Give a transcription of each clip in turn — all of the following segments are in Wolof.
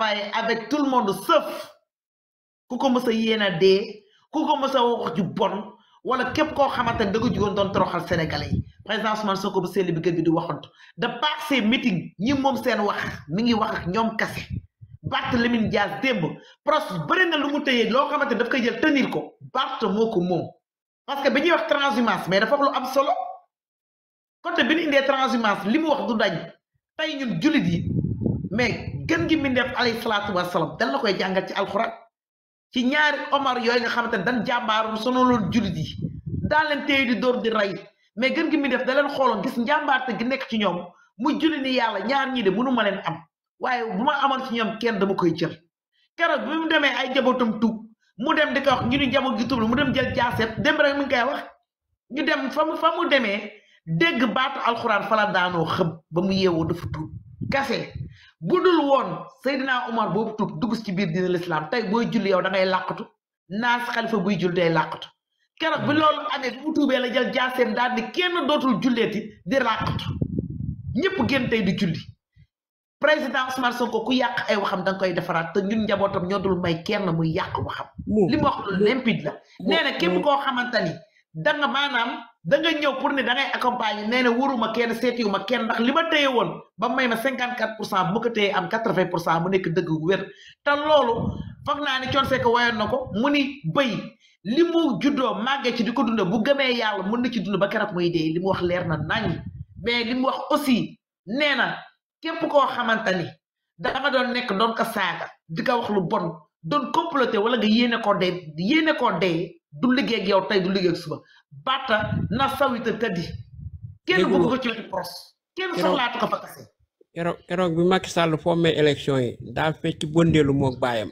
travailler avec tout le monde sauf ku ko mës a yéen a dee ku ko mës a wax ju bon wala képp koo xamante ne da nga jugoon doon toroxal sénégalais yi président Ousmane Sonko bu seen bi gën bi di waxoon de par ses ñi moom seen wax mi ngi wax ak ñoom kase Barthélémy Dias démb procès bëri na lu mu tëyee loo xamante ne daf koy jël tenir ko Barth moo ko moom parce que bi ñuy wax transhumance mais dafa wax lu am solo côté bi ñu indee transhumance li mu wax du dañ tey ñun jullit yi mais gën gi mbindeef alayhi salatu wassalam dan la koy jangal ci alquran ci ñaari omar yoy nga xamantene dan sunu lu julit yi dal leen tey di dor di ray mais gën gi mbindeef dal leen xooloon gis te gi nek ci ñom mu julit ni yalla ñaar ñi de mënu ma len am waye bu ma amoon ci ñom kenn dama koy jël kéro bu mu démé ay jabotum tu mu dem di ko wax ñu ñu jamo gi tublu mu dem jël jaaseet dem rek mu ngi koy wax ñu dem fa mu fa mu baatu fala daano ba mu dafa tu budul won seydina omar bo tuk dugg ci bir dina l'islam tay boy julli yow da ngay laqatu nas khalifa buy jul day laqatu kérok bi hmm. lolou amé bu tuubé la jël jaasem dal ni kenn dotul julléti di laqatu ñepp gën tay di julli président Ousmane Sonko ku yàq ay waxam dang koy defaraat te ñun njabotam ñodul may kenn muy yàq waxam li wax limpide la néna képp ko xamantani da nga manam da nga ñëw pour ne da ngay accompagner nee na wóoruma kenn seetiwuma kenn ndax li ma téye woon ba may ma cinquante quatre pour cent bu ma ko téye am quatre vingt pour cent mu nekk dëgg gu wér te loolu foog naa ne Thione Seck wayoon na ko mu ni bëy li mu juddoo màggee ci di ko dund bu gëmee yàlla mën na ci dund ba keroog muy dee li mu wax leer na naññ mais li mu wax aussi nee na képp koo xamante ni danga doon nekk doon ko saaga di ko wax lu bon doon comploter wala nga yéene koo dee yéene koo dee du liggéey yow tey du liggéey ak suba bata na sawita tëddi kenn bëgg ko ci wetu pros kenn soxlaatu ko fa kase keroog bi Macky Sall fommee élection yi daa fecc bondeelu mook baayam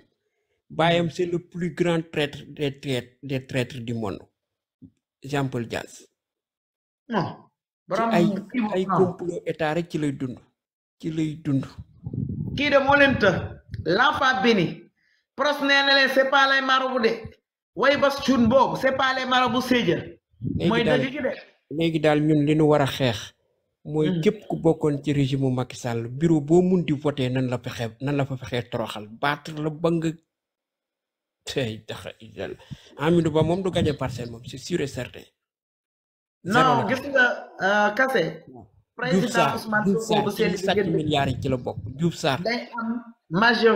baayam c'est le plus grand traître des traîtres des monde Jean-Paul Dias ay ay état rek ci lay dund ci lay dund kii de moo leen të l'enfant béni pros nee na leen de way bas cuun boobu c'est pas les marabouts léegi daal ñun li nu war a xeex. mooy hmm. këpp ku bokkoon ci régime mu Macky Sall bureau boo mun di voté nan la nan la fa fexee toroxal battre la ba nga tey taxa idal Amidou Ba moom du gagné parcelle moom c'est sûr et certain. non euh, ci la bokk Diouf Sarr. day am ci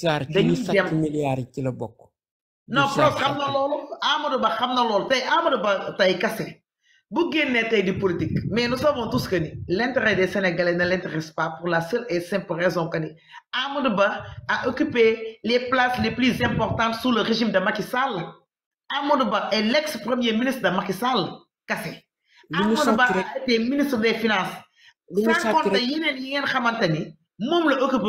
sàcc milliards yi ci la bokk. non prof xam na loolu Amadou Ba xam na loolu tey Amadou Ba bu politique mais nous savons tous que l'intérêt des Sénégalais ne l'intéresse pas pour la seule et simple raison que ni Amadou Ba a occupé les places les plus importantes sous le régime de Macky Sall Amadou Ba est l'ex premier ministre de Macky Sall kase Amadou Ba a été ministre des finances sans compter occupé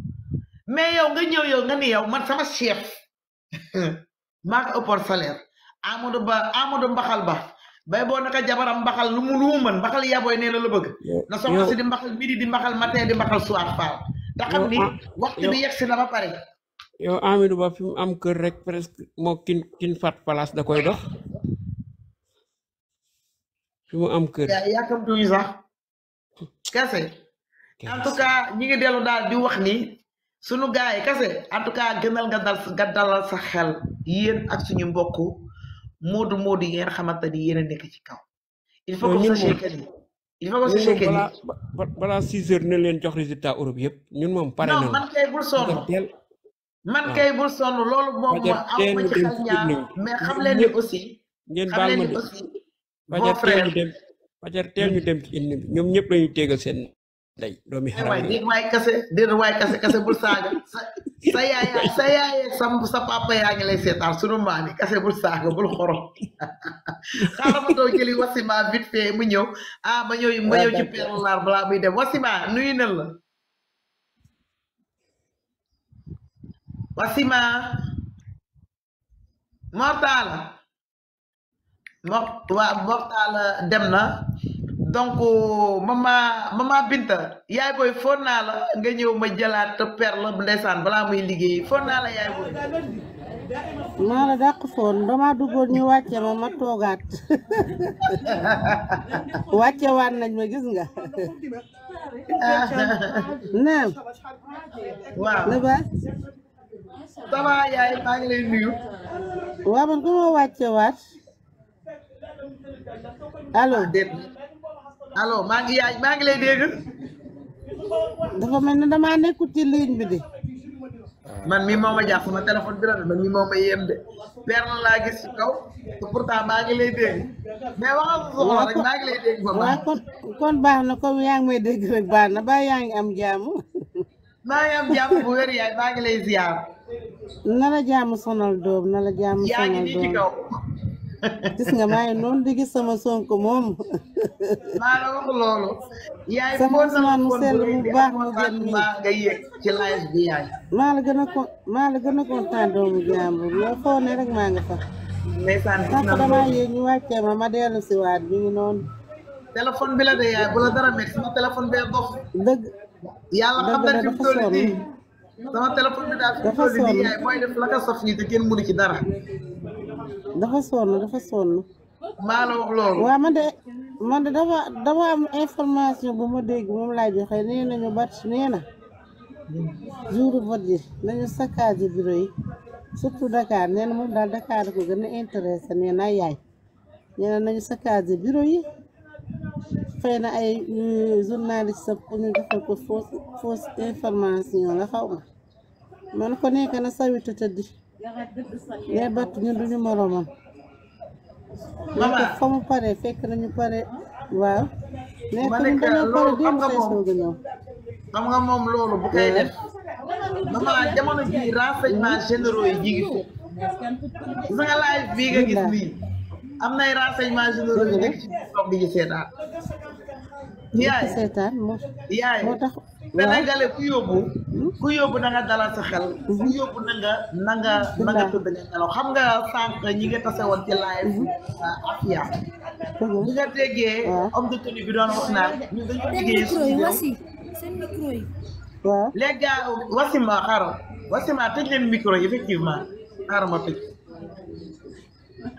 mais yow nga ñew yow nga ni yow man sama chef mak ko ëppoon salaire amadou ba amadou mbaxal ba bay bo naka jabaram mbaxal lu mu lu man mën mbaxal yaboy nee la bëgg na soxna si di mbaxal midi di mbaxal matin di mbaxal soir fa da xam ni waxtu bi yegsi na ba pare yow amadou ba fi am keur rek presque mo kin kin fat place da koy dox fi mu am kam ya, yàkkamtuñu sax kasse en tout cas ñi ngi delu dal di wax ni sunu gaay kasse en tout cas gënal nga dal ga dalal sa xel yeen ak suñu mbokk modu modu yeen ngeen xamantani yeen nek ci kaw il faut que sachiez que il faut que sachiez que bala 6 heures ne leen jox résultat europe yépp ñun mom paré na man kay bul sonu man kay bul sonu lolu mom mo am ma ci xel ñaar mais xam leen ni aussi ngeen baal ma dem fajar teel ñu dem ci indi ñom ñep lañu téggal seen day doomi xaram waay déet waay kase déet waay kase kase bul saaga sa sa yaay sa yaay sa sa papa yaa ngi lay seetaan sunu maam yi kase bul saaga bul xoro xaaral ma doo jëli wasima vite fait mu ñëw ah ma ñëw ma ñëw ci peeru laar balaa muy dem wasima nuyu na la wasima mortaala mort waa mortaala dem na donc mama mama binta yaay boy fonala nga ñew ma te perle ndeysaan bala muy liggéey fonala yaay boy maa la dàq foon dama duggal ñu wacce ma ma toogaat wacce waan nañ ma gis nga naam waaw la ba sama yaay ma ngi lay nuyu waaw man ko ma wàcce waat allo alo maa ngi yaay maa ngi lay dégg. dafa mel ne damaa nekkul ci ligne bi de. man mii moo ma jàpp ma téléphone bi la man mii moo ma yem de. père na laa gis ci kaw te pourtant maa ngi lay dégg mais wax kon kon baax na comme yaa ngi may dégg rek baax na ba yaa ngi am jàmm. maa ngi am jàmm bu wér yaay maa ngi lay ziar. na la jàmm sonal doom na la jàmm sonal doom yaa nii ci kaw. gis nga maay noonu di gis sama sonko moom. maa la wax loolu. yaay boo sama mu sell bu baax mu gën nii nga yëg ci live bi yaay. maa la gën a ko maa la gën a kontaan doomu jàmbur yow foo ne rek maa nga fa. ndeysaan gis naa damaa yéeg ñu wàccee ma ma dellu si waat bi ngi noonu. téléphone bi la de yaay bu la dara métti sama téléphone bee dox. dëgg yàlla xam na fi mu toll nii sama téléphone bi daal fi mu toll nii yaay mooy def la ka saf nii te kenn mënu ci dara. dafa sonn dafa sonn. maa la wax loolu. waaw man de man de dafa dafa am information bu ma dégg moom laa joxe nee nañu bat nee na jour vote yi nañu saccage bureau yi surtout Dakar nee na moom daal Dakar ko gën a intéressé nee naa yaay nee na nañu saccage bureau yi fay na ay euh, journaliste sa pour ñu defal ko fausse information la xaw ma man ko nekk na sawitu tëddi yabat ñun duñu não fa como pare fekk nañu né, pare waaw nekk nañu não pare não tey soog a não. xam nga moom loolu bu koy def mama jamono ji renseignement généraux yi jigi fi nga live bii nga gis nii am nay renseignement généraux yi nekk ci toog di ci seetaan yaay seetaan moo yaay moo sénégalais ku yóbbu ku yóbbu na dalal sa xel ku yóbbu na nga hmm? tëdd nga nelaw xam nga sànq ñi nga tase woon ci live hmm? euh, Afia nga déggee homme de tenue bi doon wasima xaaral wasima tëj leen effectivement xaaral ma tëj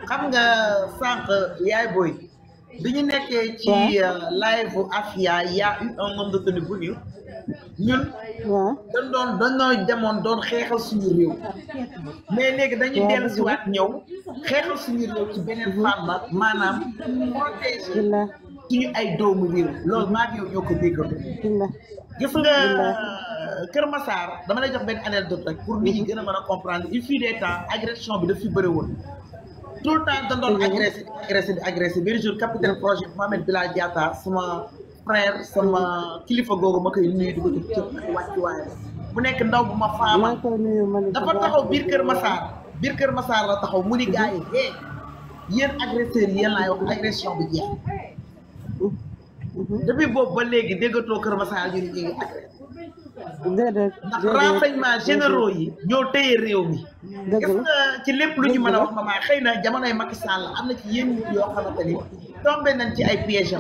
xam nga sànq yaay booy bi ñu nekkee ci euh, live Afia y a de tenue bu ñu ñun. waaw dañ doon dañoo demoon doon xeexal suñu réew. mais léegi dañu dellusiwaat ñëw xeexal suñu réew ci beneen mhm. fànn maanaam protéger suñu ay doomu réew loolu maa ngi yow ñoo ko déggal. gis nga Kër Massar dama lay jox benn anecdote rek pour nit ñi gën a mën a comprendre il fut des temps agression bi daf fi bëri woon. tout le temps dañ doon agressé agressé di agressé benn jour capitaine projet Mohamed Bilal Diatta suma. frère sama kilifa googu ma koy nuyu di ko jox cër ak wàccuwaayam mu nekk ndaw bu ma faama dafa taxaw biir Kër Massar biir Kër Massar la taxaw mu ni gars yi eh yéen agresseurs yi yéen laay wax agression bi jeex mm-hmm. depuis boobu ba léegi déggatoo Kër Massar ñu ni ñu ngi agressé ndax renseignement généraux yi ñoo téye réew mi gis ci lépp lu ñu mën a wax ma maa xëy na jamonoy Macky Sall am na ci yéen yoo xamante ni nañ ci ay piège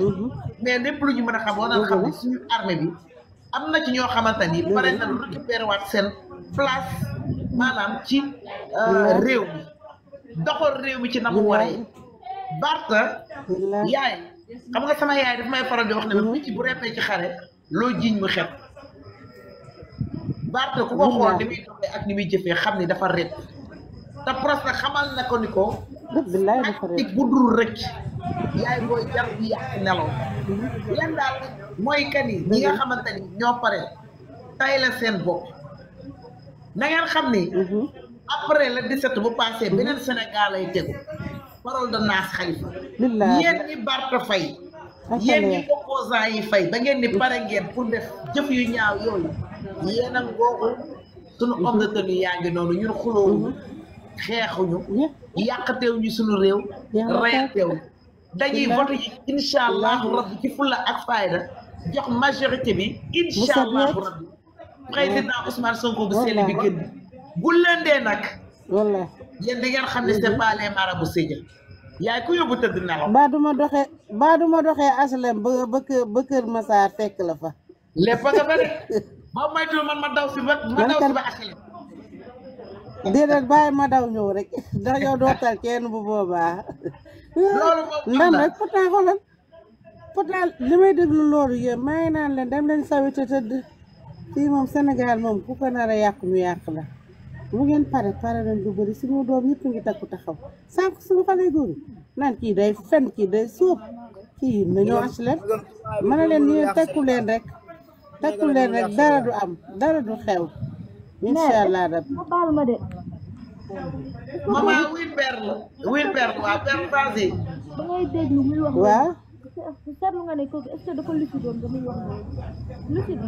mais lépp lu ñu mën a xam war nañu xam ne suñu armée bi am na ci ñoo xamante ni pare na récupérer waat seen place maanaam ci euh, réew mi doxal réew mi ci na mu waree Barta yaay xam nga sama yaay daf may faral di wax ne ma mhm. picc bu loo jiiñ mu xet Barta ko xool ak ni muy jëfee xam ni dafa rëpp te presque xamal na ko ni ko tactique bu dul rëcc yaay booy jar bi yàq nelaw leen daal mooy kan yi ñi nga xamante ni ñoo pare tay la seen bopp nangeen xam ni mhm. après le 17 bu passé mhm. beneen Sénégal lay tegu parole de Nass Khalifa yéen ñi Barthe Faye yéen ñi yi fay ba ngeen ni pare ngeen pour def jëf yu ñaaw yooyu yéen a ngoogu suñu homme de tenue noonu ñun xulóowu mhm. xeexuñu yàqateewuñu suñu réew reyateewuñu dañuy voté yi incha allahu rabbi ci fulla ak fayda jox majorité bi incha allahu rabbi président Ousmane Sonko bu sell bu lëndee nag walla yéen di ngeen xam ne se pas les marabout sédia yaay ku yóbbu tëdd nelaw baa du ma doxee baa ma doxee ba ba kër Masaar fekk la fa lépp nga ba rek ba maytul man ma daw si ba ma daw si ba aslem déedéet bàyyi ma daw ñëw rek ndax doo tal kenn bu boobaa ndam rek pourtant xoolal pourtant li may déglu loolu yéen maa ngi naan leen dem leen sawi te tëdd fii moom Sénégal moom ku ko nar a yàqu ñu yàq la mu ngeen pare pare nañ lu bëri suñu doom yëpp ngi takku taxaw sànq suñu xale góor yi naan kii day fen kii day sóob kii nañoo ac leen mën na leen yéen takku leen rek takku leen rek dara du am dara du xew incha allah rabbi maman Wilber Wilber waa Père Fassie. da ngay déglu muy wax. waaw. seetlu nga ne kooku est-ce que dafa lucide woon ba muy wax noonu lucide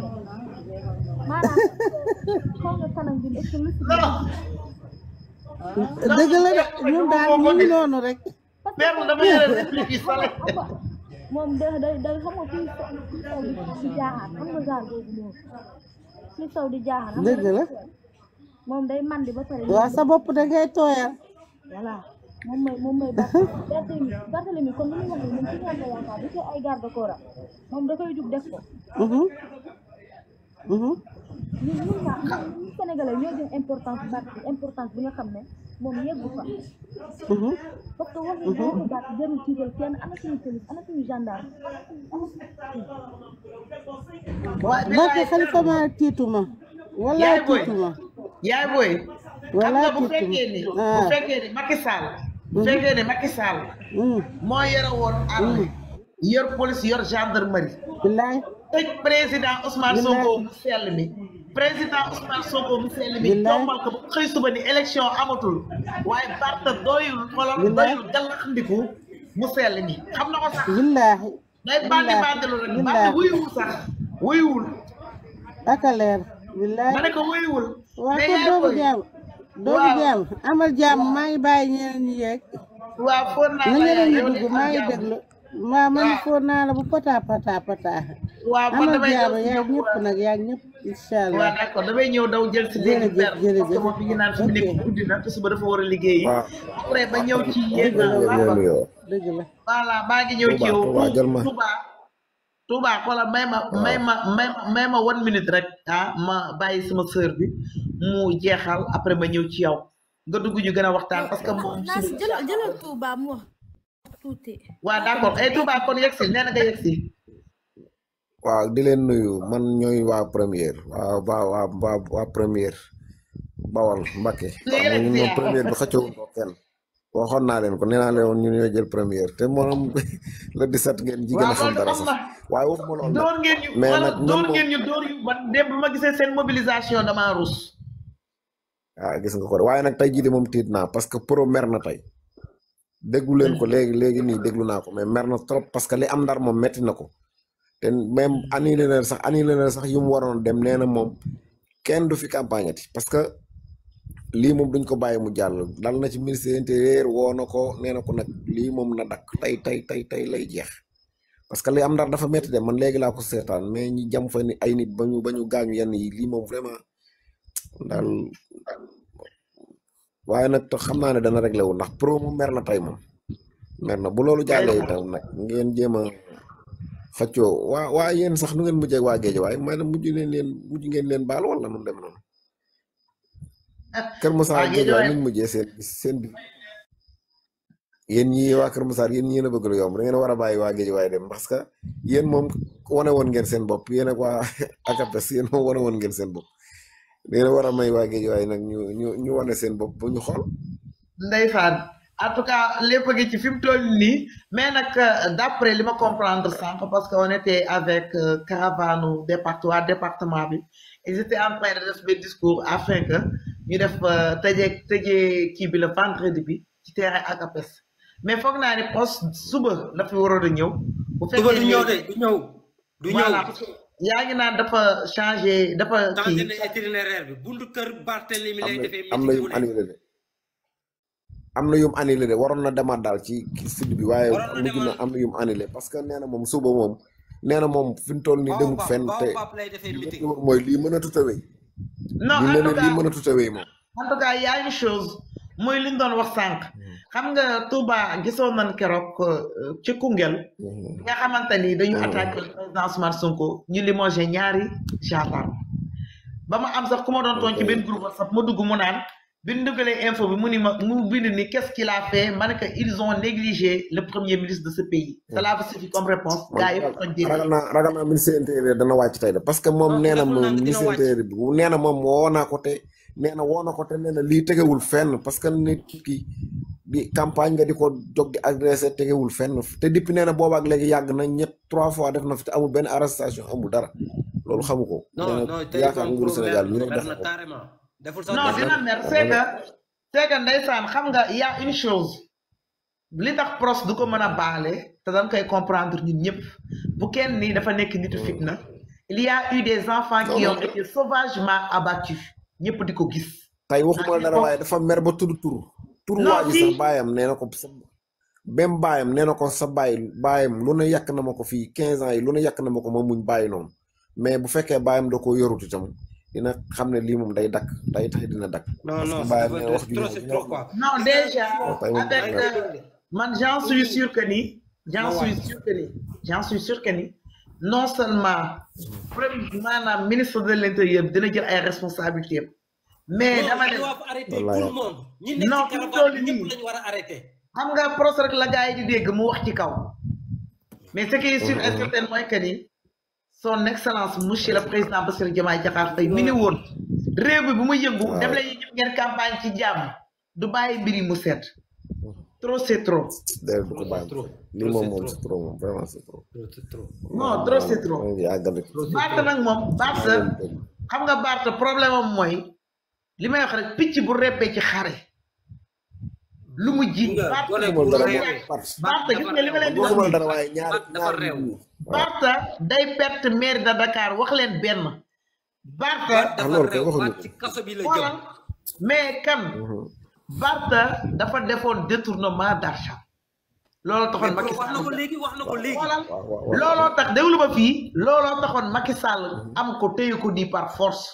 maanaam xool nga kanam bi est-ce que lucide. dëgg la de ñun daal ñu ngi noonu rek. Père dama yore réplique di jaaxaan xam nga gaar boobu di jaaxaan. dëgg la. moom day mandi ba pare. waaw sa bopp da ngay tooyal. voilà moom mooy moom mooy Barthélemy Barthélemy comme ni ma waxee moom ci ñoom la yaakaar du ci ay garde corps am moom da koy jug def ko. Mhm. Mhm. ñun ñun ñaa ñun Sénégalais ñoo jëm importance Barth importance bi nga xam ne moom yeggu fa. Mhm. parce que wax dëgg yàlla Barth jarul tiital kenn ana suñu police ana suñu gendarme. waaw Barth xalifa ma tiituma wala tiituma. yaay booy. xam nga bu fekkee ni bu ah. fekkee ni bu fekkee ni Macky Sall. Mm-hmm. Mm. moo woon armée mm. yor police yor gendarmerie. billaay tëj président Ousmane Sonko mu sell mi. président Ousmane Sonko mu sell mi. bu xëy suba ni élection amatul. waaye Barth doyul xolam doyul gàllankoor mu sell mi xam na ko sax. billaahi sax wuyuwul. ak ma ne ko wóyul. waaw jaam doomu jaam amal jaam maa ngi bàyyi ñeneen ñi yeeg. waaw foon naa la ñeneen ñi dugg maa ngi déglu. man foon bu pata pata pata. amal jaam yaa ñëpp nag yaa ñëpp incha allah. damay ñëw daw jël si léegi. jërëjëf jërëjëf parce que naan fi mu nekk guddi dafa war a liggéey waaw après ba ñëw ci yéen. dëgg la ngi ñëw Touba xoola may mayma mayma ma one minute rek ah ma bàyyi sama sœur bi mu jeexal après ma ñew ci yow nga dugg ñu gëna waxtaan parce que moom. jëlal jëlal Touba mu wax tuuti. waaw d' ay eh, Touba kon yexi néna nga yexi wa di len nuyu man ñoy wa première wa wa wa wa première bawal Mbacké. ñu yegsi première bi xëccu ko kenn waxon na len ko neena len leen ñu ñoo jël premier te moom le 17 ngeen ji gëna xam dara sax waaye wax mo loolu doon ngeen ñu mais nag door ngeen ñu door yu man démb ma gisee seen mobilisation dama rus ah gis nga ko waaye nak tay jii de moom tiit naa parce que pro mer na tay déglu len ko legi legi ni deglu na ko mais mer na trop parce que li am dar mom metti nako te même annulé na sax annulé na sax yu mu waroon dem neena mom kenn du fi campagne ti parce que lii moom duñ ko bàyyi mu jàll dal na ci ministre intérieur woo na ko nee ko nag lii moom na dakk tey tey tey tey lay jeex parce que lay am ndar dafa métti de man léegi laa ko seetaan mais ñi jam fa ni ay nit ba ñu ba ñu gaañu yenn yi lii moom vraiment daal waaye nag te xam naa ne dana réglé wu ndax pro mu mer na tey moom mer na bu loolu jàllee itam nag ngeen jéem a xëccoo waa waa yéen sax nu ngeen mujjee waa géej waaye maanaam mujj leen leen mujj ngeen leen baal wala nu mu demee noonu Kër Moussa ah, Guédiawaye ñu mujjee seen seen bi ñi ñii waa Kër Moussa yéen ñii la bëgg lu yomb da ngeen war a bàyyi waa Guédiawaye dem parce que yéen moom wane woon ngeen seen bopp yéen ak waa ACAPES yéen moom wane woon ngeen seen bopp da ngeen war a may waa Guédiawaye nag ñu ñu ñu wane seen bopp ba ñu xool. ndeysaan en tout cas lépp ci fi toll nii mais nag euh, d'après li ma comprendre sànq parce que on était avec euh, caravane département département bi ils étaient en train de def discours afin que. ñu def euh, tëjee tëjee kii bi la vendredi bi ci terrain ak APES mais foog naa ne pos suba la fi waroon a ñëw. bu fekkee suba du ñëw de du ñëw. yaa ngi naan dafa changé dafa. kii bi buntu kër Barthélemy lay defee. am na yu annulé am na yu mu annulé waroon na demaat daal ci sud bi waaye. waroon na demaat am na yu mu annulé parce que nee na moom suba moom nee na moom fi mu toll nii demut fenn te li mooy lii mën a tutawee. non en tout a tutawee moom en tout cas y a chose mooy li ñu doon wax sànq hmm. xam nga Touba gisoon nañ keroog euh, ci Koungheul hmm. nga xamante ni dañu hmm. attaqué le président Ousmane Sonko ñu limogé ñaari gendarme ba ma am sax ma doon tooñ ci groupe WhatsApp ma mu naan bi info bi mu ni ma mu bind ni qu'est-ce qu'il a fait ma que ils ont négligé le premier ministre de ce pays. cela vous suffit comme réponse gars yi foog njëriñ. ragal naa ragal intérieur dana wacc tey parce que mom nee na ministre ministère intérieur bi nee na moom ko te nee na ko te nee li lii fenn parce que nit ki bi campagne nga di dog di agressé tegewul fenn te depuis nee bob ak léegi yag na ñet trois fois def na fi te amul ben arrestation amul dara lolou xamuko ko. non non tey yaakaar nguuru Sénégal ñu ne def deful sax non dina mer c'est que c'est xam nga y a une chose li tax pros du ko mën a baale te dañ koy e comprendre ñun ñëpp bu kenn nii dafa nekk nitu mm. fitna il y a eu des enfants qui ont été sauvagement abattus ñëpp di ko gis. tey waxuma dara waaye dafa mer ba tudd tur. tur waa ji baayam nee na ko sa même baayam nee na ko sa baay baayam lu ne yàq na ma ko fii 15 ans yi lu ne yàq na ma ko ma muñ bàyyi noonu mais bu fekkee baayam da koo yorut itam. dina xam ne lii moom day dakk day tax dina dakk. non non c'est trop c'est trop déjà man j'en suis sûr que ni. j'en suis sûr que ni suis sûr non seulement premier maanaam ministre de l'intérieur dina jël ay responsabilités mais dama ne non fi mu xam nga procès rek la gars yi di mu wax ci kaw. mais ce qui est sûr et certain son excellence monsieur le président Bassirou Diomaye Diakhar Faye mi ni woon réew bi bu muy yëngu def la ñuy ci jàmm du bàyyi mbir yi mu sedd trop c'est trop déedéet du ko bàyyi lii moom moom moom trop non trop c'est nag moom Barth xam nga Barth problème am mooy li may wax rek picc bu reppee ci xare lu mu ji Barth gis nga li ma leen di wax dafa réew Bartha day perte maire de Dakar wax leen benn. Bartha dafa réew ci mais kan. Mhm. dafa defoon détournement d'argent. looloo taxoon Macky na ko léegi wax na ko léegi. looloo tax déglu ma fii. looloo taxoon Macky mhm. am ko téye ko di par force.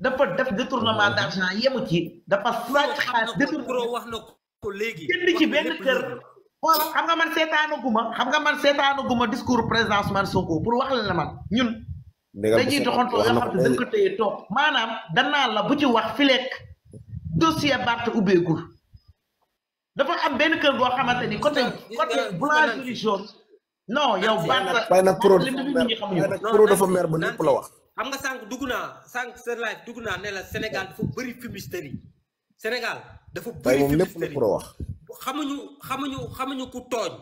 dafa def détournement mhm. d'argent yemu ci. dafa sàcc xaalis détournement wax na ci benn kër. xoolal xam nga man seetaanu guma xam nga man seetaanu guma discours président Ousmane Sonko pour wax la ne man ñun. dañuy doxantoo yoo xam ne ko téye toog maanaam danaa la bu ci wax fi lekk dossier Barth ubbeegul dafa am benn kër goo xamante ni côté côté boulangerie jaune. non yow Barth li mu ngi xam ñu pro dafa mer ba lépp la wax. xam nga sànq dugg naa sànq seen live dugg naa ne la Sénégal dafa bëri fumisterie Sénégal dafa bëri fumisterie moom lépp la pro wax. xamuñu xamuñu xamuñu ku tooñ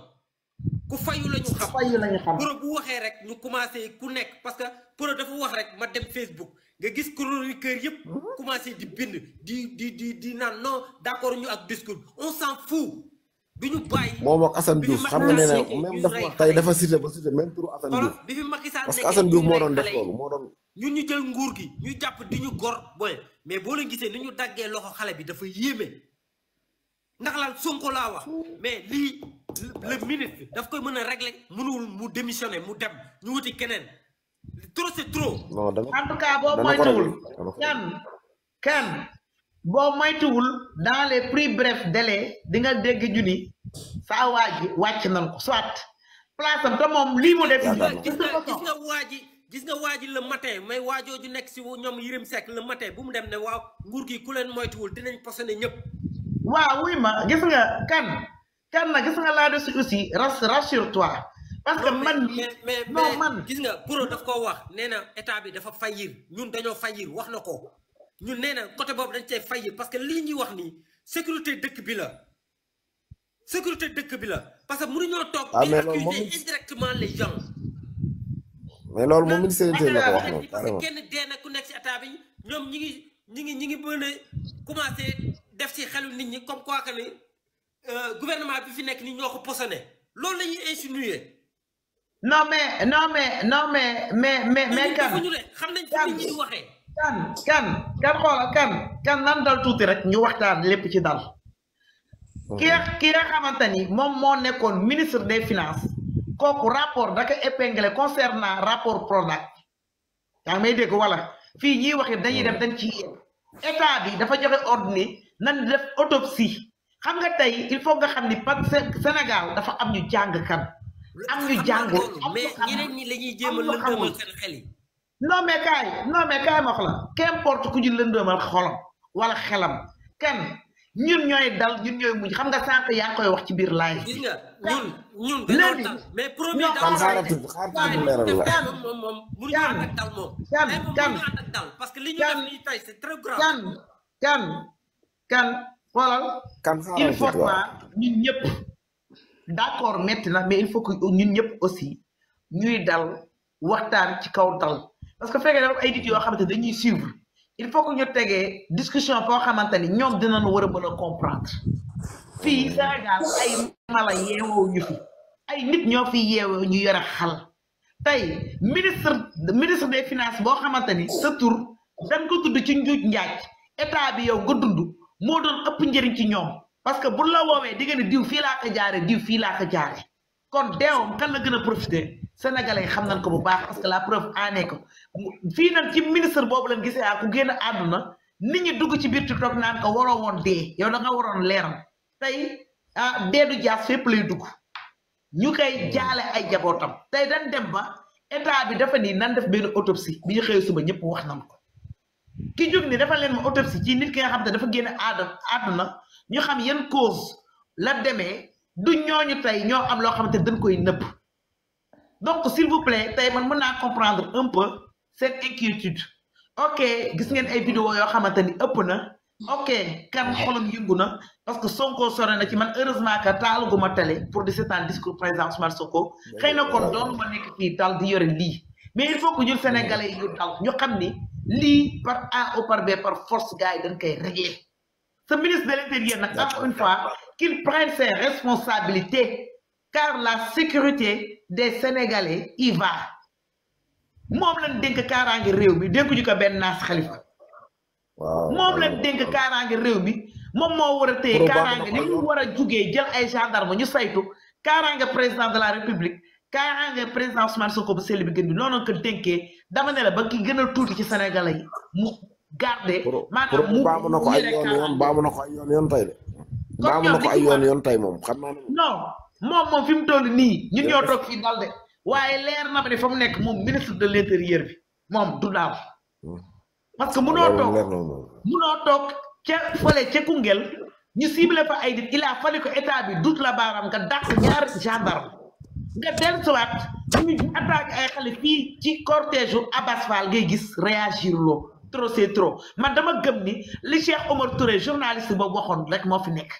ku fayu la ñu xam fayu la ñu xam pro bu waxee rek ñu commencé ku nekk parce que pro dafa wax rek ma dem Facebook nga gis ku chroniqueur yëpp mhm. commencé di bind di di di di naan non d'accord ñu ak discours on s'en fout bi ñu bàyyi moom ak Assane Diouf xam nga nee na dafa wax tey dafa cité ba cité même turu Assane Diouf bi fi Macky Sall parce que Assane moo doon def loolu moo doon ñu ñu jël nguur gi ñu jàpp di ñu gor boy mais boo leen gisee ni ñu daggee loxo xale bi dafa yéeme ndax lan Sonko laa wax mais lii le ministre daf koy mën a régler mënul mu démissionner mu dem ñu wuti keneen trop c'est trop. en tout cas boo moytuwul kan kan boo moytuwul dans les plus brefs délais di nga dégg ñu saa waa ji wàcc nañ ko soit place te moom lii mu def. gis nga gis waa ji gis nga waa ji le matin may waajooju nekk si ñoom Yirim sekk le matin bu mu dem ne waaw nguur gi ku leen moytuwul dinañ posone ñëpp. waaw wuy ma gis nga kan kan na gis nga là-dessus aussi rassure toi parce que man mais non man gis nga Guro daf koo wax nee na état bi dafa faillir ñun dañoo faillir wax na ko ñun nee na côté boobu dañ cee faillir parce que lii ñuy wax nii sécurité dëkk bi la sécurité dëkk bi la parce que mënuñoo toog ah, di accuser indirectement les gens mais loolu moom ministère intérieur la ko wax noonu parce que kenn dee na ku nekk si état bi ñoom ñi ngi ñi ngi ñi ngi mën a commencé def ci xelu nit comme quoi que euh, gouvernement bi fi non mais non mais non mais mais mais mais kan xam nañ mais, nit ñi waxé kan kan kan xol kan kan mais, dal rek ñu ci dal ki ki nga ministre des finances mais, rapport mais, épingler concernant rapport Prodac mais, may wala mais, ñi mais, dañuy dem dañ ci état nan def autopsie xam nga tey il faut nga xam ni parce que Sénégal dafa am ñu jàng kan am ñu jàngul am ñu xamul ñeneen ñi la ñuy jéem a lëndëmal seen xel yi. non mais kaay non mais kaay ma wax ku ñu lëndëmal xolam wala xelam kenn ñun ñooy dal ñun ñooy muñ xam nga sànq yaa ngi koy wax ci biir laay. gis nga la waaye moom moom mënuñu ànd ak dal kan kan que li ñu def nii kan kan. kan xolal kan xolal il faut que ñun ñëpp d'accord metti na mais il faut que ñun ñëpp aussi ñuy dal waxtaan ci kaw dal parce que fekkee dafa ay nit yoo xamante dañuy suivre il faut que ñu tegee discussion foo xamante ni ñoom dinañ war a mën a comprendre fii Sénégal ay mala yeewoo ñu fi ay nit ñoo fi yeewoo ñu yore xal tey ministre ministre des finances boo xamante ni sa tur dañ ko tudd ci njuuj njaaj état bi yow nga dund moo doon ëpp njëriñ ci ñoom parce que bu la woowee di nga ne diw fii laa ko jaare diw fii laa ko jaare kon deewam kan la gën a profité sénégalais xam nañ ko bu baax parce que la preuve aanee ko fii nag ci ministre boobu lañ gisee ah ku génn àdduna nit ñi dugg ci biir TikTok naan ko waroo woon dee yow na nga waroon leeram tey ah dee du jaas fépp lay dugg ñu koy jaale ay jabootam tey dañ dem ba état bi dafa nii nan def benn autopsie bi ñu xëyee suba ñëpp wax nañ ko. ki jóg ni defal leen ma autopsie ci nit ki nga xam ne dafa génn aada na ñu xam yan cause la demee du ñooñu tey ñoo xam loo xamante dañ koy nëpp donc s'il vous plaît tey man mën naa comprendre un peu seen inquiétude ok gis ngeen ay vidéo yoo xamante ni ëpp na ok kan xolam yëngu na parce que Sonko sore na ci man heureusement que taalu gu ma télé pour di seetaan discours président Ousmane Sonko xëy na kon doon ma nekk kii dal di yore lii mais il faut que ni lii par A ou par B par force gars yi dañ koy régler ce ministre de l'intérieur nag encore une fois qu'il prenne ses responsabilités car la sécurité des sénégalais y moom lañ dénk kaaraange réew mi dénkuñu ko benn naas xalifa moom lañ dénk kaaraange réew mi moom moo war a téye kaaraange ni ñu war a jugee jël ay gendarme ñu saytu kaaraange président de la république kaaraange président Ousmane Sonko bu sell bi gën bi noonu dama ne la ba ki gëna a tuuti ci sénégal yi mu garde manam mu baamu nako ay yoon yoon baamu nako ay yoon yoon tay de baamu nako ay yoon yoon tay mom xamna naa non mom moom fi mu toll ñun ñoo tok fi dal de waye leer na ma ne fa mu ministre de l'intérieur bi mom du daaw hmm. parce que munoo toog munoo toog ca fële ca Koungheul ñu ciblé fa ay nit il a fallu que état bi doute la baram ka dàq ñaar gendarme nga dellusiwaat ñu attaque ay xale fii ci cortège u Abass Fall ngay gis réagir loo trop c'est trop man dama gëm ni li Cheikh Omar Touré journaliste boobu waxoon rek moo fi nekk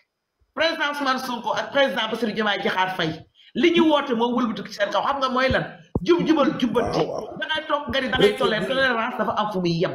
président Ousmane Sonko ak président Bassirou Diomaye Diakhar fay li ñu woote moom wëlbatu ki seen kaw xam nga mooy lan jub jubal jubbanti da ngay toog nga ni da ngay tolérance dafa am fu muy yem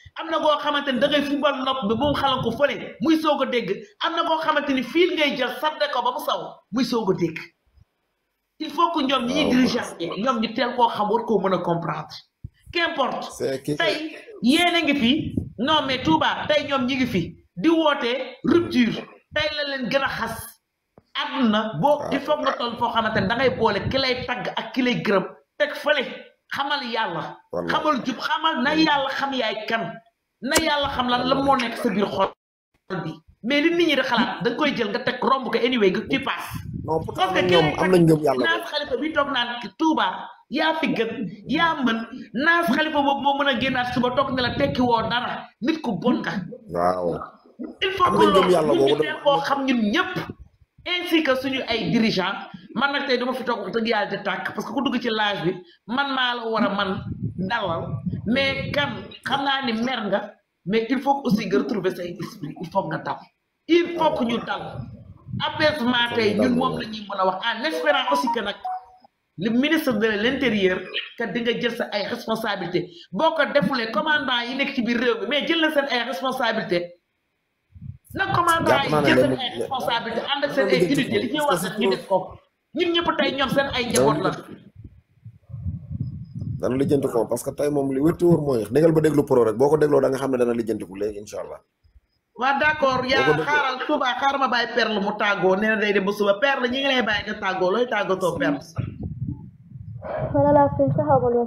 am na koo xamante ne da ngay nopp bi mu xalan ko fële muy soog a dégg am na koo xamante ni fii ngay jël sàdde ko ba mu saw muy soog a dégg il faut que ñoom oh, ñoom ñu teel koo xam war koo mën a comprendre qu'importe tey yéena ngi fi non mais Touba tey ñoom ñi ngi fi di woote rupture tey la leen gën a xas àdduna boo ah. il faut nga toll foo xamante ni da ngay boole ki lay tagg ak ki lay gërëm teg fële xamal yalla xamal jub xamal na yalla xam yaay kan na yalla xam lan la mo nek sa bir xol bi mais li nit ñi di xalaat dang koy jël nga tek romb ko anyway ga ci paas parce que keneen am nañ ñom yalla naas khalifa bi tok naan Touba ya fi geut ya man naas khalifa boobu mo meuna gennat suba tok na la tekki wo dara nit ku bon ka waaw il faut que loolu ñu koo xam ñun ñep ainsi que suñu ay dirigeants man nag tey duma fi toog wax dëgg yàlla di tàkk parce que ku dugg ci laaj bi man maa la war man dalal mais kan xam naa ni mer nga mais il faut aussi nga retrouver say esprit il faut nga dal il faut que ñu dal apaisement tey ñun moom la ñuy mën a wax en espérant aussi que nag le ministre de l' intérieur que di nga jël sa ay responsabilité boo ko defulee commandant yi nekk ci biir réew bi mais jël la seen ay responsabilité na commandant yi jël seen ay responsabilité ñu def ko ñun ñëpp tey ñoom seen ay njaboot la dana lijjanti ko parce que tey moom li wëtti wër mooy dégal ba déglu pro rek boo ko da nga xam dana lijjanti ko léegi incha allah waa d' accord suba xaaral ma bàyyi perle mu tàggoo nee day dem suba perle ñi ngi lay bàyyi nga tàggoo looy perle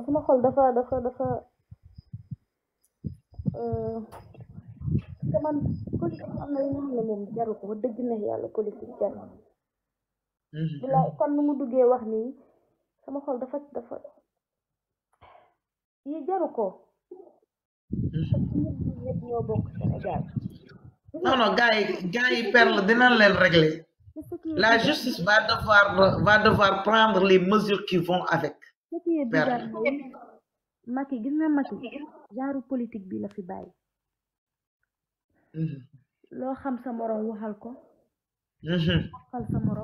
sama xol dafa dafa dafa euh, am na jaru ko na politique jaru bilaay mm-hmm. kon nu duggee wax nii sama xol dafa dafa yi jaru ko mm-hmm. ñëpp ñoo bokk Sénégal non non gars yi gars yi perle dinañ leen régler la justice va devoir prendre les mesures qui vont avec perle gis na Macky genre politique bi la fi bàyyi mm-hmm. loo xam sa morom waxal ko waxal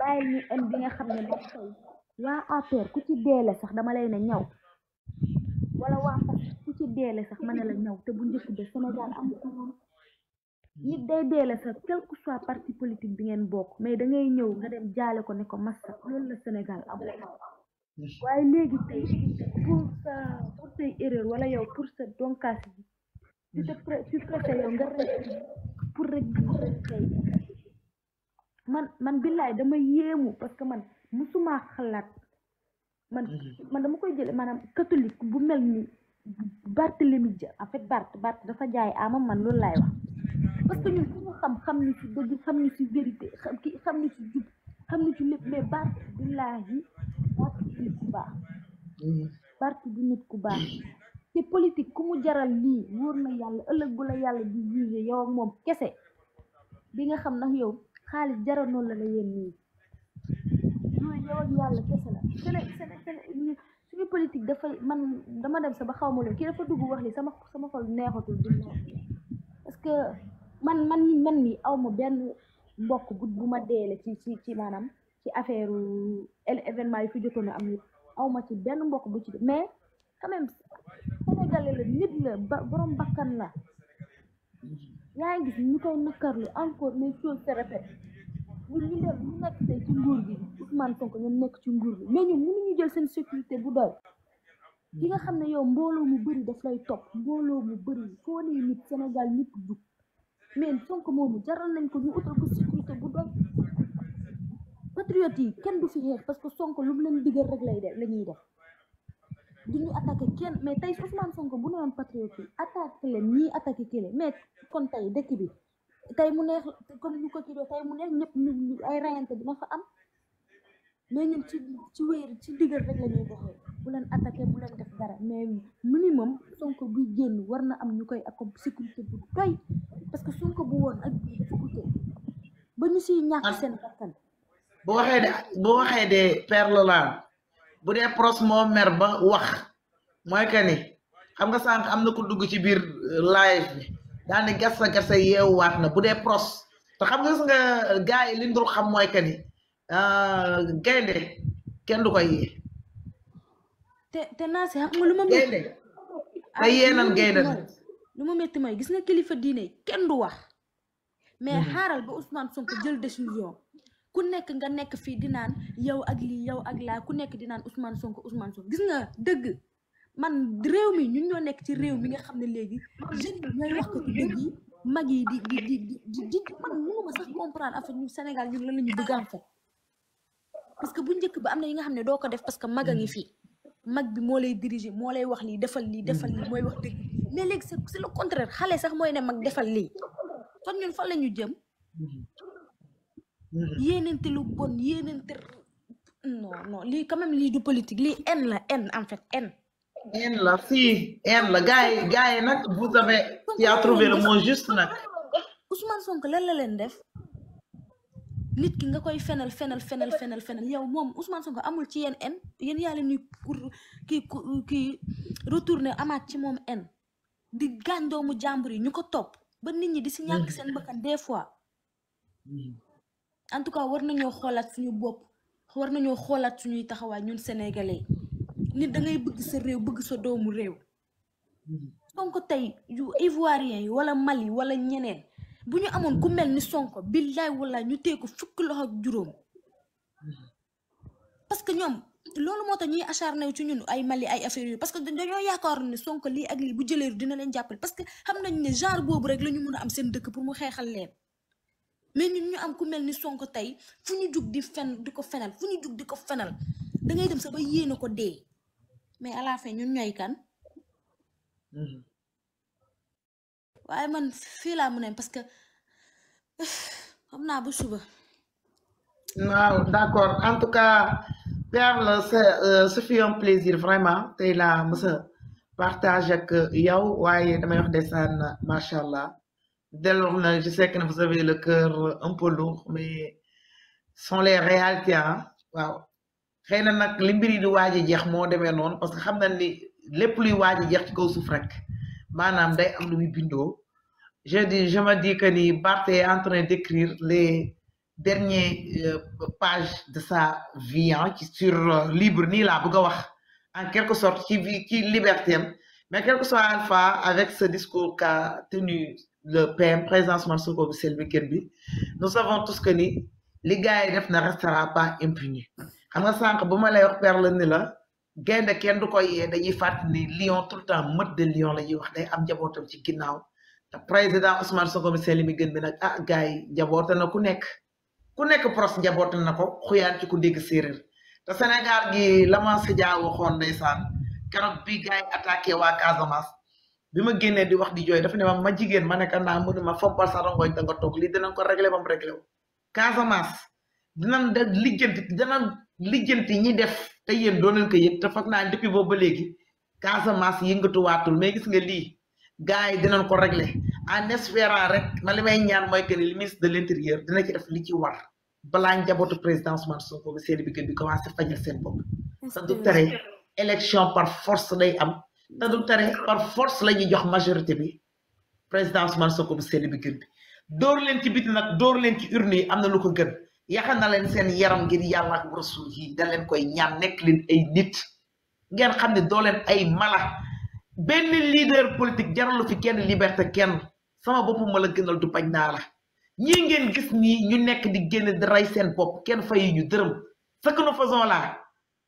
bàyyi ñu am bi nga xam ne moom tey waa APR ku ci deele sax dama lay ne ñaw wala waa ku ci deele sax ma ne la ñaw te bu njëkk ba Sénégal am ko woon nit day deele sax quel soit parti politique bi ngeen bokk mais da ngay ñëw nga dem jaale ko ne ko massa loolu la Sénégal am waaye léegi tey pour sa pour say erreur wala yow pour sa donkaas bi tu te yow nga rek pour rek tey man man billahi dama yéemu parce que man musuma xalat man mhm. man dama koy jële manam catholique bu melni ni Barthélemy Dia en fait Barth Barth dafa jaay amam man lool lay wax parce que ñun ku ñu xam xam ni ci dëgg xam ni ci vérité xam ki xam ni ci djub xam ni ci lepp mais Barth billahi Barth du nit ku baax mhm. Barth du nit ku baax te politique ku mu jaral li wóor yalla yàlla yalla di juger yow ak mom kessé bi nga xam nak yow xaalis jaranoon la la yéen nii yooyu yow politique dafay man dama dem sa ba xaw ma leen kii dafa dugg wax li sama sama xol neexatul du parce que man man man mi aw ma benn mbokk bu bu ma deele ci ci ci maanaam ci affaire événement yi fi jotoon am yëpp aw ma ci benn mbokk bu ci mais quand même sénégalais la nit la ba borom bakkan la yaa ngi gis ñu koy nakarlu encore les choses se répètent ñun ñu dem ñu nekk tey ci nguur gi Ousmane Sonko ñoom nekk ci nguur gi mais jël seen sécurité bu doy ki nga xam ne yow mbooloo mu bëri daf lay top mbooloo mu bëri foo nee nit Sénégal ñëpp jug mais Sonko moomu jaral nañ ko ñu utal ko sécurité bu doy patriote yi kenn du fi parce que Sonko lu mu leen digal rek lay def la ñuy def di attaquer attaqué kenn mais tay Ousmane Sonko bu non patriote yi attaqué ni attaquer attaqué mais kon tay dekk bi tay mu neex comme ñu ko tuddee tay mu neex ñep ñu ay rayante dina fa am mais ñun ci ci wéer ci digël rek lañuy ñuy bu len attaquer bu len def dara mais minimum Sonko bu genn warna am ñu ak sécurité bu doy parce que Sonko bu won ak bii dafa utee ba ñu siy ñàkk ah. seen bo waxé waxee de bu waxee de Père Lola bu dee pros moo mer ba wax mooy que ni xam nga sànq am na ku dugg ci biir euh, live bi daal ni gas sa gas a yeewuwaat na bu dee pros te xam nga gis nga euh, gars yi li dul xam mooy que ni euh, gaynde kenn du ko yee. te te naa si xam nga lu ma. gaynde may gis nga kilifa diine kenn du wax. mais hmm. xaaral ba Ousmane Sonko jël décision. ku nek nga nek fi di nan yow ak li yow ak la ku nek di nan Ousmane Sonko Ousmane Sonko gis nga deug man rew mi ñun ñoo nek ci rew mi nga xamne ne jeune wax ko deug yi magi di di di di di man ma sax comprendre en ñu ñun Sénégal ñun lan lañu bëgg en fait parce que bu ñëk ba amna yi nga xamne do ko def parce que mag ngi mag bi mo lay diriger mo lay wax li defal li defal li moy wax deug mais léegi c'est le contraire xalé sax moy ne mag defal li kon ñun fa lañu jëm yéenante lu bon yéenante non non li, quand même li du politique li haine la haine en fait haine. haine la si haine la gars yi nak yi nag vous avez y a trouvé le mot juste nag. Ousmane Sonko lan la def nit ki nga koy fenal fenal fenal fenal fenal yow moom Ousmane Sonko amul ci en en, yéen yaa leen ki pour kii kii retourner amaat ci moom haine di gando mu jàmbur yi ñu ko ba nit ñi di mm. seen des fois. Mm. en tout cas war nañoo xoolaat suñu bopp war nañoo xoolaat suñuy taxawaay ñun sénégalais nit da ngay bëgg sa réew bëgg sa doomu réew sonko tey yu ivoirien yi wala mali wala ñeneen bu ñu amoon ku mel ni sonko billaay wala ñu tee ko fukki loxo ak juróom parce que ñoom loolu moo tax ñuy acharné wu ci ñun ay mali ay affaire yooyu parce dañoo yaakaar ne sonko lii ak lii bu jëlee dina leen jàppale parce que xam nañ ne genre boobu rek la ñu mën a am seen dëkk pour mu xeexal leen mais ñun ñu am ku melni Sonko tay fu ñu jug di fen diko ko fenal fu ñu jug di fenal da ngay dem sa ba yéene ko dee mais à la fin ñun ñooy kan. Mhm. waaye man fii laa mu parce que xam naa bu suba. waaw d'accord en tout cas Perle euh, ce fut un plaisir vraiment tey laa Monsieur a partage ak yow waaye damay wax desaan macha allah dès lors je sais que vous avez le cœur un peu lourd, mais sont les réalités, hein? waaw xëy na nag li mbir di waaj a jeex moo parce que xamna ni lepp luy waaj a jeex ci kaw souf rek manam day am lu bindo je dis je me dis que ni Barth est en train d'écrire les dernières euh, pages de sa vie hein, qui sur euh, libre ni la wax en quelque sorte qui vit ci liberté mais quelque soit Alpha avec ce discours qu'a tenu le PM présence Sonko bi seen week-end bi nous savons tous que ni li gars yi def ne restera pas impuni xam nga sànq bu ma lay wax perle ni la gaynde kenn du koy yee dañuy fàttali ni lion tout le temps mat de lion la ñuy wax day am njabootam ci ginnaaw te président Ousmane Sonko bi seen li mi gën bi nag ah gars yi na ku nekk ku nekk pros njaboote na ko xuyaan ci ku dégg séeréer te Sénégal gi la ma si jaa waxoon ndeysaan keroog bi gars yi attaqué waa bi ma génnee di wax di jooy dafa ne ma jigéen ma nekk naa mu ne ma fobbal sa rongoñ da nga toog lii dinañ ko réglé ba mu réglé wu. Casamance dinañ da lijjanti dinañ lijjanti ñi def te yéen doo leen ko te foog naa depuis boobu ba léegi Casamance yëngatuwaatul mais gis nga lii gars yi dinañ ko réglé en espérant rek ma li may ñaan mooy que ni ministre de l' intérieur dina ci def li ci war. balaa njabootu président Ousmane Sonko bi seen bi gën bi commencé fajal seen bopp. sa du tere élection par force day am. te du tere par force la ñuy jox majorité bi président Ousmane Sonko bu seen bi gën door leen ci biti nag door leen ci urne yi am na lu ko gën yaxa na leen seen yaram ngir yàlla ak rasul yi da leen koy ñaan nekk leen ay nit ngeen xam ne doo leen ay mala benn leader politique jaralu fi kenn liberté kenn sama bopp ma la gënal du pañ naa la ñii ngeen gis ni ñu nekk di génn di rey seen bopp kenn fay ñu dërëm ce que nous faisons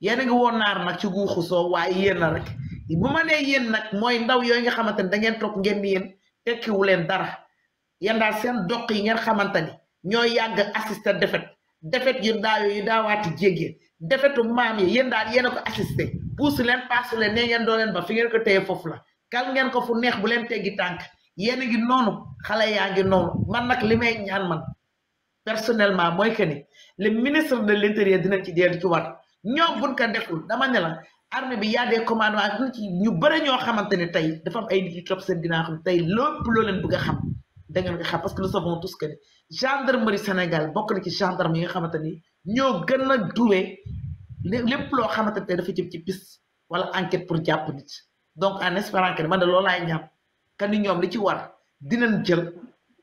yéen a ngi woon naar nag ci guuxu soow waaye yéen la rek bu ma nee yéen nag mooy ndaw yooyu nga xamante ni da ngeen toog ngeen ni yéen tekkiwu leen dara yéen daal seen doq yi ngeen xamante ni ñooy yàgg assisté defet defet yu daayoo yu daawaati jéggee defetu maam yi yéen daal yéen a ko assisté puusu leen paasu leen nee ngeen ba fi ngeen ko téye foofu la kal ngeen ko fu neex bu leen teggi tànk yéen a ngi noonu xale yaa ngi noonu man nag li may ñaan man personnellement mooy que ni le ministre de dinañ ci dellu ci war ñoom buñ ko deful dama ne la armée bi y a des commandements ñu ci ñu bëri ñoo xamante ne tey dafa ay nit yu topp seen dinaa xam tey lépp loo leen bëgg a xam da ngeen ko parce que nous savons tous que ni gendarmerie Sénégal bokk na ci gendarme yi nga xamante ni ñoo gën a duwee lépp loo xamante ne tey dafa jëm ci piste wala enquête pour jàpp nit donc en espérant que man de loolu laay ñàpp que ni ñoom da ci war dinañ jël.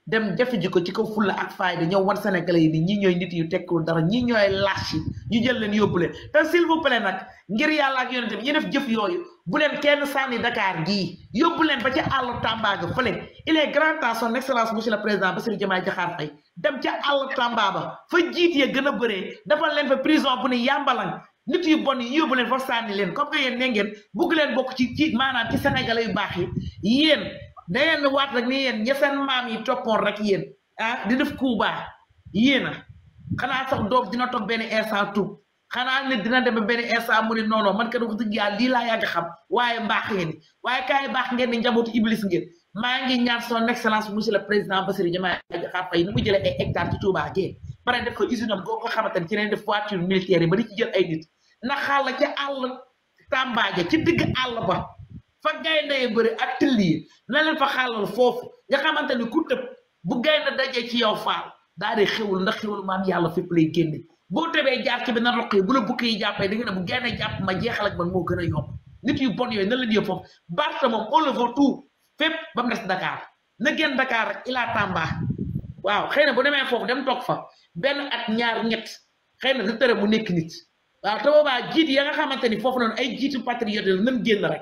dem jafe ko ci kaw fulla ak fayda ñëw wan Sénégalais yi ni ñii ñooy nit yu tekkul dara ñii ñooy lâche yi ñu jël leen yóbbu leen te s'il vous nag ngir yàlla ak yonent bi ñu def jëf yooyu bu leen kenn sànni Dakar gii yóbbu leen ba ci àll Tamba ga fële il est grand temps son excellence monsieur le président Bassirou Diomaye Diakhar Faye dem ca àll Tamba ba fa jiit ya gën a bëree defal leen fa prison bu ne yàmbalang nit yu bon yi yóbbu leen fa sànni leen comme que yéen ne ngeen bugg leen bokk ci ci maanaam ci Sénégalais yu baax yi yéen da ngeen waat rek ni yéen ña maam yi toppoon rek yéen ah di def kuubaa yéen a xanaa sax doom dina toog benn instant tuub xanaa nit dina dem benn instant mu ne noonu man kat ko dëgg yàlla lii laa yàgg xam waaye mbaax ngeen ni waaye kaay baax ngeen ni njabootu iblis ngeen maa ngi ñaan son excellence monsieur le président Bassirou Diomaye Diakhar Faye ni mu jëlee ay hectares ci Touba Gueye pare def ko usine am boo ko xamante ne ci leen def voiture militaire ba di ci jël ay nit na xàll ca àll Tamba ja ci digg àll ba. fa gaynde yi bëri ak tëll na leen fa xaalal foofu nga xamante ni ku tëb bu gaynde dajee ci yow faal daa di xewul ndax xewul maam yàlla fépp lay génne boo tebee jaar ci benn roq yi la bukki yi jàppee da nga ne bu gaynde jàpp ma jeexal ak moo gën a yomb nit yu bon yooyu na leen yëpp foofu Barça moom on le voit ba mu des Dakar na génn Dakar rek ilaa Tamba waaw xëy na bu demee foofu dem toog fa benn at ñaar ñett xëy na du tere mu nekk nit waaw te boobaa jiit ya nga xamante ni foofu noonu ay jiitu patriote la nan génn rek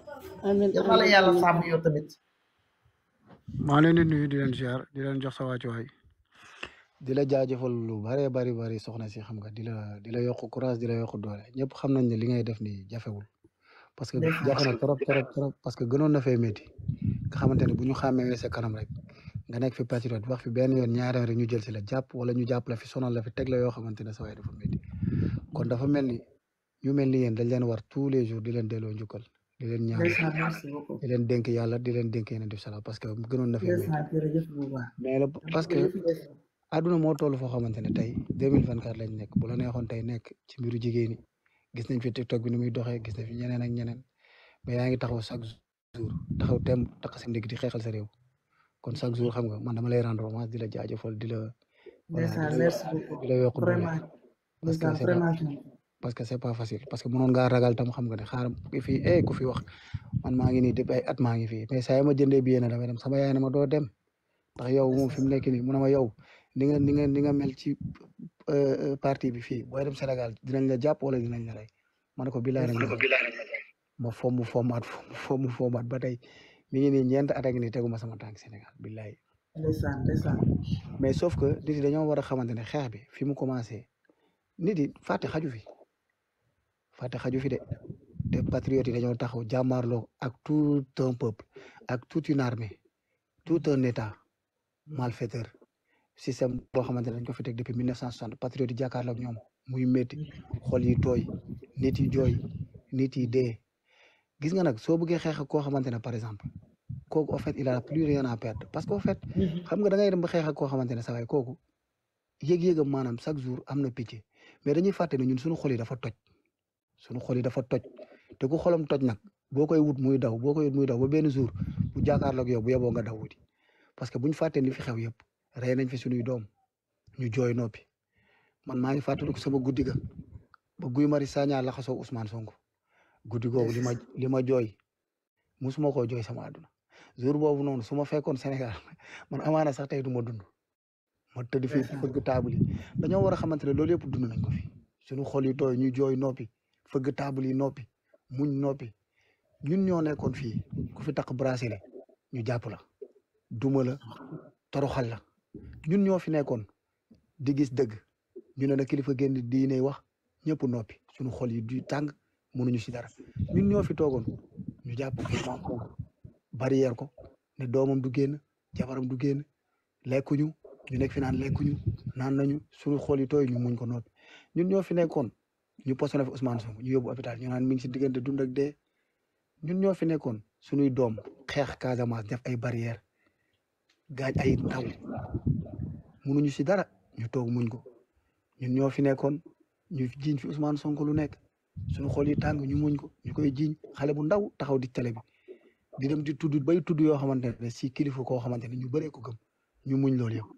amiin yal na la yàlla di leen ziar di leen jox sa wàccuwaay. di la jaajëfal lu bare bari bari soxna si xam nga di la di la yokk courage di la yokk doole ñëpp xam nañ ne li ngay def ni jafewul parce que jafe na trop trop trop parce que gënoon na fee métti nga xamante ne bu ñu xàmmee sa kanam rek nga nekk fi patriote wax fi benn yoon ñaareel rek ñu jël si la jàpp wala ñu jàpp la fi sonal la fi teg la yoo xamante ne sa waay dafa métti kon dafa mel ni ñu mel ni yéen dañ leen war tous les jours di leen delloo njukkal di leen ñaan di leen dénk yàlla di leen dénk yeneen def sala parce que gënoon na fi mais la parce que àdduna moo toll foo xamante ne tey deux mille vingt quatre lañ nekk bu la neexoon tey nekk ci mbiru jigéen ñi gis nañ fi tiktok bi ni muy doxee gis nañ fi ñeneen ak ñeneen mais yaa taxaw chaque jour taxaw tem tax sa ndig di xeexal sa réew kon chaque jour xam nga man dama lay rendre hommage di la jaajëfal di la. voilà di la yokk parce que c'est pas facile parce que mënoon nga ragal tam xam nga ne xaaral fi eh ku fi wax man ma ngi ni ay at ma ngi fi mais saa yi ma jëndee billet na dama dem sama yaay na ma do dem ndax yow mo fim mu nekk nii mu ma yow ni nga ni nga ni nga mel ci euh, euh, parti bi fi boy dem Sénégal dinañ la japp wala dinañ la manako ma ne ko billahi rek ma fomu format fomm format batay mi ngi ni ñent at ak ni nii sama tank Sénégal billahi mais sauf que nit yi dañoo war a xamante ne xeex bi fi mu commencé nit fi fàtte xaju fi de te patriotes yi dañoo taxaw jàmmaarloo ak tout un peuple ak toute une armée tout un état malfaiteur système boo xamante ne dañ fi teg depuis mille neuf cent soixante patriotes yi ñoom muy métti xol yi tooy nit yi jooy nit yi dee gis nga nag soo bëggee xeex ak koo xamante ne par exemple kooku au fait il a plus rien à parce que au fait mm-hmm. xam nga da ngay dem ba koo xamante ne sa waay kooku yëg-yëgam maanaam chaque jour am na picc mais dañuy fàtte ne ñun xol yi dafa toj sunu xol yi dafa toj te ku xolom toj nag boo koy wut muy daw boo koy wut muy daw ba benn jour bu jàkkaarloog yow bu yeboo nga daw wuti parce que buñ fàttee ni fi xew yëpp rey nañ fi sunuy doom ñu jooy noppi man maa ngi fàttaliku sama guddi ga ba Guy Marius Sagna laxasoo Ousmane Sonko guddi googu li ma li ma jooy musuma koo jooy sama àdduna jour boobu noonu su ma fekkoon Sénégal man amaana sax tey du ma dund ma tëdd fii bëgg taabal dañoo war a xamante ne loolu yëpp dund nañ ko fi sunu xol yi tooy ñu jooy noppi fëgg taabal yi noppi muñ noppi ñun ñoo nekkoon fii ku fi takk bracelet ñu jàpp la duma la toroxal la ñun ñoo fi nekkoon di gis dëgg ñu ne na kilifa génn diine wax ñëpp noppi suñu xol yi du tàng mënuñu si dara ñun ñoo fi toogoon ñu jàpp ko ko ne doomam du génn jabaram du génn lekkuñu ñu nekk fi naan lekkuñu naan nañu suñu xol yi tooy ñu muñ ko noppi ñun ñoo fi nekkoon ñu posone fi Ousmane Sonko ñu yóbbu hôpital ñu naan mi si diggante dund ak dee ñun ñoo fi nekkoon suñuy doom xeex Casamance def ay barrière gaañ ay taw munuñu si dara ñu toog muñ ko ñun ñoo fi nekkoon ñu jiiñ fi Ousmane sonk lu nekk suñu xol yi tàng ñu muñ ko ñu koy jiiñ xale bu ndaw taxaw di télé di dem di tudd bay tudd yoo xamante ne si kilifa koo xamante ne ñu bëree ko gëm ñu muñ loolu yëpp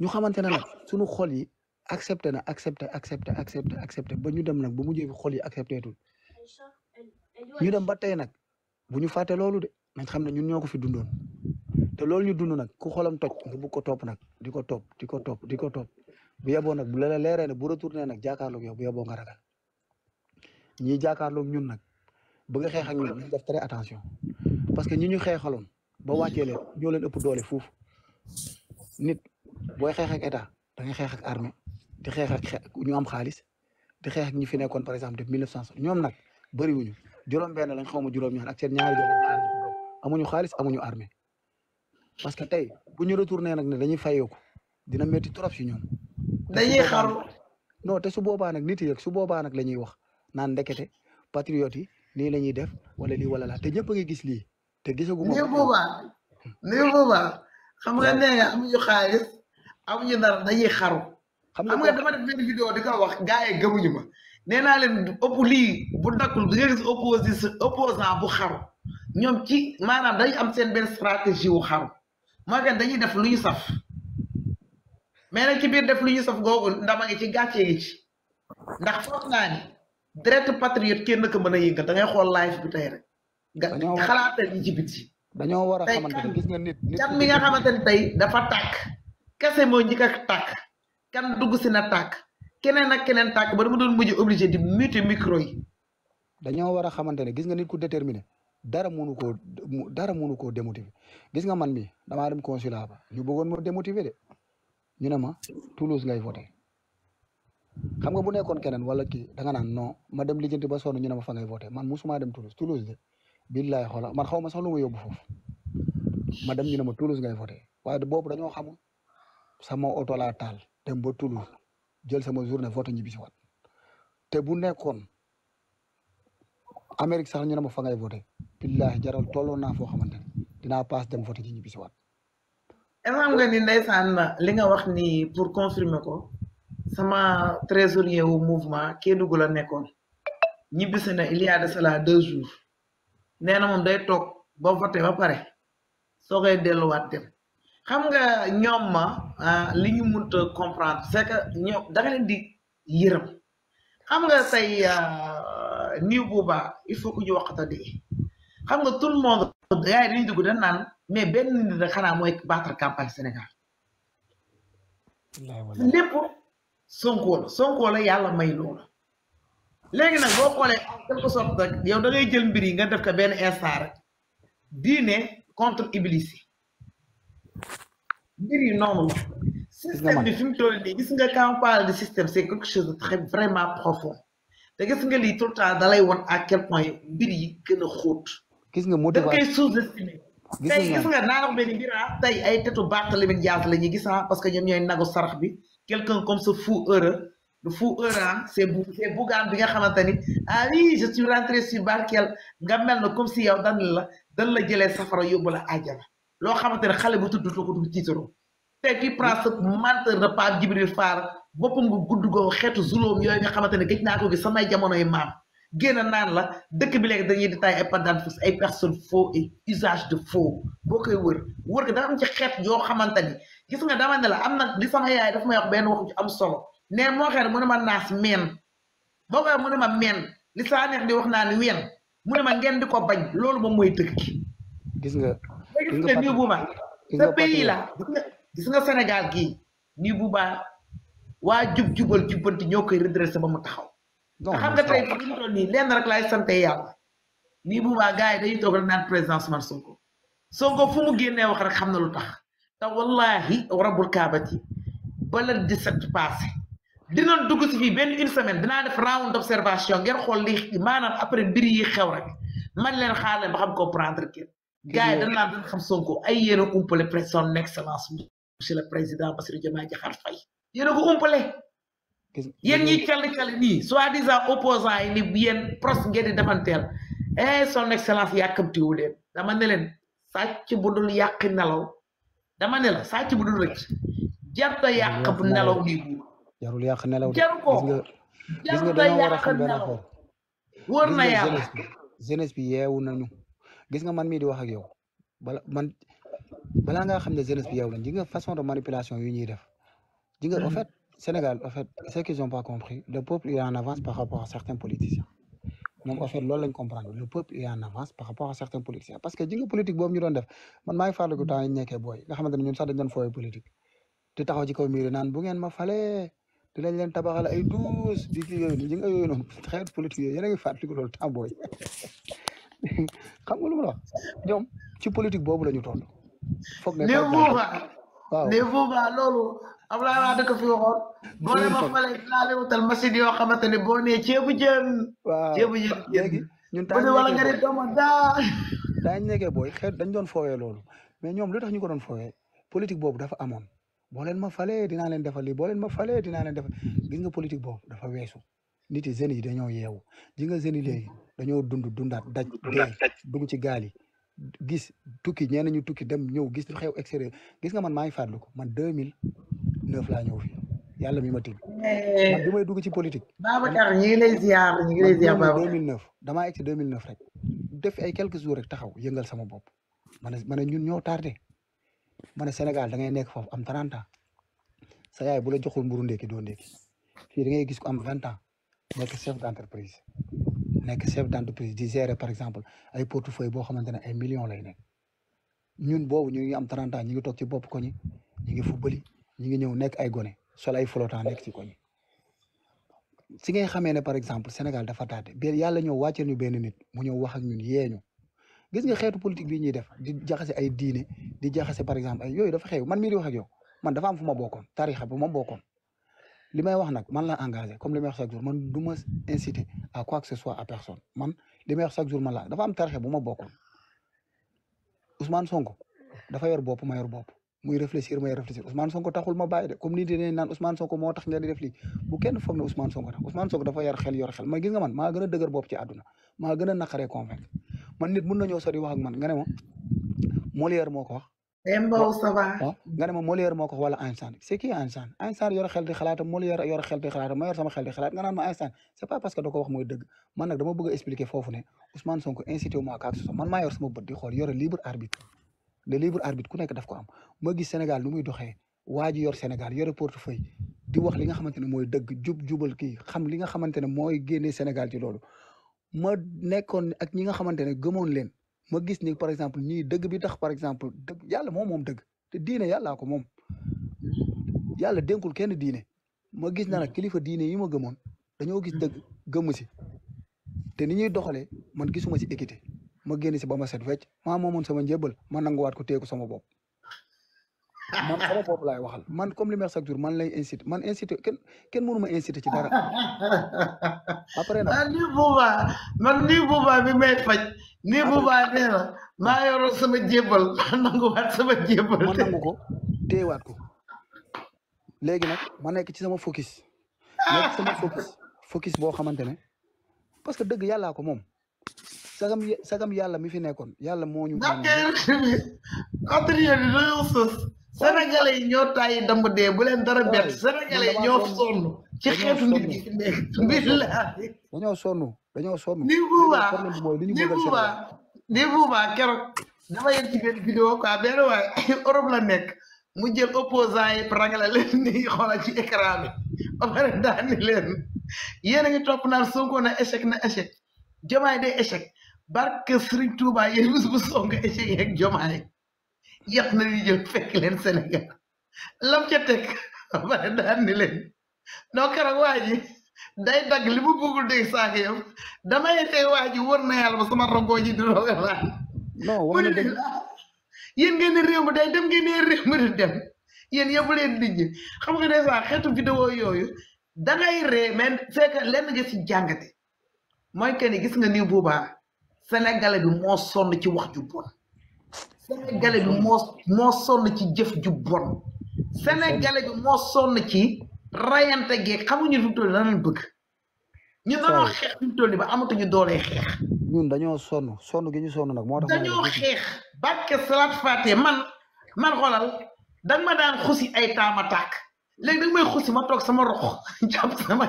ñu xamante ne nag suñu xol accepté na accepté accepté accepté accepté ba ñu dem nak bu mujjee bi xol yi accepté tul ñu dem ba tay nak bu ñu faté lolu de nañ xamné ñun ñoko fi dundoon té lolu ñu dund nak ku xolam tok nga bu ko top nak diko top diko top diko top bu yabo nak bu la la leeree ne bu retourné nak jàkkaarloog yow bu yabo nga ragal ñi jàkkaarloog ñun nak bëgg a ak ñun ñu def très attention parce que ñi ñu xeexaloon ba waccé lé ñoo leen ëpp doolé fuuf nit boy xeex ak état da nga xeex ak armée di xeex ak xeex ñu am xaalis di xeex ak fi nekkoon par exemple def mille neuf cent ñoom nag bëriwuñu juróom-benn lañ xaw ma juróom-ñaar ak seen amuñu xaalis amuñu armée parce que tey bu ñu retourné nag ne dañuy fayoo dina métti trop si ñoom. dañuy su boobaa nag nit su boobaa nag la ñuy wax naan ndekete patriotes yi nii la ñuy def wala lii wala laa te ñëpp a gis lii. te gisagu ma xaru. xam nga dama def benn vidéo di ko wax gars yi gëmuñu ma nee naa leen ëpp lii bu dakkul di nga gis opposition opposant bu xaru ñoom ci maanaam dañu am seen benn stratégie wu xaru mooy que dañuy def lu ñu saf mais nag ci biir def lu ñu saf googu ndama ngi ci gàcce ngi ci ndax foog naa ni direct patriote kenn ko mën a yëngal da ngay xool live bi tey rek. nga xalaatal ñi ci biti. dañoo war a xamante ne gis nga nit nit mi nga xamante ne tey dafa tàkk kese moo njëkk a tàkk. kan dugg si na tàkk keneen ak keneen tàkk ba dama doon mujj obligé di muté micro yi. dañoo war a xamante ne gis nga nit ku déterminé dara mënu ko dara mënu koo démotiver gis nga man mi damaa dem consulat ba ñu bëggoon ma démotiver de ñu ne ma Toulouse ngay voté xam nga bu nekkoon keneen wala kii danga naan non ma dem lijjanti ba sonn ñu ne ma fa ngay voté man musuma dem Toulouse Toulouse de billaay xoola man xaw ma sax lu ma yóbbu foofu ma dem ñu ne ma Toulouse ngay voté waaye boobu dañoo xamul sama oto laa taal dem ba Toulouse jël sama journée vote ñibbi si waat te bu nekkoon Amérique sax ñu ne ma fa ngay voté billahi jaral tolloon naa foo xamante ne dinaa paas dem voté ci ñibbi si waat. xam nga ni li nga wax ni pour confirmer ko sama trésorier wu mouvement Kédougou la nekkoon ñibbisi na il y a de jours nee na moom day toog ba voté ba pare soo koy delluwaat dem. xam nga ñoom ah, li ñu mënut a comprendre que ñoom da leen di yërëm xam nga tey ah, nii booba il faut que ñu waxata di xam nga tout le monde gars yi dañuy dugg dañ naan mais benn nit da xanaa mooy battre campagne Sénégal lépp Sonko la Sonko la yàlla may loolu léegi nag boo xoolee en quelque sorte rek yow da jël mbir yi nga def ka benn instant rek diine contre iblis mbir yi noonu système bi fi mu toll nii gis nga quand on parle de système c' est quelque chose de très vraiment profond te gis nga lii tout le temps dalay won à quel point mbir yi gën a xóot. gis nga motivation da koy sous-estimé. gis nga tey gis nga naan benn mbir ah tey ay tetu Barthélémy Dias la ñuy gis ah parce que ñoom ñooy nagu sarax bi quelqu'un comme ce fou heureux le fou heureux ah, c'est c' est bu c' est Bougane bi nga xamante ni ah oui je suis rentré sur Barkel nga mel na comme si yow dan la dan la jëlee safara yóbbu la àjjana. loo xamante ne xale bu tudd ko du tiitaroo te ki prince menteur de Pape Djibril Fall boppam gu gudd goo xeetu zulóom yooyu nga xamante ne gëj naa ko gi samay jamonoy maam génn naan la dëkk bi léegi dañuy détaillé ay pendentifs ay personnes faux et usage de boo koy wër wër ko am ci xeet yoo xamante ni gis nga dama ne la am na li sama yaay dafa may benn waxu am solo neen moo xeet mu ne ma naas meen boo koy mu ne ma meen li saa di wax naa ni ween mu ne ma ngeen di ko bañ loolu moom mooy dëkk gis nga gis nga ni buuba ce pays là gis nga Sénégal gii ni buuba waa jub jubal jubbanti ñoo koy redressé ba mu taxaw. te xam nga tey fi nii lenn rek laay sant yàlla nii buuba gars yi dañuy toog rek naan président Ousmane Sonko Sonko fu mu génnee wax rek xam na lu tax te wallahi rabbul kaabati bala dix-sept passé dinañ dugg si fii benn une semaine dinaa def round d'observation ngeen xool li maanaam après mbir yi xew rek man leen xaar ba xam comprendre kenn gars yi dañ naan dañ Sonko ay yéen a umpale pré son excellence monsieur le président Bassirou Diomaye Diakhar Faye yéen a ko umpale yéen ñiy calli calli nii soi-disant opposant yi ni yéen pros ngeen di defanteel eh son excellence yàkkamtiwu leen dama ne leen sàcc bu dul yàqi nelaw dama ne la sàcc bu dul rëcc jarta yàq bu nelaw nii bu jarul yàq nelaw jaru ko jarta yàq nelaw wër na yàlla jeunesse bi yeewu nañu gis nga man mi di wax ak yow bala man bala nga xam jeunesse bi yow lañ nga façon de manipulation yu ñuy def ji nga en mm-hmm. fait Sénégal en fait ce qu'ils ont pas compris le peuple est en avance par rapport à certains politiciens ñoom en fait loolu lañ comprendre le peuple est en avance par rapport à certains politiciens parce que ji nga politique boobu ñu doon def man maa ngi fàttaliku ta yi nekké boy. nga xamante ñun sax dañ doon fooyee politique di taxaw ci kaw miir naan bu ngeen ma falee dinañ leen tabaxal ay douze di kii yooyu ji nga yooyu noonu politique yooyu yéen a ngi fàttaliku loolu temps boy. xam nga lu ma la wax ñoom ci politique boobu la ñu toll. foog ne waaw ne boobaa loolu Abdoulaye Wade ko fi waxoon. boo ne ma falee dinaa leen wutal machine yoo xamante ne boo nee ceebu jën. waaw ñun taa wala booy xeet dañ doon foowee loolu mais ñoom lu tax ñu ko doon foowee politique boobu dafa amoon boo leen ma falee dinaa leen defal lii boo leen ma falee dinaa leen defal gis nga politique boobu dafa weesu nit yi jeunes yi dañoo yeewu ji nga jeunes yi léegi dañoo dund dundaat daj dee dugg ci gaal yi gis tukki ñenn ñu tukki dem ñëw gis xew extérieur gis nga man maa ngi fàttali ko man deux mille neuf laa ñëw fi yàlla mi ma tiim eh. man may dugg ci politique Babacar ñu ngi lay ziar ñu ngi rek def ay quelques jours rek taxaw yëngal sama bopp ma ne ma ñun ñoo tardé ma ne Sénégal da ngay nekk foofu am 30 ans bu la joxul mburu ndékki doo ndékki fii da ngay gis ko am vingt ans nekk chef d'entreprise nekk chef d' entreprise di gérer par exemple ay portefeuille boo xamante ne ay millions lay nekk ñun boobu ñu ngi am 30 ñi ngi toog ci bopp koñi ñu ngi fubbali ñi ngi ñëw nekk ay gone solo ay flottant nekk ci koñi si ngay xamee ne par exemple Sénégal dafa taate ba yàlla ñëw wàcceel ñu benn nit mu ñëw wax ak ñun yee ñu gis nga xeetu politique bi ñuy def di jaxase ay diine di jaxase par exemple yooyu dafa xew man mii di wax ak yow man dafa am fu ma bokkoon tarixa bu ma bokkoon li may wax nak man la engagé comme li may wax chaque jour man duma inciter à quoi que ce soit à personne man li may wax chaque jour man la dafa am tarixe buma ma Ousmane Sonko dafa yor bop ma yor bop muy réfléchir may réfléchir Ousmane Sonko taxul ma baye de comme ni dinañ naan Ousmane Sonko mo tax nga di def li bu kenn foog Ousmane Sonko tax Ousmane Sonko dafa yar xel yor xel ma gis nga man ma gëna deugër bop ci aduna ma gëna a naqaree convaincre man nit mun nañoo sori wax ak man nga né mo Molière moo ko wax Demba Saba. Ah, nga ne ma Molière moo ko wala Einstein c'est qui Einstein Einstein yor xel di xalaat Molière yor xel di xalaat ma yor sama xel di xalaat nga naan ma Einstein c'est pas parce que da ko wax mooy dëgg man nag dama bëgg a expliquer foofu ne Ousmane Sonko incité wu ma ak ak man yor sama bët xool yore libre arbitre le libre arbitre ku nekk daf ko am ma gis Sénégal nu muy doxee waa ji yor Sénégal yore portefeuille di wax li nga xamante ne mooy dëgg jub jubal kii xam li nga xamante ne mooy génnee Sénégal ci loolu ma nekkoon ak ñi nga xamante ne gëmoon leen ma gis ni par exemple ñii dëgg bi tax par exemple dëgg yàlla moom moom dëgg te diine yàllaa ko moom yàlla dénkul kenn diine ma gis na nag kilifa diine yi ma gëmoon dañoo gis dëgg gëmm si te ni ñuy doxalee man gisuma si équité ma génn si ba ma set wecc maa moomoon sama njëbal ma nanguwaat ko teeku sama bopp man sama bopp laay waxal man comme li ma wax chaque jour man lay incité man incité kenn kenn mënu ma incité ci dara. après nag ah nii boobaa man nii boobaa bi may faj. nii boobaa nee maa yoroon sama jébal ma nanguwaat sama jébal. ma nangu ko téewaat ko léegi nag ma nekk ci sama focus. nekk sama focus focus boo xamante ne parce que dëgg yàllaa ko moom. sagam sagam yàlla mi fi nekkoon yàlla moo ñu. ndax kay bi sénégalais yi ñoo tàyyi damb dee bu leen dara bett sénégalais yi ñoo sonn ci xeetu nit ki nekk billahi dañoo sonn dañoo sonn ni buubaa ni buubaa ni buubaa keroog dama yegg ci benn vidéo quoi benn waaye Europe la nekk mu jël opposant yi leen ni ci écran bi ba pare daani leen yéen a ngi topp naan Sonko na échec na échec jomaay day échec barke Serigne Touba yéen bis bu sonko échec jomaay yàq na ñu jël fekk leen Sénégal lam ca teg bare daan ni leen noo keroog waa ji day dagg li mu bëggul dégg saak yëpp damay tey waa ji wër na yàlla ba sama rongoo ji di roog a laal mu ni yéen ngeen ne réew mi day dem ngeen ne réew mi di dem yéen yëpp leen nit ñi xam nga ne sax xeetu vidéo yooyu ngay ree mais fekk lenn nga si jàngate mooy que ni gis nga nii boobaa Sénégalais bi moo sonn ci wax ju bon sénégalais bi moo moo sonn ci jëf ju bon sénégalais bi moo sonn ci rayante geeg xamuñu fi mu toll lan bëgg ñu dañoo xeex fi mu toll ba ñu doolee xeex ñun dañoo sonn sonn gi ñu tax man man xolal ma daan xusi ay taama léegi may xusi ma toog sama rox sama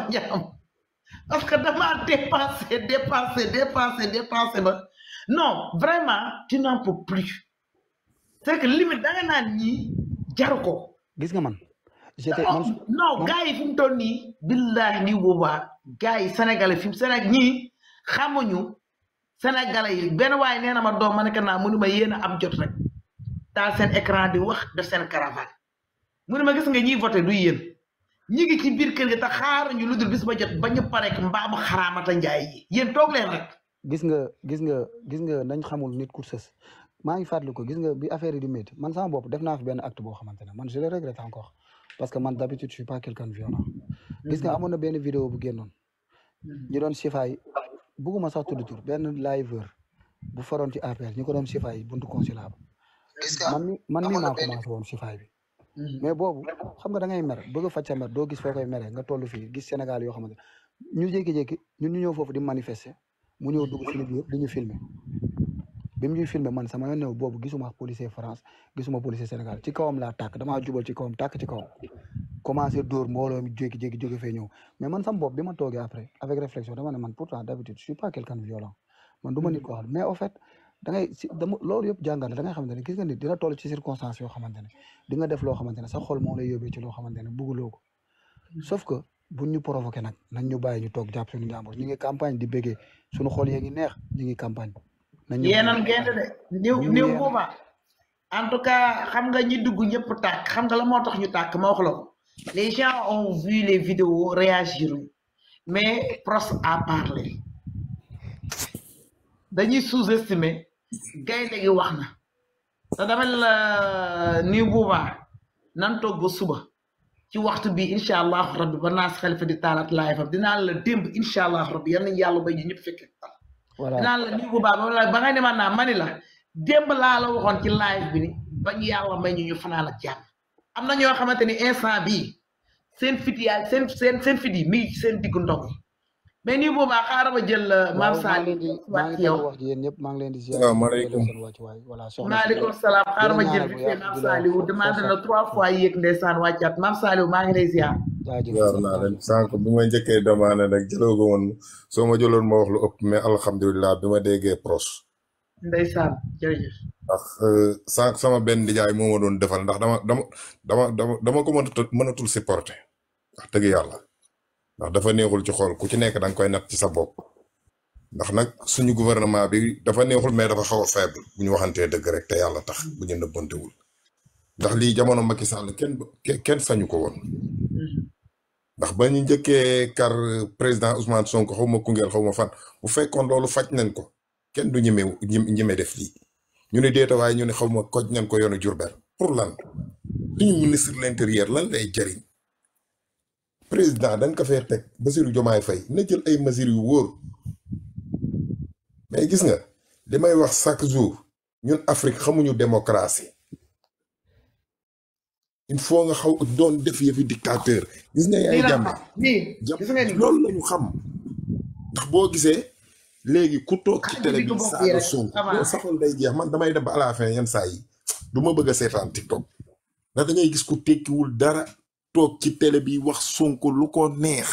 parce que dépassé dépassé dépassé dépassé non vraiment tu n'en peux plus c'est que limite da nga naan ñii jaru ko. gis nga man. j'étais non gars yi nii. billahi nii boobaa gars yi sénégalais fi mu Sénégal ñii xamuñu sénégalais yi benn waaye nee na ma doom ma ne naa mu ne ma yéen am jot rek taal seen écran di wax def seen caravane mu ne ma gis nga ñi voté du yéen ñi ngi ci biir kër gi te xaaruñu lu dul bis ba jot ba ñu pareeg mbaamu xaraamata njaay yi yéen toog leen rek. gis nga gis nga gis nga nañ xamul nit ku sës maa ngi ko gis nga bi affaire yi di métti man sama bopp def naa fi benn acte boo xamante ne man je le regrette encore parce que man d'habitude je suis pas quelqu'un violent gis nga amoon na benn vidéo bu génnoon ñu doon sifaay bugguma sax tudd tur benn liveur bu faroon ci APR ñu ko doon sifaay buntu consulat ba man mi man mi maa commencé woon sifaay bi mm-hmm. mais boobu xam nga da ngay mer bëgg a faj sa mer doo gis foo koy mere nga toll fii gis Sénégal yoo xamante ne ñu jékki-jékki ñun ñu ñëw foofu di manifester mu ñëw dugg suñu biir ñu filmer bi mu ñuy filmé man sama yoon new boobu gisuma policier France gisuma policier Sénégal ci kawam laa tàkk damaa jubal ci kawam tàkk ci kawam commencé dóor mbooloo mi jékki-jékki jóge fee ñëw mais man sama bopp bi ma toogee après avec réflexion dama ne man pourtant d'habitude je suis pas quelqu'un de violent man xam mais au fait da ngay si dama loolu yëpp jàngal da ngay ne gis nga nit dina toll ci circonstance yoo xamante ne di nga def loo xamante ne sa xol moo lay yóbbee ci loo xamante ne bugguloo ñu bàyyi ñu toog jàpp suñu njàmbur ñu ngi campagne di béggee suñu xol yee ngi neex ñu ngi campagne yeenal gerte de niw niw buuma en tout cas xam nga ñi dugg ñëpp tàkk xam nga la moo tax ñu tàkk ma wax la les gens ont vu les vidéos réagir mais pros à parler dañuy sous-estimer gaynde gi wax na te dama la niw buuma nan tok ba suba ci waxtu bi insha rabbi ba naas xalifa di taalaat laay fam dinaa la démb rabbi yal nañ yàlla bay ñu voilà naan la nii bu baax ba ngay demaat naa mani la démb laa la waxoon ci live bi ni bañ yàlla may ñu ñu fanaan la jàmm am na ñoo xamante ni instant bi seen fit yaay seen seen seen fit mi ngi ci seen diggu ndox mais nii boobaa ah, xaaral ma jël euh, maam Sali wax ci yow wax ji yéen ñëpp maa ngi leen di ziar maaleykum salaam xaaral ma jël bi fee maam Sali wu demande na trois fois yéeg ndeysaan wàccaat maam Sali wu maa ngi lay ziar ziar naa leen sànq bi ma njëkkee demande nag jëloo ko woon soo ma jëloon ma wax lu ëpp mais alhamdulilah bi ma déggee proche ndeysaan jërëjëf ndax euh, sànq sama benn nijaay moo ma doon defal ndax dama dama dama dama dama ko mën a mënatul supporter wax dëgg yàlla ndax dafa neexul ci xool ku ci nekk da nga koy natt ci sa bopp ndax nag suñu gouvernement bi dafa neexul mais dafa xaw a faible bu ñu waxantee dëgg rek te yàlla tax bu ñu nëbbantewul ndax lii jamono Macky sànn kenn kenn sañu ko woon ndax ba ñu njëkkee kar président Ousmane Sonko xaw ma Koungheul xaw ma fan bu fekkoon loolu faj nañ ko kenn du ñeme ñeme def lii ñu ne déeta waaye ñu ne xaw ma koj nañ ko yoonu Jurbel pour lan suñu ministre l'intérieur lan lay jëriñ président dañ ko fee teg Bassirou Diomaye fay na jël ay mesures yu wóor mais gis nga li may wax chaque jour ñun Afrique xamuñu démocratie il faut nga xaw doon def yëfi dictateur gis nga yaay jàmm loolu lañu xam ndax boo gisee léegi ku toog ci télé bi saaga Sonko boo saxoon day jeex man damay dem ba à la saa yi du ma bëgg a seetaan TikTok ndax da gis ku tekkiwul dara toog ci télé bi wax sunk lu ko neex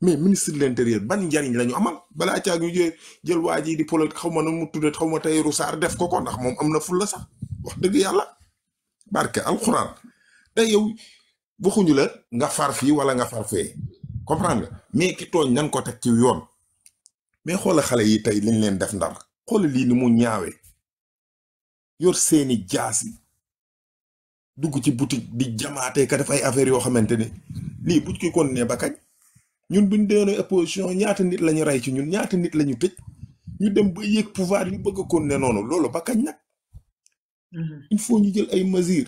mais ministre de ban njariñ la ñu amal balaa caag ñu jël jël waa ji di polo xaw ma nu mu tuddee xaw ma Tahirou Sarr def ko ko ndax moom am na fulla sax wax dëgg yàlla barke alxuraan te yow waxuñu la nga far fii wala nga far fee comprendre nga mais ki tooñ nan ko teg ci yoon mais xoola xale yi tey liñ leen def ndar xoola lii ni mu ñaawee yor seeni jaas yi dugg ci boutique di jamaatee ka def ay affaires yoo xamante ni lii bu ci kon ne ba kañ ñun buñ doonee opposition ñaata nit la ñu rey ci ñun ñaata nit lañu ñu tëj ñu dem ba yëg pouvoir ñu bëgg kon ne noonu loolu ba kañ nag. Mhm. il faut ñu jël ay masir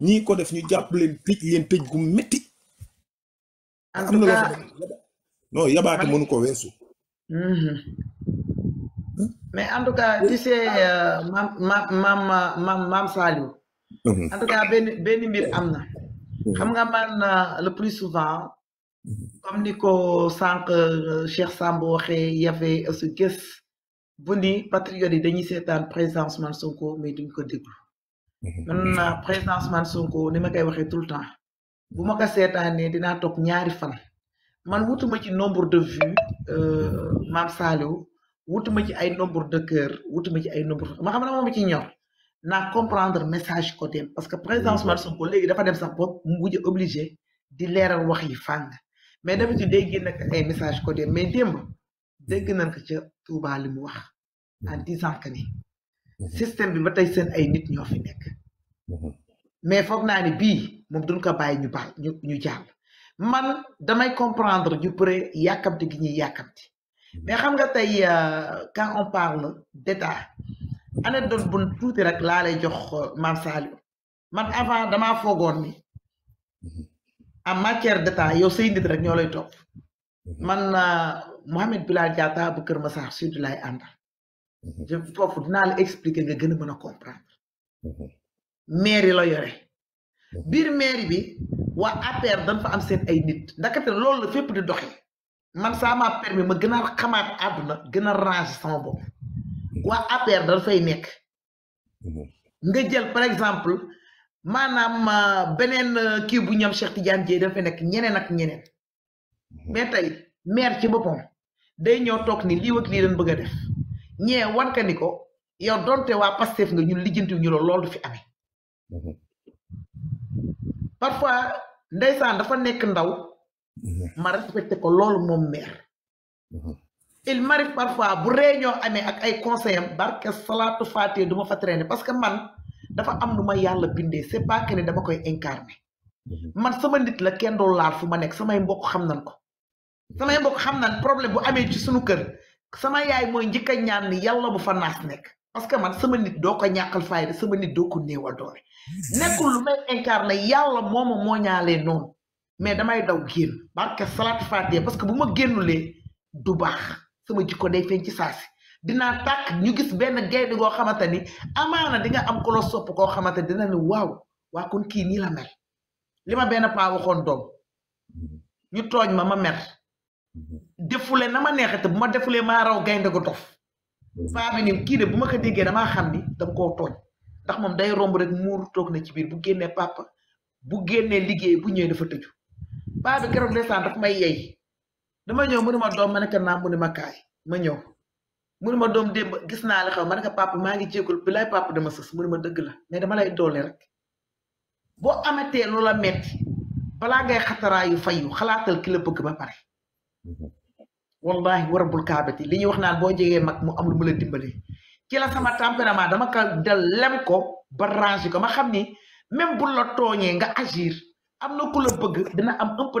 ñii ko def ñu jàpp leen tëj leen tëj gu metti en tout cas ko weesu. Mhm. mais en tout cas tu sais euh, maam maam maam maam Mhm. en tout benn benn mbir am na. Mhm. xam nga man euh, le plus souvent. Mhm. comme ni ko sànq euh, Cheikh sambo waxee yafe su gës bu ni patriote yi dañuy seetaan président Ousmane Sonko mi duñ ko déglu. man euh, président Ousmane Sonko ni ma koy waxee tout le temps bu ma ko seetaanee dinaa toog ñaari fan man wutuma ci nombre de vues maam Saliou wutuma ci ay nombre de cœur wutuma ci ay nombre ma xam ne moom ci ñor. naa comprendre message côté parce que président Ousmane mm-hmm. Sonko léegi dafa dem sax bopp mu mujj obligé di leeral wax yi fàng mais d'habitude day génn ak ay message côté mais démb dégg nañ ko ca Touba li mu wax en disant que mm-hmm. bi ba tey seen ay nit ñoo fi nekk mm-hmm. mais foog naa ni bii moom duñ ko bàyyi ñu baal ñu ñu jàll man damay comprendre ñu bëre yàkkamti gi ñuy yàkkamti mais xam nga tey ka euh, on parle d'état anecdote bu tuuti rek laa lay jox maam Saliou man avant dama foogoon ni mm-hmm. en matière d'état yow say nit rek ñoo lay topp mm-hmm. man euh, Mouhamed Bilal Diatta bu Kër Massar Sud lay àndal mm-hmm. je foofu dinaa la expliquer nga gën a mën a comprendre mairie la yore biir mairie bi waa APR dañ fa am seen ay nit ndakate loolu la fépp di doxee man ça m'a ma gën a xamaat àdduna gën a ranger sama bopp waa APR da fay nekk mmh. nga jël par exemple maanaam euh, beneen euh, kii bu ñoom Cheikh Tidiane Dièye dafa nekk ñeneen ak ñeneen mmh. mais tey maire ci boppam day ñëw toog ni lii ak lii leen bëgg def ñee wanka ko yow donte waa Pastef nga ñu lijjanti ñu loolu fi amee mmh. parfois ndeysaan dafa nekk ndaw ma respecté ko loolu moom maire il m'arrive parfois bu réunion amee ak ay conseil am barke salaatu faatee du ma fa traîner parce que man dafa am lu ma yàlla bindee c'est pas que dama koy incarner man sama nit la kenn doo laal fu ma nekk samay mbokk xam nan ko samay mbokk xam nan problème bu amee ci suñu sama yaay mooy njëkk a ñaan ni yàlla bu fa naas nekk parce que man sama nit doo ko ñàkkal fayda sama nit doo ko néewal doole nekkul lu may incarner yàlla moom moo ñaalee noonu mais damay daw génn barke salaatu faatee parce que bu ma génnulee du baax sama jikko day feeñ ci saasi dinaa tàkk ñu gis benn gaynde goo xamante ni amaana di nga am kolo sopp koo xamante dina ne waaw waa kon kii nii la mel li ma benn paa waxoon doom ñu tooñ ma ma mer defule na ma neexate bu ma defulee maa raw gaynde gu dof paa bi ni kii de bu ma ko déggee dama xam ni dama koo tooñ ndax moom day romb rek muur toog na ci biir bu génnee papa bu génnee liggéey bu ñëwee dafa tëju paa bi keroog ndeysaan daf may yey dama ñëw mu ne doom ma ne ko naam ma kaay ma ñëw mu ma doom démb gis naa la xaw ma ne ko papa maa ngi jégalu bi dama sës mu ne ma dëgg la mais dama lay doole rek boo amatee loola metti balaa ngay xataraayu fayu xalaatal ki la bëgg ba pare wallahi warabul kaabati li ñuy wax naan boo jegee mag mu am lu mu la dimbalee ci la sama tempérament dama ko dal lem ko ba rangé ko ma xam ni même bu la tooñee nga agir am na ku bëgg dina am un peu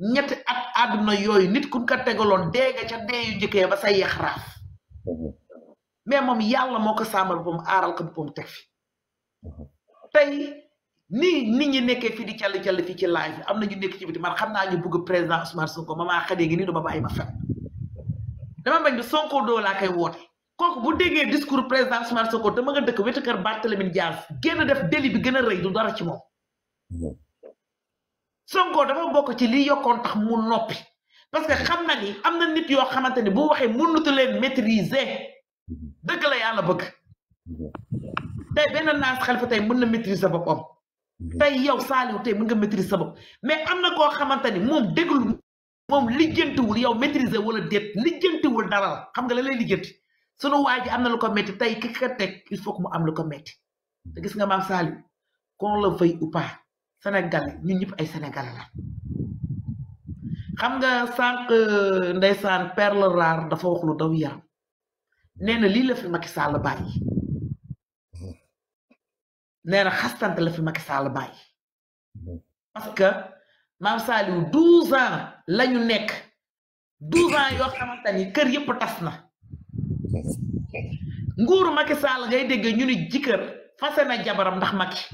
ñetti at àdduna yooyu nit ku ko tegaloon dee nga ca dee yu njëkkee ba sa yeex raaf mais moom yàlla moo ko sàmmal boppam aaral ko boppam teg fi tey nii nit ñi nekkee fii di càll càll fii ci live bi am na ñu nekk ci biti man xam naa ji bugg président Ousmane Sonko ma maa xadee ngi nii du ma bàyyi ma fen dama bañ bi Sonko doo laa koy woote kooku bu déggee discours président Ousmane ko dama nga dëkk wetu kër Barthélémy Dias génn def deli bi gën a rëy du dara ci moom songo dafa bok ci li yokon tax mu nopi parce que xamna ni amna nit yo xamanteni ni bu waxee mënutu len maîtriser deug la yàlla bëgg tey benn nas xalfa tay mën na maîtriser bopom tay yow Saliou tay mën nga maîtriser bop mais amna ko xamanteni mom ni moom déglu moom lijjantiwul yow maîtriser wala déet lijjantiwul dara xam nga la lay lijjanti sunu waji amna lu ko métti tay ki ka tek il faut ko mu am lu ko métti te gis nga mam Saliou qu'on le veuille ou pas Sénégal ñu ñëpp ay Sénégalais la xam nga sànq ndeysaan perle rare dafa wax lu daw yaram nee na lii la fi Macky Sall bàyyi nee na xastante parce que maam Saliou douze ans la nekk douze ans yoo xamante ni kër yëpp tas na nguuru maki Sall ngay dégg ñu ni jëkkër fase na jabaram ndax Macky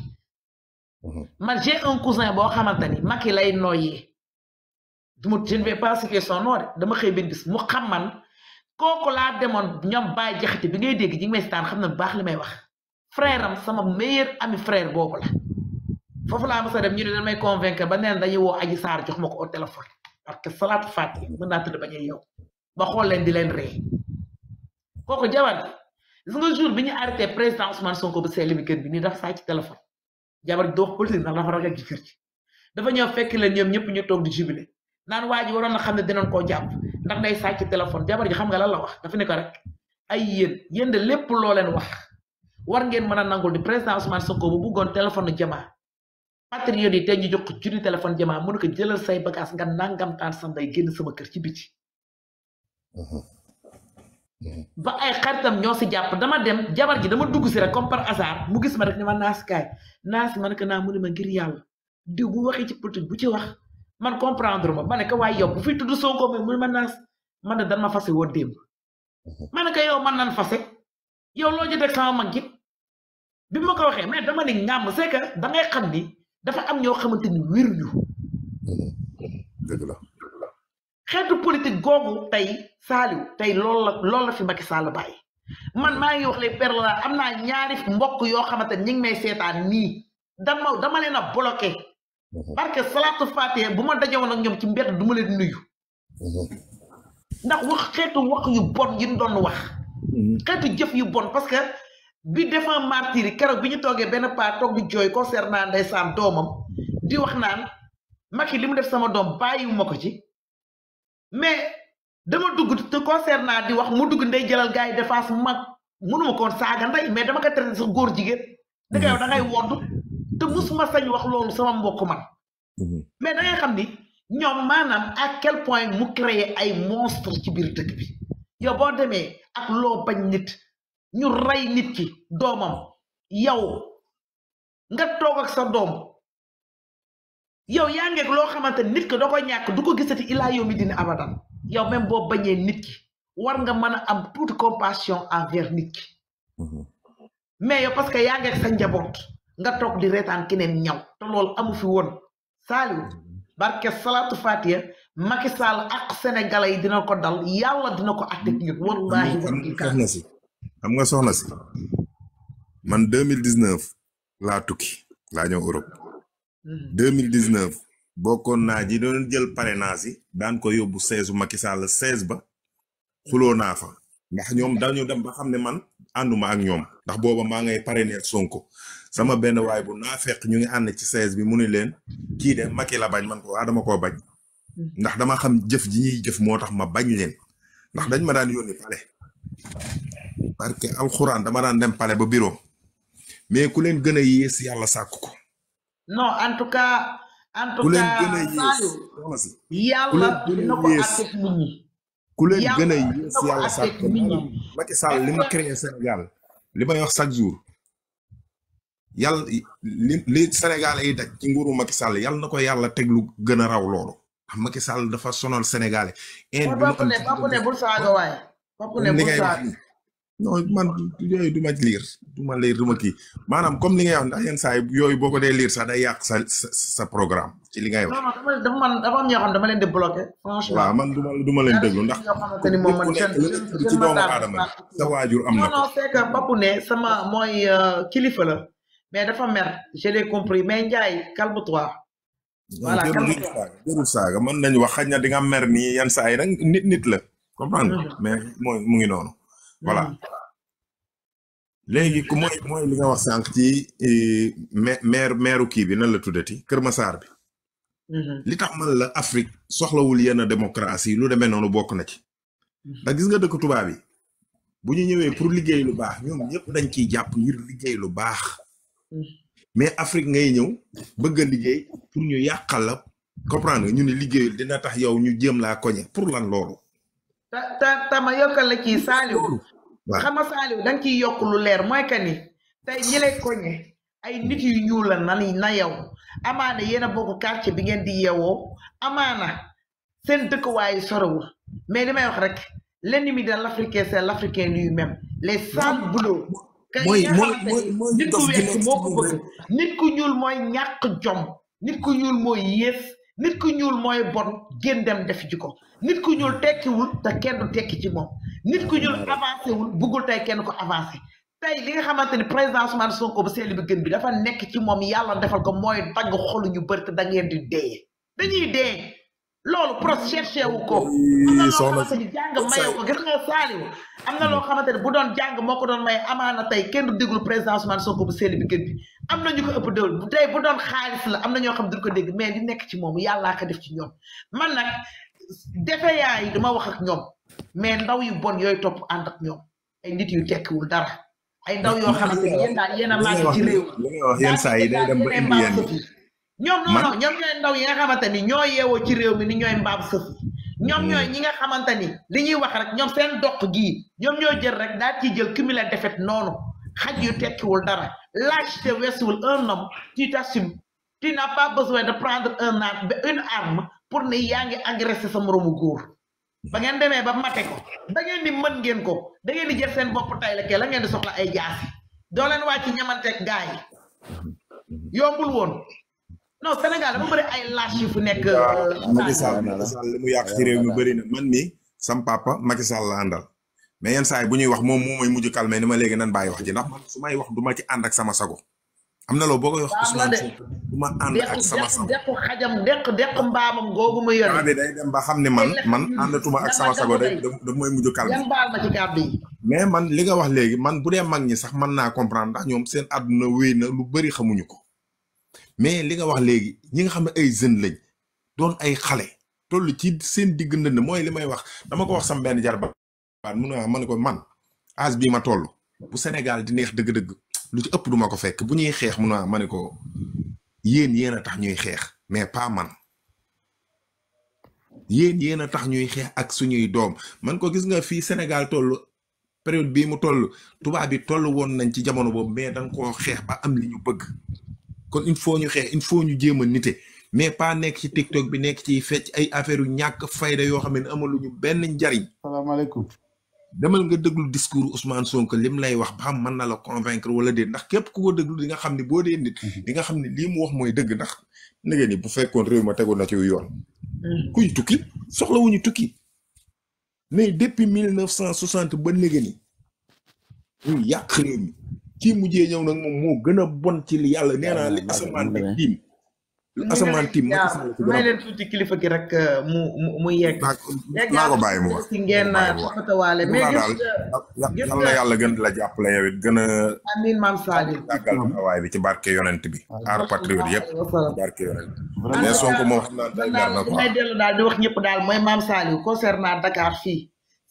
Mhm. man j'ai un cousin boo xamante ni Macky lay noyyee du ma je ne vais pas citer son dama xëy benn bis mu xam man kooku laa demoon ñoom Baye Jaxate bi ngay dégg ñi ngi may sitaan xam na bu baax li may wax frère am sama meilleur ami frère boobu la foofu laa mos a dem ñu ne dañ may convaincre ba neen dañuy woo Adji saar jox ma ko au téléphone parce que salaatu fàtte mën naa tëdd bañ a yow ba xool leen di leen ree kooku jabar gis nga jour bi ñu arrêté président Ousmane Sonko bu see limi bi nii dafa saa ci téléphone jabar dox politique ndax dafa ragal jëkkër ci dafa ñëw fekk leen ñoom ñëpp ñu toog di jubilé naan waa waroon na xamne dinañ ko jàpp ndax day sàcc téléphone jabar ji xam nga lan la wax dafa ne ko rek ay yeen yeen de lépp loo leen wax war ngeen mën a nangul di président Ousmane Sonko bu bëggoon téléphone jamaa patriote yi tey ñu jox ci junni téléphone jamaa mënu ko jëlal say bagage nga nangam taan sa day génn sama kër ci bitti mhm ba ay xartam ñoo ci japp dama dem jabar ji dama dugg ci rek comme par hasard mu gis ma rek ni ma nas kay nas man que na mu ni ma ngir yalla di gu waxee ci politique bu ci wax man comprendre ma ma ne ko waaye yow fi tudd sonko mu ni ma nas man da ma fase woon dem mhm. ma ne ko yow man nan fase yow loo jëteeg sama mag gi bi mu ko waxee mais dama ni ngam c'est que da ngay xam ni dafa am ñoo xamanteni wirñu mhm. mhm. deug la xeetu politique googu tey saaliw tey loolu la loolu la fi Macky Sall bàyyi man maa ngi wax les perles rares am naa ñaari mbokk yoo xamante ñi ngi may seetaan nii dama dama leen a bloqué parce mhm. que fatiha bu ma dajewoon ak ñoom ci mbedd du ma leen nuyu mhm. ndax wax xeetu wax yu bon yi ñu doon wax mhm. xeetu jëf yu bon parce que bi defa martyr keroog bi ñu toogee benn paa toog di jooy concernant ndeysaan doomam di wax naan Macky li mu def sama doom bàyyiwuma ko ci mais dama dugg te concernant di wax mu dugg ndey jëlal gaay défense de face mag mënuma koon saga ndey mais dama ko traité sax goor jigen da ngay da ngay mm-hmm. wodd te musuma sañ wax lolu sama mbokk man mm-hmm. mais da ngay xam ni ñom manam à quel point mu créer ay monstre ci biir dëkk bi yo bo démé ak lo bañ nit ñu ray nit ki domam yow nga tok ak sa dom yow yaa ngeeg lo xamante nit ko da ñak duko du ila gisati yow mi dina abadan yow même bo bañé nit ki war nga mëna am toute compassion envers nit ki mm-hmm. mais yow parce que yaa ngeeg sa njabot nga tok di rétan keneen ñaw to lol amu fi won mm-hmm. barke salatu fatia Macky Sall ak sénégalais yi dina ko dal yalla dina ko atté ak ñun wallahi mm-hmm. soxna xam nga soxna si man 2019 la tukki la Europe Hmm. deux mille dix neuf bokkoon naa ji doon jël parrainage yi daan ko yóbbu seize Macky Sall seize ba xuloo naa fa ndax ñoom dañu dem ba xam ne man ànduma ak ñoom ndax booba maa ngay parrainer Sonko sama benn waay bu naa fekk ñu ngi ànd ci seize bi mu ne leen kii de Macky bañ man ko waa dama koo bañ hmm. ndax dama xam jëf ji ñuy jëf moo tax ma bañ leen ndax dañ ma daan yónni pale parce que alxuraan dama daan dem pale ba bureau mais ku leen gën a yées yàlla sàkk ko non en tout cas. en tout cas yàlla dina ko àtteeg nit ñi. ku leen gën a yées yàlla sàkk Macky Sall li mu Sénégal li wax chaque jour yàlla li li Sénégal ay daj ci nguuru Macky Sall yàlla na ko yàlla teg gën a raw loolu. Sall dafa sonal Sénégalais. inde bi mu am ci li nga non man yooyu duma lire duma lire duma kii maanaam comme li ngay wax ndax yenn saa yooyu boo ko dee lire sax day yàq sa sa programme ci li ngay wax. non man dafa am ñoo xam dama leen di bloqué. franchement waaw man duma duma leen déglu ndax. moom man kenn ci doomu aadama sa waajur am na ko. non non c'est que Papu ne sama mooy euh, kilifa la mais dafa mer je l'ai compris mais Ndiaye calme toi. voilà calme toi jërul saaga man nañu wax xaj na di nga mer nii yenn saa yi nag nit nit la comprendre mm-hmm. mais mooy mu ngi noonu. voilà mmh. léegi mmh. mooy mooy li nga wax sànq ci e, maire maire kii bi nan la tuddati Kër Massar bi. Mmh. li tax man la Afrique soxlawul yenn démocratie lu demee noonu bokk na ci. ndax gis nga dëkk tubaab yi bu ñu ñëwee pour liggéey lu baax ñoom ñëpp dañ ciy jàpp ngir liggéey lu baax. mais Afrique ngay ñëw bëgg a liggéey pour ñu yàqal la comprendre ñu ne liggéeyul dina tax yow ñu jëm laa koñe pour lan loolu. ta ta ta ma yokkal la ci Saliou. ciy yokk leer mooy que ni tey ñi ay nit yu ñuul la na na yow amaana yéen a bokk quartier bi ngeen di yeewoo amaana sen dëkkuwaay sorowul mais li may wax rek l'ennemi de l'Africain c'est l'Africain lui-même les sales boulots. mooy mooy mooy nit ku ko mooy ñàkk jom nit ku mooy yées. nit ku ñuul mooy bon génn dem def ji ko nit ku ñuul tekkiwul te kenn du tekki ci moom nit ku ñuul avancé wul buggul tey kenn ku avancé tey li nga xamante ni président Ousmane Sonko bu seeli bi gën bi dafa nekk ci moom yàlla defal ko mooy dagg xolu ñu bëri te da di dee dañuy dee loolu proche cherché wu ko am na loo xamante ni jàng maye ko gis na loo xamante ni bu doon jàng moo ko doon may amaana tey kenn du déglu président Ousmane Sonko bu seeli bi gën bi am na ñu ko ëpp dëwul bu tey bu doon xaalis la am na ñoo xam duñ ko dégg mais di nekk ci moom yàllaa ko def ci ñoom man nag defe yaa yi dama wax ak ñoom mais ndaw yu bon yooyu topp ànd ak ñoom ay nit yu tekkiwul dara ay ndaw yoo xam ne yéen saa yi day dem ndaw yi nga xamante ni ñoo yeewoo ci réew mi ni ñooy mbaam sëf ñoom mm. ñooy ñi nga xamante ni li ñuy wax rek ñoom seen doq gii ñoom ñoo jël rek daal ciy jël cumulé defet noonu xaj yu tekkiwul dara Lâcheté versus un homme, qui t'assume, Tu n'as pas besoin de prendre un arme, une arme pour ne yangi agresser son moromu goor. Ba ngeen démé ba maté ko, da ngeen di mën ngeen ko, da ngeen di jël seen bop tay la ké la ngeen di soxla ay jaasi. Do len wacc ñamanté ak gaay. Yombul won. Non Sénégal dama bari ay lâche yu fu nek ya, eh, Macky Sall limu yak ci réew mi bari na man mi sam papa Macky Sall la mais yenn saa yi bu ñuy wax moo may mujj ma léegi nan bàyyi wax ji ndax man su may wax du ci ànd ak sama sago. am na loo boo koy wax Ousmane Sonko du ma ànd ak sama sago dekk xajam dekk ba xam ne man man àndatuma ak sama sago day da may mujj mais man li nga wax léegi man bu dee mag ñi sax mën naa comprendre ndax ñoom seen àdduna wéy na lu bëri xamuñu ko mais li nga wax léegi ñi nga xam ne ay jeunes lañ doon ay xale toll ci seen digg ndënd mooy li may wax dama ko wax sam benn jarba mu ne waa ma ne ko man âge bii ma toll bu Sénégal di neex dëgg-dëgg lu ci ëpp du ma ko fekk bu ñuy xeex mu naa ma ne ko yéen yéen a tax ñuy xeex mais pas man yéen yéen a tax ñuy xeex ak suñuy doom man ko gis nga fii Sénégal toll période bii mu toll tubaab bi toll woon nañ ci jamono boobu mais danga koo xeex ba am li ñu bëgg kon il faut ñu xeex il faut ñu jéem a nite mais pas nekk ci TikTok bi nekk ci fecc ay affaire yu ñàkk fayda yoo xam ne amaluñu benn njariñ. demal nga déglu discours Ousmane Sonko lim lay wax ba xam mën na la convaincre wala déet ndax képp ku ko déglu di nga xam ne boo dee nit. Mhm. di nga xam ne lii mu wax mooy dëgg ndax. nga ni bu fekkoon réew ma tegoon na ci yoon. Mhm. kuy tukki soxlawuñu tukki. mais depuis mille neuf cent soixante ba nga ni ñu yàq réew mi kii mujjee ñëw nag moom moo gën a bon ci li yàlla nee naa li asamaan bi diim. lu asamaan tim may leen tuuti kilifa gi rek mu mu yegg naa ko bàyyi mu wax si ngeen taxatawaale mais gis yal na yàlla gën di la jàppale yow it gën a amiin maam Sadio yàggal taxawaay bi ci barke yonent bi aar patriote yëpp barke yonent mais Sonko moom xam naa day gar na ko may dellu daal di wax ñëpp daal mooy maam Saliou concernant Dakar fii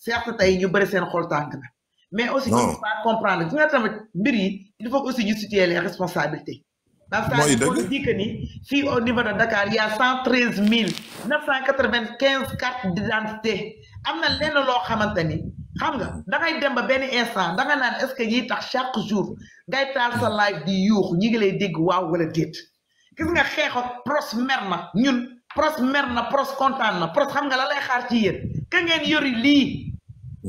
certes tey ñu bëri seen xol tànk na mais aussi il faut pas comprendre gis nga tamit mbir yi il faut aussi ñu situer les responsabilités mooy dëgg Afta dit que ni fii au niveau de Dakar y' a cent treize mille neuf cent quatre vingt quinze cartes am na lenn loo xamante ni xam nga dangay dem ba benn instant danga naan est ce que yiy tax chaque jour ngay taal sa live di yuuxu ñi ngi lay dégg waaw wala gét gis nga xeexo pros mer na ñun pros mer na pros kontaan na pros xam nga la lay xaar ci yéen ka ngeen yori lii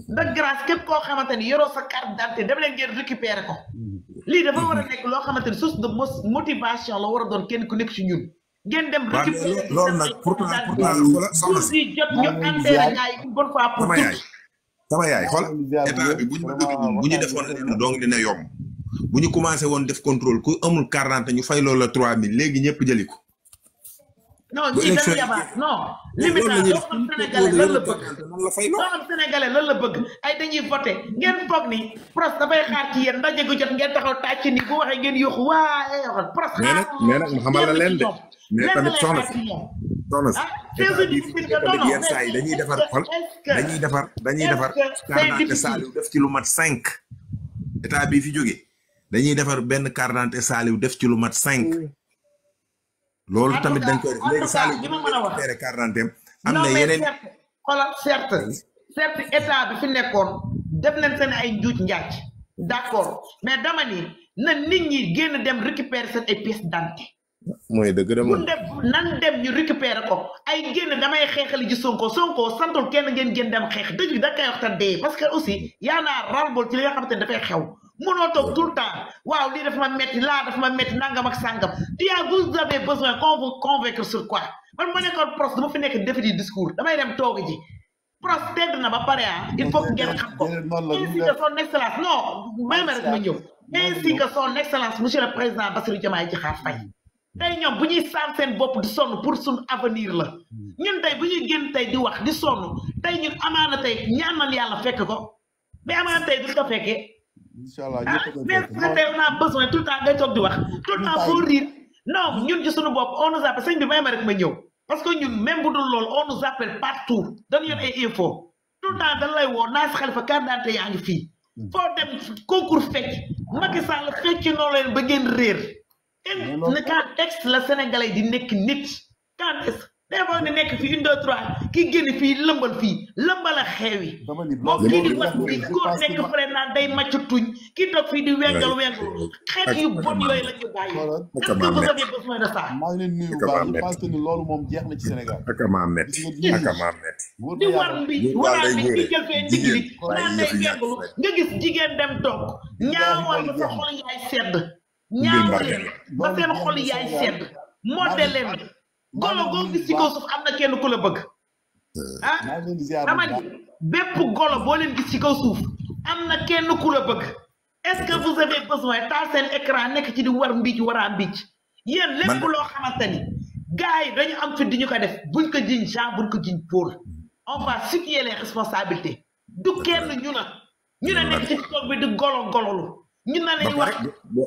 da grâce képp koo xamante ni yoroo sa carte d' identité dem leen ngeen récupérer ko. Mm-hmm. lii dafa war a nekk loo xamante ni source de motivation la war a doon kenn ku nekk ci ñun. ngeen dem récupérer loolu nag pourtant pourtant xoolal soxna si ñu enterré gars yi une bonne fois pour sama yaay sama yaay xool état bi bu ñu def ñu defoon leen donc dina yomb bu ñu commencé woon def contrôle ku amul quarante ñu fay lool la trois mille léegi ñëpp jëli ko. non ñii dañu yabaat non. limitant doo xam sénégalais lan la bëgg. doo xam sénégalais lan la bëgg ay dañuy voté ngeen jot ngeen taxaw tàcc ni bu waxee ngeen yóoxu waa ay waxal pros. xaar mais nag leen de mais tamit soxna si ah, soxna dañuy defar xol dañuy defar dañuy defar. def ci lu mat cinq état bii fi jógee dañuy defar benn carte d'identité def ci lu mat cinq. loolu tamit dañ koy léegi Saliou bi a wax am na yeneen xoolal certes certes état bi fi nekkoon def leen seen ay njuuj njaaj d'accord mais dama ni na nit ñi génn dem récupérer seen ay pièces d'identité mooy dëgg de moom nan dem ñu récupérer ko ay génn damay xeexali ji Sonko Sonko santul kenn ngeen génn dem xeex dëgg da koy wax dee parce que aussi yaa naa rarbol ci li nga xamante ne dafay xew mënoo toog tout le temps waaw lii dafa ma metti laa dafa ma metti nangam ak sàngam dia vous avez besoin qu'on vous convaincre sur quoi man ma nekkoon pros dama fi nekk defi di discours damay dem toog ji pros tedd na ba pare ah il faut que ngeen xam ko ainsi que son excellence non may ma a ma ñëw ainsi que son excellence monsieur le président Bassirou Diomaye Diakhar Faye tey ñoom bu ñuy saar seen bopp di sonn pour suñu avenir la ñun tey bu ñuy génn tey di wax di sonn tey ñun amaana tey ñaanal yàlla fekk ko mais amaana tey incha allah ah, ñëpp a besoin tout le temps ngay toog di wax. tout le temps pour rire. non ñun ci suñu bopp on nous appelle sëñ bi may ma rek ma ñëw. parce que ñun même bu dul loolu on nous appelle partout. dañu yor ay info. tout le lay woo naas Xalifa carte d'identité yaa ngi fii. Hmm. foo dem concours fecc. Macky Sall fecc noo leen ba ngeen réer. mais loolu quand la Sénégalais di nekk nit. quand est day foog ne nekk fii une deux trois kii génn fii lëmbal fii lëmbal a xeewi. moom kii di wax fii góor nekk fële naan day màcc tuñ kii toog fii di wengal wengal xeet yu bon yooyu la ñu bàyyi. est-ce que vous avez jeex na ci Sénégal. akamaa metti akamaa metti di naan day wengalu nga gis jigéen dem toog ñaawal ba xol yaay sedd. ñaawal ba seen xol yaay sedd moo de leen golo goo gis ci kaw suuf am na kenn ku a bëgg euh, ah bépp golo boo leen gis ci kaw suuf am na kenn ku la bëgg est-ce que vous avez besoin taal seen écran nekk ci di war mbiic waraa mbiic yéen lépp loo xamante ni gars yi dañu am fit di ñu ko def buñ ko jiñ Jean buñ ko jiñ Paul on va situer les responsabilités du kenn ñu na ñu ne nekk ci toog bi di golo gololu ñu ne lañu wax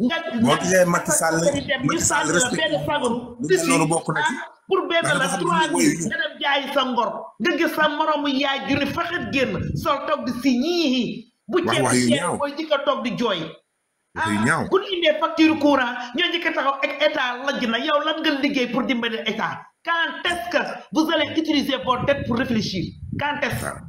nga boo gisee Macky Sall Macky Sall respecté loolu bokk na pour benn la trois mille nga dem jaayi sa ngor nga gis sa moromu yaay ju ne faxat génn sol toog di si ñii bu ceeb ceeb mooy toog di jooy ah bu ñu indee facture courant ñoo jëkka taxaw ak la lajj na yow lan nga liggéey pour dimbali état quand est-ce que vous allez utiliser vos pour réfléchir quand est ah.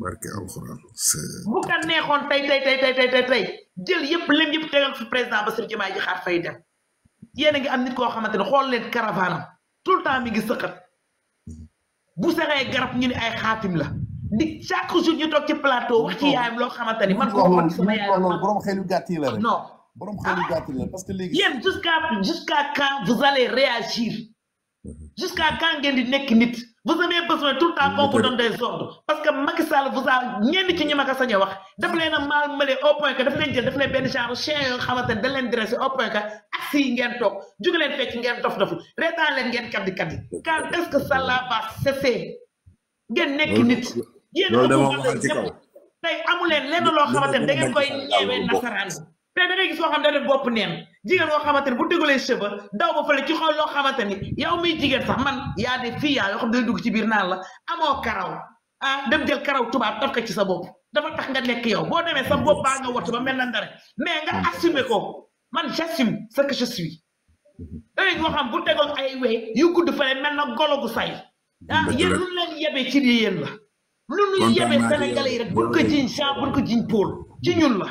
barke alxuraan bu ko neexoon tey tey tey tey tey tey jël yëpp lim yëpp tegal fi président ba Bassirou Diomaye xaar fay dem yéen a ngi am nit koo xamante ne xool leen caravane am tout le temps mi ngi sëqat bu saxee garab ñu ne ay xaatim la di chaque jour ñu toog ci plateau wax ci yaayam loo xamante ni man. kooku man sama yaayam loolu borom xelu gàtt yi la rek. non borom xelu gàtt yi que léegi. yéen jusqu'à jusqu'à quand vous allez réagir mhm. jusqu'à quand ngeen di nekk nit. vous avez besoin tout le temps qu'on vous des ordres parce que Macky Sall vous a ci ñi ma ko sañ daf leen a mal point que daf leen jël daf leen benn genre chien yoo xamante ne da leen dressé au point que aksi yi ngeen toog jóge leen fekk ngeen dof dofu reetaan leen ngeen kaddi kaddi quand est-ce que Sall va cesser nekk nit yéen tey amu leen lenn loo xamante ne da ngeen koy ñeewee nasaraan te da ngay gis koo ne da def bopp neen jigéen boo xamante ne bu déggolee cheveux daw ba fële ci xool loo xamante ni yow miy jigéen sax man yaa de fii yaa yoo xam ne dugg ci biir naan la amoo karaw ah dem jël karaw tubaab daf ko ci sa bopp dafa tax nga nekk yow boo demee sa bopp baa nga wattu ba mel na ndare mais nga assumer ko man j'assume ce que je suis léegi moo xam bu tegoon ay wey yu gudd fële mel na golo gu say ah yéen lu leen yebee ci di yéen la lu ñu yebee sénégalais yi rek buñ ko jiñ champ ci ñun la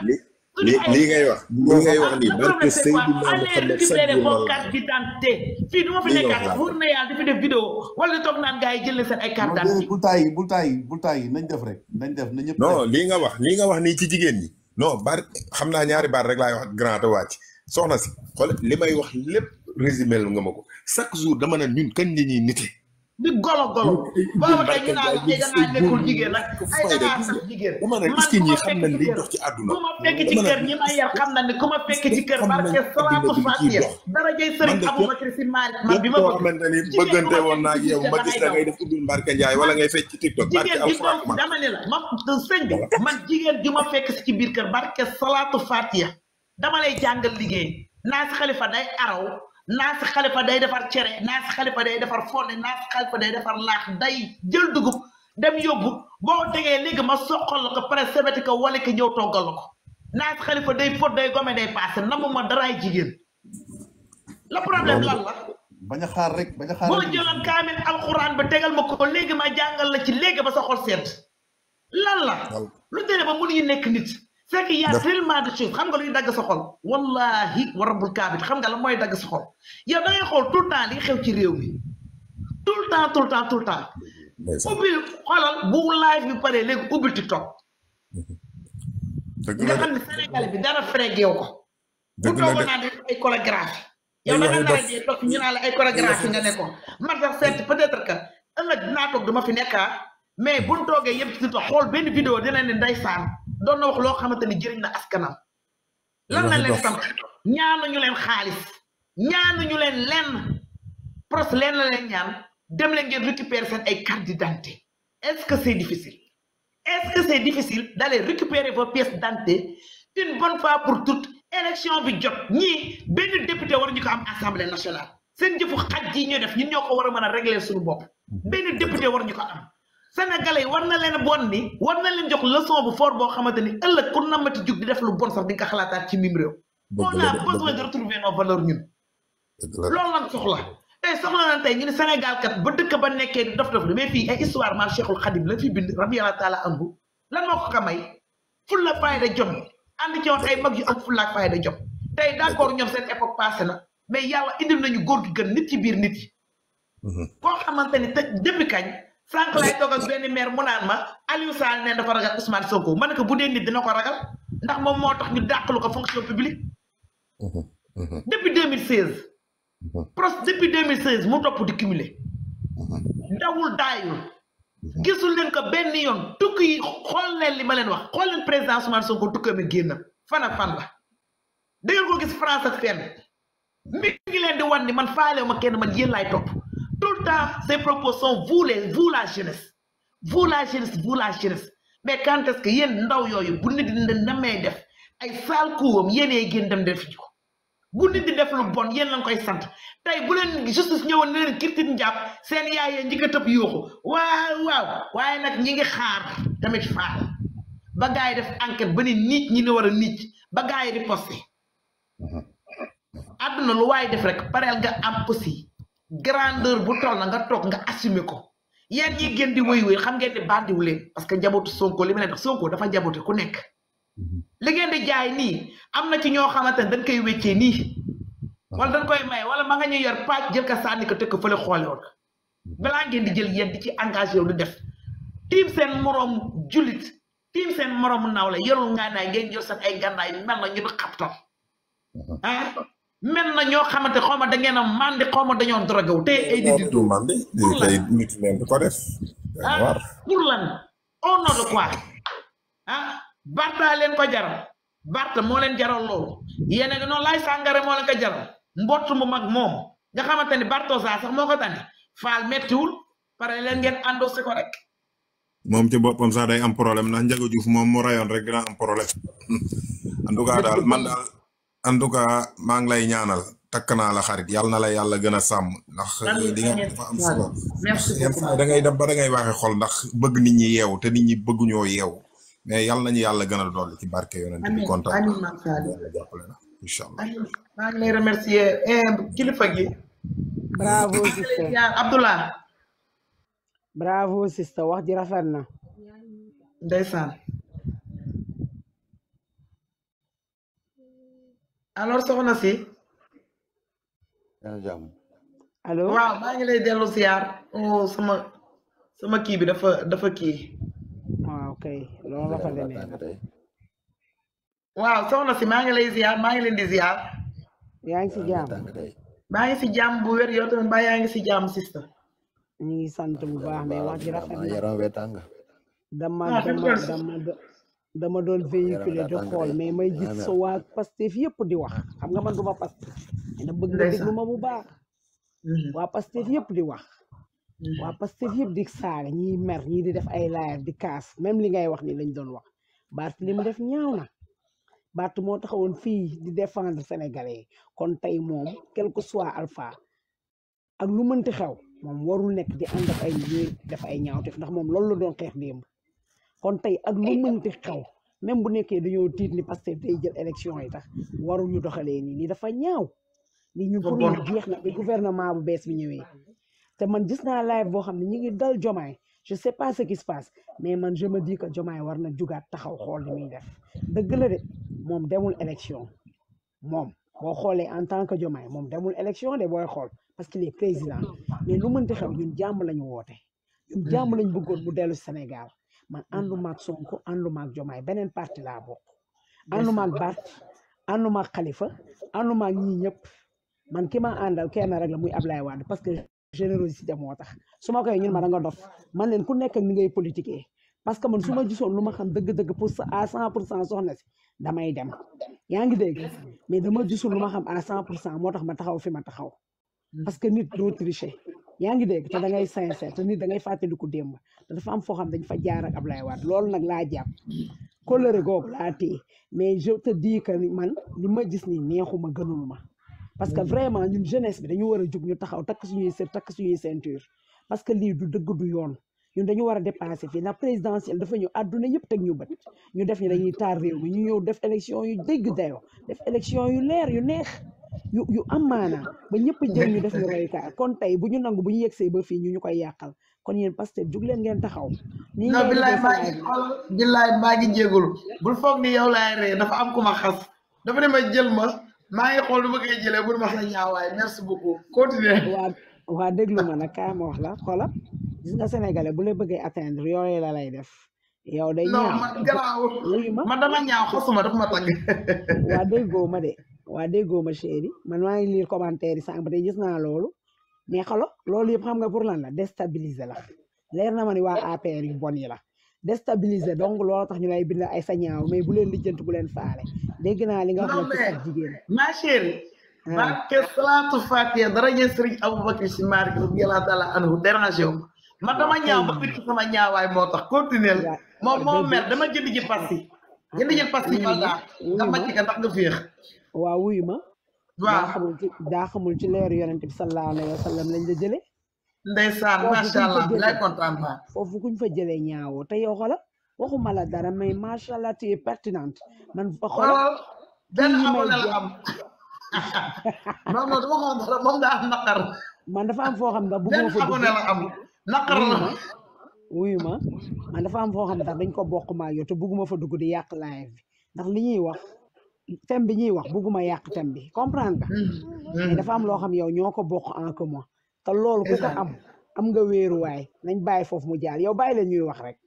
lii ngay wax lii ngay wax nii barke Seydina Mouhamed récupéré mon carte d'identité fii du ma fi nekkaat wóor na yàlla dafa def vidéo wala toog naan gars yi jël na seen ay carte d'identité bul tàyyi bul tàyyi bul tàyyi nañ def rek nañ def na ñëpp non lii nga wax lii nga wax nii ci jigéen ñi non bar xam naa ñaari baat rek laay wax grand te wàcc soxna si xool li may wax lépp résumé lu nga ma ko chaque jour dama ne ñun kañ la ñuy nite di golo golo boobu tey ñu naan ay danaa nekkul jigéen nag ay jigéen man ku ma fekk ci kër xam na ne ku ma fekk ci kër barke salaatu fatiha dara jëy sëriñ Aboubacar Si Maalik man bi ma bëgg woon naa ak yow ma def uddul Mbarka Njaay wala ngay fecc ci TikTok barke alxuraan dama ne la ma sëñ man jigéen ju ma fekk si ci biir kër barke salaatu fatiha dama lay jàngal liggéey naa si xalifa day araw naas xalifa day defar cere naas xalifa day defar fonde naas xalifa day defar laax day jël dugub dem yóbbu boo tegee léegi ma soqal la ko pare sebeti ko wale ko ñëw toggal la ko naas xalifa day pot day gome day paase namu ma daraay jigéen la problème lan la rek bañ a xaar boo jëloon kaamil alxuraan ba tegal ma ko léegi ma jàngal la ci léegi ba sa xol seet lan la lu tere ba mënuñu nekk nit fekk y' a de choses xam nga luy dagg sa xol wallahi wa rabbul kaabit xam nga la mooy dagg sa xol yow da ngay xool tout temps li xew ci réew mi tout temps tout temps tout le temps. ubbil xolal bu live bi paree léegi ubbil TikTok. dëgg nga xam ne Sénégal bi dara frégeew ko. bu toogoon naa di ay chorégraphie. yow da nga naa di toog ñu naa la ay chorégraphie nga nekkoon. man sax seet peut-être que ëllëg dinaa toog dama fi nekkaa mais buñ toogee yëpp ci TikTok xool benn vidéo dina ne ndeysaan. doon na wax loo xamanteni ni jëriñ na askanam. lan la leen sant ñaanuñu leen xaalis ñaanuñu leen lenn pros leen la leen ñaan dem leen ngeen récupérer seen ay carte d'identité est-ce que c'est difficile est-ce que c'est difficile d'aller récupérer vos pièces d'identité une bonne fois pour toutes élection bi jot ñii benn député war ñu ko am assemblée nationale seen jëfu xaj yi ñu def ñun ñoo ko war a mën a régler suñu bopp benn député war ñu ko am. sénégalais yi war na leen bon ni war na leen jox leçon bu fort boo xamante ni ëllëg ku namati jug di def lu bon sax di nga ko ci mim réew. on a besoin de retrouver nos valeurs ñun. loolu soxla. tey soxla na tey ñu ne Sénégal kat ba dëkk ba nekkee di dof dof lu mais fii ay histoire maam Cheikhul Khadim la fi bind radiyallahu taala anhu lan moo ko ko may fulla fayda jom ànd ci woon ay mag yu am fulla ak fayda jom tey d'accord ñoom seen époque passé na mais yàlla indil nañu góor gi gën nit ci biir nit yi. Mm-hmm. koo xamante ni te depuis sànq laay toog ak benn maire mu naan ma Aliou Sall ne dafa ragal Ousmane Sonko ma ne ko bu dee nit dina ko ragal ndax moom moo tax ñu dàqalu ko fonction publique. Mhm, mhm. depuis 2016. Mhm. pros depuis 2016 mu topp di cumuler. dawul daayul. gisul leen ko benn yoon tukki xool leen li ma leen wax xool leen président Ousmane Sonko tukki mi génn fan ak fan la. da ngeen ko gis France ak fenn mi ngi leen di wan ni man faale ma kenn man yéen laay topp. Tout le temps, ces propos sont vous, les, vous la jeunesse. Vous la jeunesse, vous la jeunesse. Mais quand que yéen ndaw yooyu bu nit di namee def ay saal kuwam yéenee génn dem def ko bu nit di def lu bon yéen lañ koy sant tey bu leen justice ñëwoon ne leen kirtin njàpp seen yaay yee njëkk a tëb yuuxu waaw waaw waaye nag ñi ngi xaar tamit faal ba gars yi def enquête ba ni nit ñi ne war a nit ba gars yi di posté mhm. àdduna lu waaye def rek pareel nga am aussi grandeur bu toll na nga toog nga assumer ko yéen ñi gën di wéy wéy xam ngeen di bandiw leen parce que njabootu Sonko li mu ne tax Sonko dafa njaboote ku nekk mhm. li ngeen di jaay nii am na ci ñoo xamante ne dañ koy wéccee nii wala dañ koy may wala ma nga ñuy yor pàcc jël ka sànni ko teg ko fële xoole woon mhm. balaa ngeen di jël yéen di ci engagé wu di def tiim seen moroom jullit tiim seen moroom naaw la yorul ngaa naay ngeen jël seen ay gànnaay mel na ñu di xaptal ah mhm. mel na ñoo xamante xaw ma da ngeen a mandi xaw ma dañoo drogué wu te a di di leen ko def ah pour lan au nom ah, Barta leen ko jaral Barta moo leen jaral loolu yéen a ngi noonu laay sàngare moo leen ko jaral mbott mu mag moom nga xamante ni Bartosa sax moo ko tànn faal méttiwul pare leen ngeen endossé ko rek. moom ci boppam sax day am problème ndax Ndiaga Diouf moom mu rayoon rek dina am problème en tout daal. en tout cas maa ngi lay ñaanal takk naa la xarit yàlla na la yàlla gën a sàmm ndax eh, di nga dafa ba da waxe xol ndax bëgg nit ñi yeewu te nit ñi bëgguñoo yeewu mais yàlla nañu yàlla gën a dolli ci barke yo bi na incha allah maa eh, bravo sister wax ji alors soxna si. jàmm. allo waaw ma ngi lay delu dellu siyaar oh, sama sama ki bi dafa dafa ki waaw ah, kay loolu la fa demee. waaw soxna si ma ngi lay ziar ma ngi len di ziar. yaa ngi si jam maa ngi si jam bu wer yo tamit ba yaa ngi si jam sister ñu ngi sant bu baax mais wax ji rafet na. Ah, dama dama dama dama doon véhiculer de xool mais may gis sa hmm. waa Pastef yëpp ya di wax xam hmm. nga man duma Pastef na bëgg na déglu ma bu baax waa ya Pastef yëpp di wax waa Pastef yëpp di saaga ñi mer ñi di def ay live di kaas même li ngay wax ni lañ doon wax Bart li def ñaaw na Bart mo taxawon fi di défendre sénégalais kon tay mom quelque soit alpha ak lu mënti xew mom warul nek di and ak ay ñi def ay def ndax mom loolu la doon xex démb kon tey ak lu mënti xew même bu nekkee dañoo tiit ni parce que tey jël élection yi tax waruñu doxalee nii nii dafa ñaaw ni ñu pour ñu na gouvernement bu bees bi ñëwee te man gis naa live boo xam ne ñu ngi dal jomaay je sais pas que qui se mais man je a dis que jomaay war na jugaat taxaw xool li muy def dëgg la de moom demul élection moom boo xoolee en tant que jomaay moom demul élection de booy xool parce qu'il est président mais lu mënti xew ñun jàmm lañu woote ñun jàmm lañ bëggoon mu dellu Sénégal man mm-hmm. ànduma ak Sonko ànduma ak Jomaay beneen parti laa bokk ànduma ak Bart ànduma ak Khalifa ànduma ak ñii ñëpp man ki ma àndal kenn rek la muy Ablaye Wade parce que générosité moo tax su ma koy ñun ma da nga dof man leen ku nekk ak ni ngay politiquer parce que man su ma gisoon lu ma xam dëgg-dëgg pour à cent pour cent soxna si damay dem yaa ngi dégg mais dama gisul lu ma xam à cent pour cent moo tax ma taxaw fi ma taxaw mm-hmm. parce que nit doo tricher yaa ngi dégg te da ngay sincère te nit da ngay fàttaliku démb te dafa am foo xam dañ fa jaar ak Ablaye Wade loolu nag laa jàpp kóllëre googu laa téye mais je te dis que man li ma gis ni neexuma gënul ma parce que vraiment ñun jeunesse bi dañu war a jug ñu taxaw takk suñuy sër takk suñuy ceinture parce que lii du dëgg du yoon ñun dañu war a dépassé fii la présidentielle dafa ñu àdduna yëpp teg ñu bët ñu def ñu dañuy taar réew mi ñu ñëw def élection yu dégg dayoo def élection yu leer yu neex yu yu am maanaa ba ñëpp jël ñu def ñu royukaay kon tey bu ñu nangu bu ñu yegsee ba fii ñu ñu koy yàqal kon yéen Pastef jug leen ngeen taxaw. nii non billaay maa ngi xool maa ngi jégalu bul foog ni yow laay dafa am ku ma xas dafa ne ma jël ma maa ngi xool ma koy jëlee bul ma sa ñaawaay merci beaucoup continuer. waaw waaw déglu ma nag kaay ma wax la xoola gis bu la bëggee la lay def. yow day ñaaw non man garaaw xasuma dafa ma tàgg. waa déggoo de waa déggoo ma chéri man ma ngi lire commentaire yi sànq ba tey gis na lolu mais xalo lolu yeb xam nga pour lan la déstabiliser la lér na ma wa APR yu bon yi la déstabiliser donc lolu tax ñu lay bind ay sañaw mais bu leen lijjanti bu len faalé dégg na li nga wax ci sa jigéen ma chéri ah. ke salatu fatiha daraje sëriñ aboubacar si marik allah taala anhu dérangé wu ma dama ah, ñaaw ba bitt sama ñaaway moo tax continuel ya, mo mer dama jëndi ji parti ah, jëndi ji parti ñoo daa nga màcc ka tax nga féex waa wuyu ma. waaw daa xamul ci daa xamul ci leeru yonent bi sallallahu alayhi wa sallam lañ la jëlee. ndeysaan macha allah lay kontaan ba foofu kuñ fa jëlee ñaawoo te yow xoolal waxuma la dara may macha allah tu es pertinente man. fa xoolal man dafa am foo fa benn la am naqar man dafa am foo xam ne dañ ko bokk maa yow te bugguma fa dugg di yàq live ndax li ñuy wax. thème bi ñuy wax bugguma yàq thème bi comprendre nga. Hmm. Hmm. mais dafa am loo xam yow ñoo ko bokk en commun. te loolu ku ko am am nga wéeruwaay nañ bàyyi foofu mu jaar yow bàyyi la ñuy wax rek.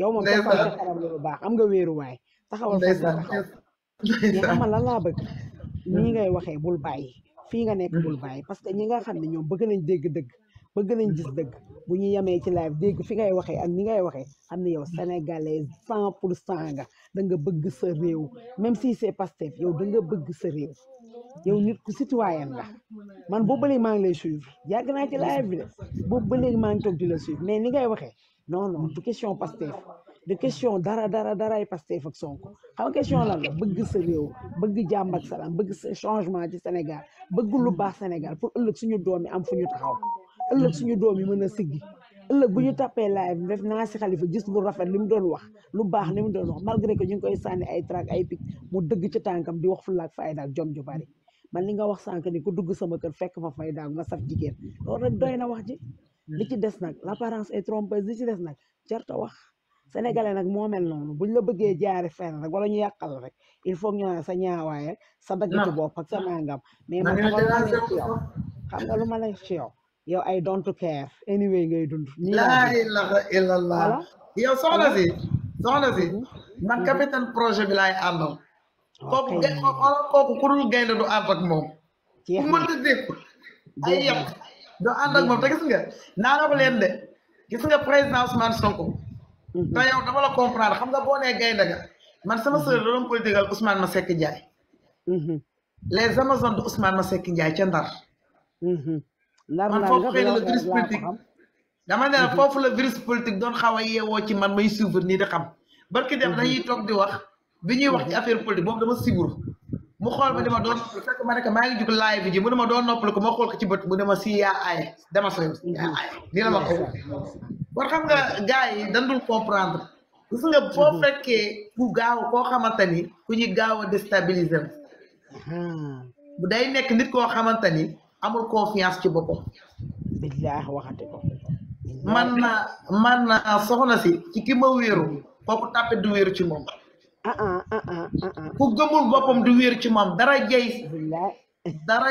yow moom dafa am kanam lu baax am nga wéeruwaay taxawal foofu taxaw mais xamal lan laa bëgg nii hmm. ngay waxee bul bàyyi fii nga nekk bul bàyyi parce que ñi nga xam ne ñoom bëgg nañ dégg-dëgg. bëgg nañ gis dëgg bu ñu yemee ci live dégg fi ngay waxee ak ni ngay waxee xam ne yow hmm. sénégalais cent pour cent nga da nga bëgg sa réew même si c'est Pastef yow da nga bëgg sa réew yow nit ku citoyen la man boobu ba léegi maa ngi lay suivre yàgg naa ci live bi de boobu ba léegi maa ngi toog di la suivre mais ni ngay waxee non non du question Pastef de question dara dara daray Pastef ak Sonko xam nga question lan la bëgg sa réew bëgg jàmm ak salaam bëgg sa changement ci Sénégal bëgg lu baax Sénégal pour ëllëg suñu doom yi am fu ñu taxaw ëllëg hmm. suñu doom yi mëna a siggi buñu hmm. tapé live def na ci xalifa gis lu rafet lim doon wax lu baax lim doon wax malgré que ñu ngi koy sanni ay track ay pic mu dëgg ci tankam di wax fulaak fayda ak jom ju bari man li nga wax sank ni ku dugg sama kër fekk fa fayda ak ma saf jigéen lo rek doyna na wax ji hmm. li ci dess nak l'apparence est trompeuse li ci dess nak jarta wax sénégalais nak mo mel non buñ la bëggé jaar fenn rek wala ñu yakal rek il faut ñu sa ñaawaay sa dagg ci ak sa nangam mais xam nga lu lay ci yow ay don't care anyway ngay dund. laa ilaha illallah yow soxna si soxna si mhm. man mhm. capitaine projet bi laay àndal. kooku kooku ku dul gaynde du ànd ak moom. jeex na ku mënta ay yàq du ànd moom te gis nga naa la leen de gis nga président Ousmane Sonko. Mhm. te yow dama la comprendre xam nga boo nee ga man sama sœur da doon politique ak Ousmane Masseck Ndiaye. les amazones de Ousmane Masseck Ndiaye ca Ndar. ndar man foofu xëy la virus politique dama ne mhm. foofu la virus politique doon xaw a yeewoo ci man may suivre nii di xam barki dem mhm. dañuy toog di wax bi ñuy wax ci mhm. affaire politique boobu dama sibur mu xool ma dama doon fekk ma ne ko maa ji mu ne doon noppal ko ma xool ko ci bët mu ne si yaa dama sooy yaa aaye nii la ma ko xam nga gars yi dandul comprendre gis nga boo fekkee ku gaaw koo xamante ni ku ñuy gaaw a déstabiliser day nekk nit koo xamante ni amul confiance ci boppam. billaah waxate ko. man na man naa soxna si ci ki ma wéeru kooku tàppe du wéeru ci moom. ah ah, ah, ah, ah ku gëmul boppam di wéeru ci moom dara jëy. dara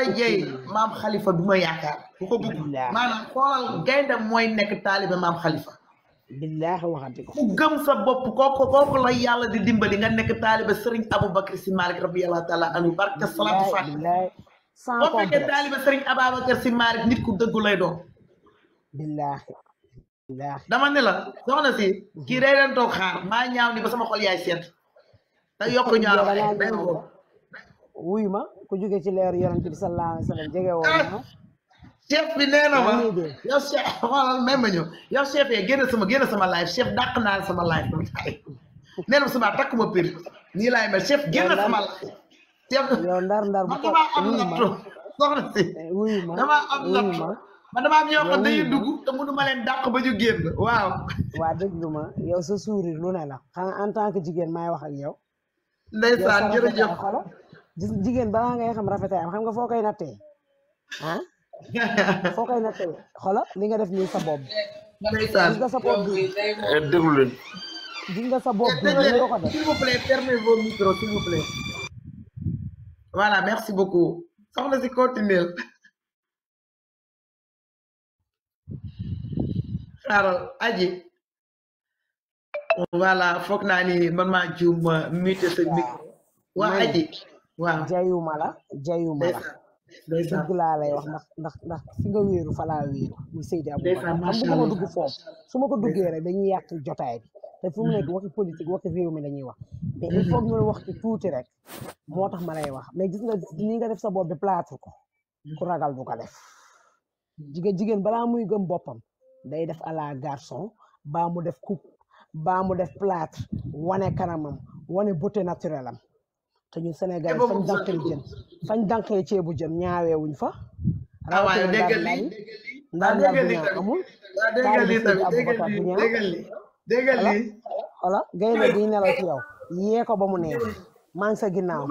maam xalifa du ma yaakaar. ku ko bëgg maanaam xoolal gaynde mooy nekk taalibe maam xalifa. billaah waxate ko. ku gëm sa bopp kooku kooku la yàlla di dimbali nga nekk taalibe Serigne Aboubacry Sy Malick rabbi yàlla taala barke salaatu faatiha. sans complexe boo fekkee taaliba Serigne Ababacar Sy Malick nit ku dëggu lay doon. billaahi billaahi dama ne soxna si. kii hmm. day leen toog xaar maa ñaaw ni ba sama xol yaay seet. te yokk ñaaw rek ku jóge ci leer yonent bi sallallahu alayhi jege woo ma. Ah, bi nee na ma yow chef xoolal sama génn sama live chef dàq naa sama live nee na sama takk ma nii laay mel chef génn sama live tiap ndar ndar bu ko am nattu soxna si dama am nattu man dama am ñoo xam dañuy dugg te mënu ma leen dàq ba ñu génn waaw waa déglu ma yow sa sourire lu ne la xanaa en tant que jigéen maay ya, wax iya. nah, ya, ak yow ndeysaan jërëjëf xolo jigéen balaa ya, ngay xam rafetaay am xam nga foo koy nattee ah foo koy nattee xolo li nga def nii sa bopp ndeysaan eh, gis nga sa bopp bi eh, déglu leen gis nga eh, sa bopp bi nga ko def s'il vous plaît fermez vos micros s'il vous plaît voilà merci beaucoup soxna si continuer xaaral aji voilà foog naa ni man maa juum mute sa micro waa aji waaw jayuma la jayuma la dëgg lay wax ndax ndax ndax fi nga wéeru fa laa wéeru mu Seydi Aboubacar su ma ko dugg foofu su dañuy yàq jotaay bi te fu mu nekk mhm. waxi politique waxi réew mi la ñuy wax te il mhm. faut ñu wax ci tuuti rek moo tax ma lay wax mais gis nga ni nga def sa bopp bi plâtre ko mhm. ragal du ko def jigéen jigéen balaa muy gëm boppam day def à la garçon baa mu def coupe baa mu def plâtre wane kanamam wane beauté naturelle am te ñun Sénégal fañ dànkali jën fañ dànkali ceebu jën ñaaweewuñ fa ah rawatina daal lay ndaal daal ah, bu ñaaw amul daal bu sëñ Aboubacar bu ñaaw dégg nga lii nelaw ci yow yee ba mu neex maa sa ginnaaw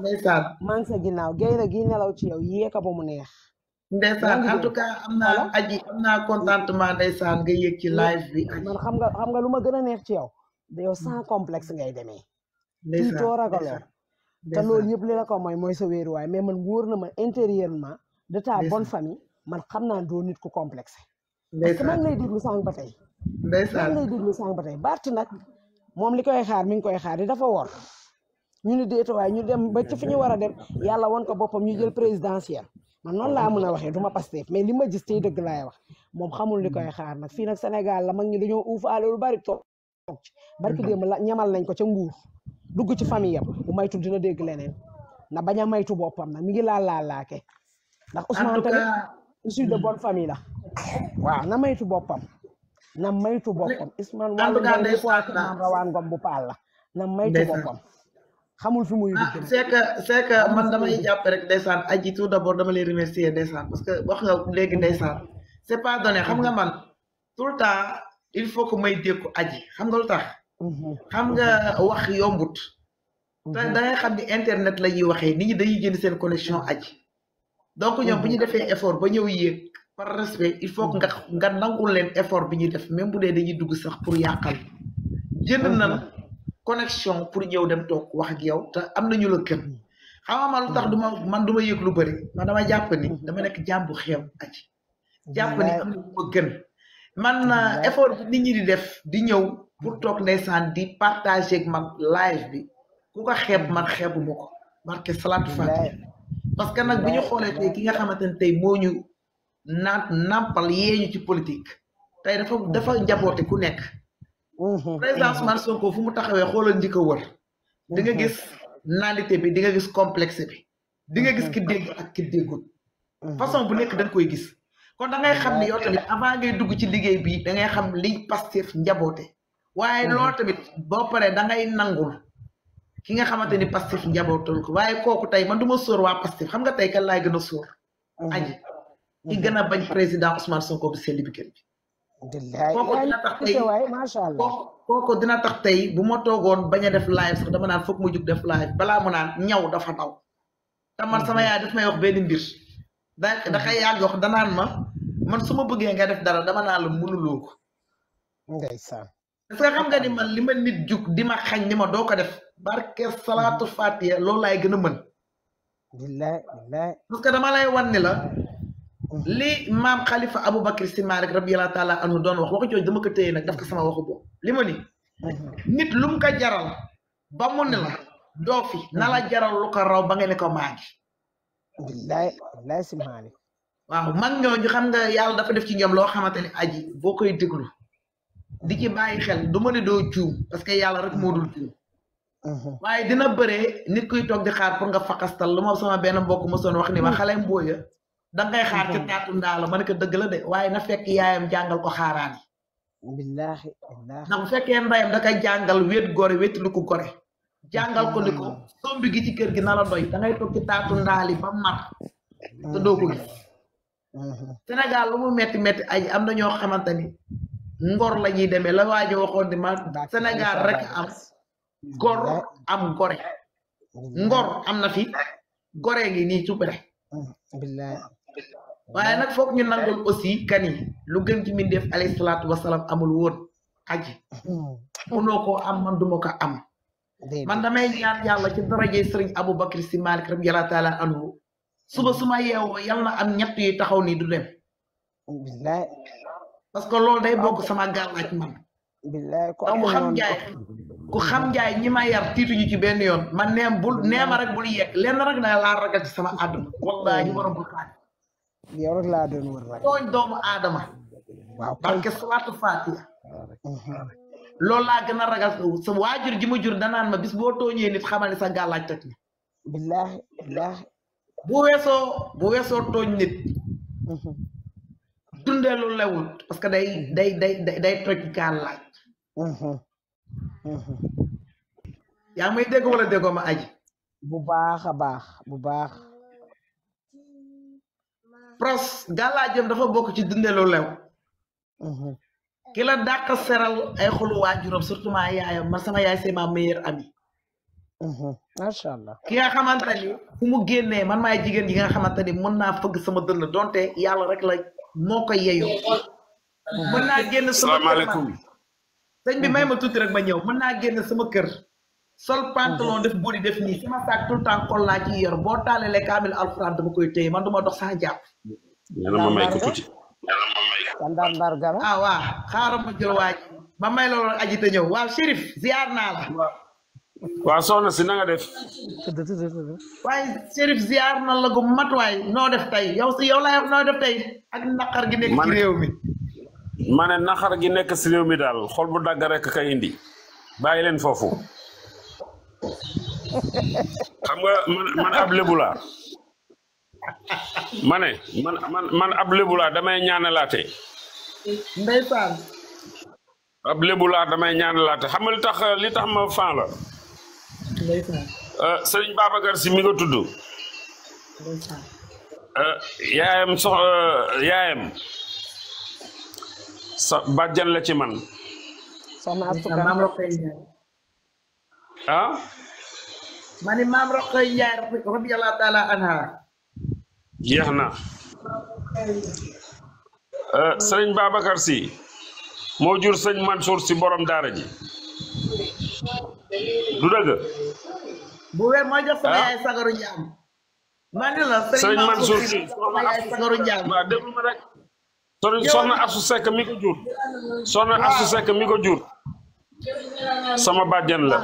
ndeysaan maa sa ginnaaw gaynde gi nelaw ci yaw yee ba mu neex ndeysaan en tout cas am naa aji am naa contentement ndeysaan nga yëg ci live bi man xam nga xam nga lu ma gën a neex ci yow yow sans complexe ngay demee tiitoo ragaloo te loolu yëpp li la ko mooy mooy sa wéeruwaay mais man wóor na ma intérieurement de ta bonne famille man xam naa doo nit ku complexe parce que man lay déglu sànq ba tey ndeysaan lay ba tey Barth nag moom li koy xaar mi ngi koy xaar di dafa wor ñu ni déet waaye ñu dem ba ci fi ñu war a dem yàlla woon ko boppam ñu jël présidentiel ma noonu laa mën a waxee du ma Pastef mais li ma gis tey dëgg laay wax moom xamul li koy xaar nag fii nag Sénégal la mag ñi dañoo uufaale lu bari to ci barki démb la ñamal nañ ko ca nguur dugg ci famille yam bu maytu dina dégg leneen na bañ a maytu boppam nag mi ngi laal laal laake ndax Ousmane tamit issu de bonne famille la hmm. waaw maytu boppam na maytu bopam isman Ismaël Walo day foiman rawan ngom bu pala na maytu bopam xamul fi muy dugg c'est que c'est que man damay japp rek ndaysan aji tout d'abord dama lay remercier ndaysan parce que wax nga legui ndaysan c'est pas donné xam nga man tout temps il faut que may dekk aji xam nga lutax xam nga wax yombut da ngay xam ni internet la ñuy waxee nit ñi dañuy jënd sen connexion aji donc ñom bu ñu defee effort ba ñew yéeg par respect il faut nga nga nangul len effort bi ñuy def même bu dé dañuy dugg sax pour yàqal jënd na connexion pour ñëw dem tok wax ak yow ta amna ñu le kenn xama ma lu tax duma man duma yëg lu bari man dama japp ni dama nek jambu xew aji japp ni am lu ko gën man euh, effort bi nit ñi di def di ñëw pour tok ndeysaan di partager ak man live bi ku ko xeb man xeebuma ko barke salaatu fatima parce que nak bu xolé xoolee ki nga xamante tay moñu na nampal yeñu ci politique tay dafa dafa njaboote ku nekk mhm. président Ousmane Sonko fu mu taxawé xolal ndika wër di nga mhm. gis nalité bi di nga gis complexe bi di nga gis ki dégg ak ki déggul mhm. façon bu nek dañ koy gis kon da ngay xam ni yow tamit avant ngay dugg ci liggéey bi da ngay xam li Pastef njaboté waaye lool tamit bo paré da ngay nangul ki nga xamanteni ni Pastef ko waye koku tay man duma sor wa Pastef xam nga tay kan aji ki gëna a bañ président Ousmane Sonko bi sé libi bi koko dina tax tay tay bu ma togon baña def live sax dama nan fokk mu juk def live bala mu nan ñaw dafa taw ta man sama yaay daf may wax benn mbir da da xay yag wax nan ma man suma bëggee nga def dara dama naan la mënuloo ko ndaysan parce que xam nga ni man lima nit juk di ma xañ ni ma do ko def barke salatu fatiha lo lay gëna a mën billahi billahi parce que dama lay wan ni la Mhm. li maam xalifa Aboubacar si Malick radiyallahu taala anhu doon wax waxu jooju dama ko téye nag daf ko sama waxu boobu li ma mhm. nit lu mu ko jaral ba mu ne la doo fi na mhm. jaral lu ko raw ba nga ne ko maa ngi. billaay billaay si Malick waaw mag ñooñu xam nga yàlla dafa def ci ñoom loo xamante ne aji boo koy déglu di ci bàyyi xel du ma ne doo juum parce que yàlla rek moo dul juum. waaye dina bëree nit kuy toog di xaar pour nga faqastal lu ma sama benn mbokk mosoon wax Dangai ngay xaar ci tatu um ndalo man ne ko dëgg la de waye na fekk yaayam jangal ko xaaraan billahi billahi ndax da koy jangal wet gore wet lu ko gore Jangal ko liko ko sombi gi ci kër gi nala doy da ngay toog ci tatu ndali ba mar te do ko gi senegal lu mu metti metti ay am na ngor la ñi deme la waji waxon di ma senegal rek am gor am gore ngor am na fi gore ni ci billahi waaye nag foog ñu nangul aussi kani lu gën ci mbindeef alayhi salaatu wasalaam amul woon aji hmm. munoo koo am man duma ko am man damay ñaan yàlla ci darajee sëriñ Aboubacar si Malick radiyallahu taala anhu suba suma yeewoo yal am ñett taxaw nii du dem parce que loolu day bokk sama gàllaaj man ku xam njaay ku xam njaay ñi ma yar tiituñu ci benn yoon man neem bul neema rek bul yegg lenn rek na laa ragal ci sama àdduna wallahi borom bul xaaj yow rek laa doon wër rek. tooñ doomu aadama. waaw barke salaatu faatiha. Mhm. loolu laa gën a ragal sa waajur ji ma jur danaan ma bis boo tooñee nit xamal ne sa gàllaaj toj na. billaahi billaahi. bu weesoo bu weesoo tooñ nit. Mhm. dundee lu lewul parce que day day day day toj gàllaaj. Mhm. yaa may dégg wala déggoo ma aji. bu baax a baax bu baax. pros gàllaajam dafa bokk ci dundelu lew mhm. ki la dàq seral ay xolu waajuram surtout ma yaayam ma sama yaay c'est ma meilleure amie mhm. macha allah ki nga xamante ni fu mu génnee man maay jigéen ji nga xamante ni mën naa fëgg sama dënn donte yàlla rek la moo ko yeyoo mhm. mën bi may ma tuuti rek ma ñëw mën naa génn sama kër sol pantalon mhm. def body def ni sama sac tout temps kol la ci yor bo talele kamil alcorane dama koy tey man duma dox sa japp yalla ma may ko tuti yalla ah, ma may ko ah wa xaaram ma jël waji ba may lolu aji te ñew wa shérif ziar na la wa soxna si na nga def way shérif ziar na la gu mat way no def tay yow si yow la yow no def tay ak nakar gi nek ci rew mi mané nakar gi nek ci rew mi dal xol bu dag rek kay indi bayi len fofu xam nga man man ab lébu laa ma man man man ab lébu laa damay ñaanalaté ndey Faal. ab lébu laa damay ñaanalaté xamal tax li tax ma fan la. ndey Faal. Euh, sëriñ Babacar si mi nga tuddu ndey Faal. Euh, yaayam sox euh, yaayam. sa bàjjan la ci man. soxna Astou Kan Ah? mani maam roqaya allah ta'ala anha jehna iya, euh serigne babakar si mo jur serigne mansour si borom daara ji du deug bu wér mo jox sama ay sagaru ñam mani la serigne mansour si sama yaay sagaru njaam waa déglu ma rek sëriñ soxna asu sek mi ko jur soxna asu sek mi ko jur sama bàjjen la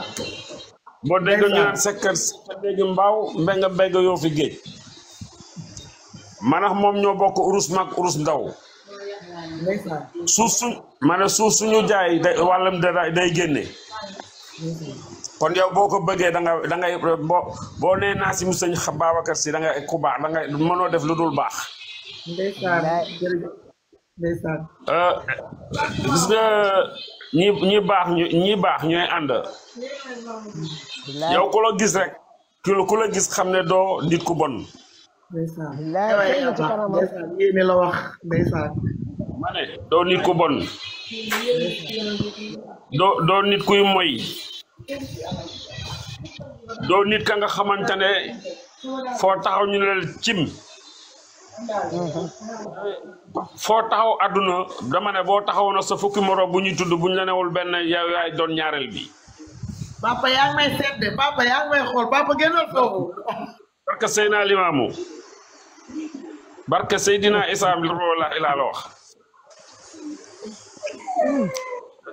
boo dégg ñu naan sa kër sa dégg mbaaw mbenga mbeng yoo fi géej maanaam moom ñoo bokk urus mak urus ndaw Susu mana maanaam suuf suñu jaay day wàllam day génne kon yow boo ko bëggee da nga da ngay boo boo nee naa si mu sëñ Babacar si da nga ku baax da nga mënoo def lu dul baax. ndeysaan ndeysaan euh, gis ñi ñi baax ñu baax ñooy ànd yow ku gis rek ku la gis xam ne doo nit ku bon yéene la doo nit kuy moy doo nit ka nga xamante ne foo taxaw ñu foo taxaw àdduna dama ne boo taxawoon sa fukki moro bu ñuy tudd bu ñu la newul benn yaay doon ñaareel bi. papa yaa ngi may seet de papa yaa may xool papa génnal foofu. barke Seydina Limaamu barke Seydina Isa bi wallaahi laa la wax.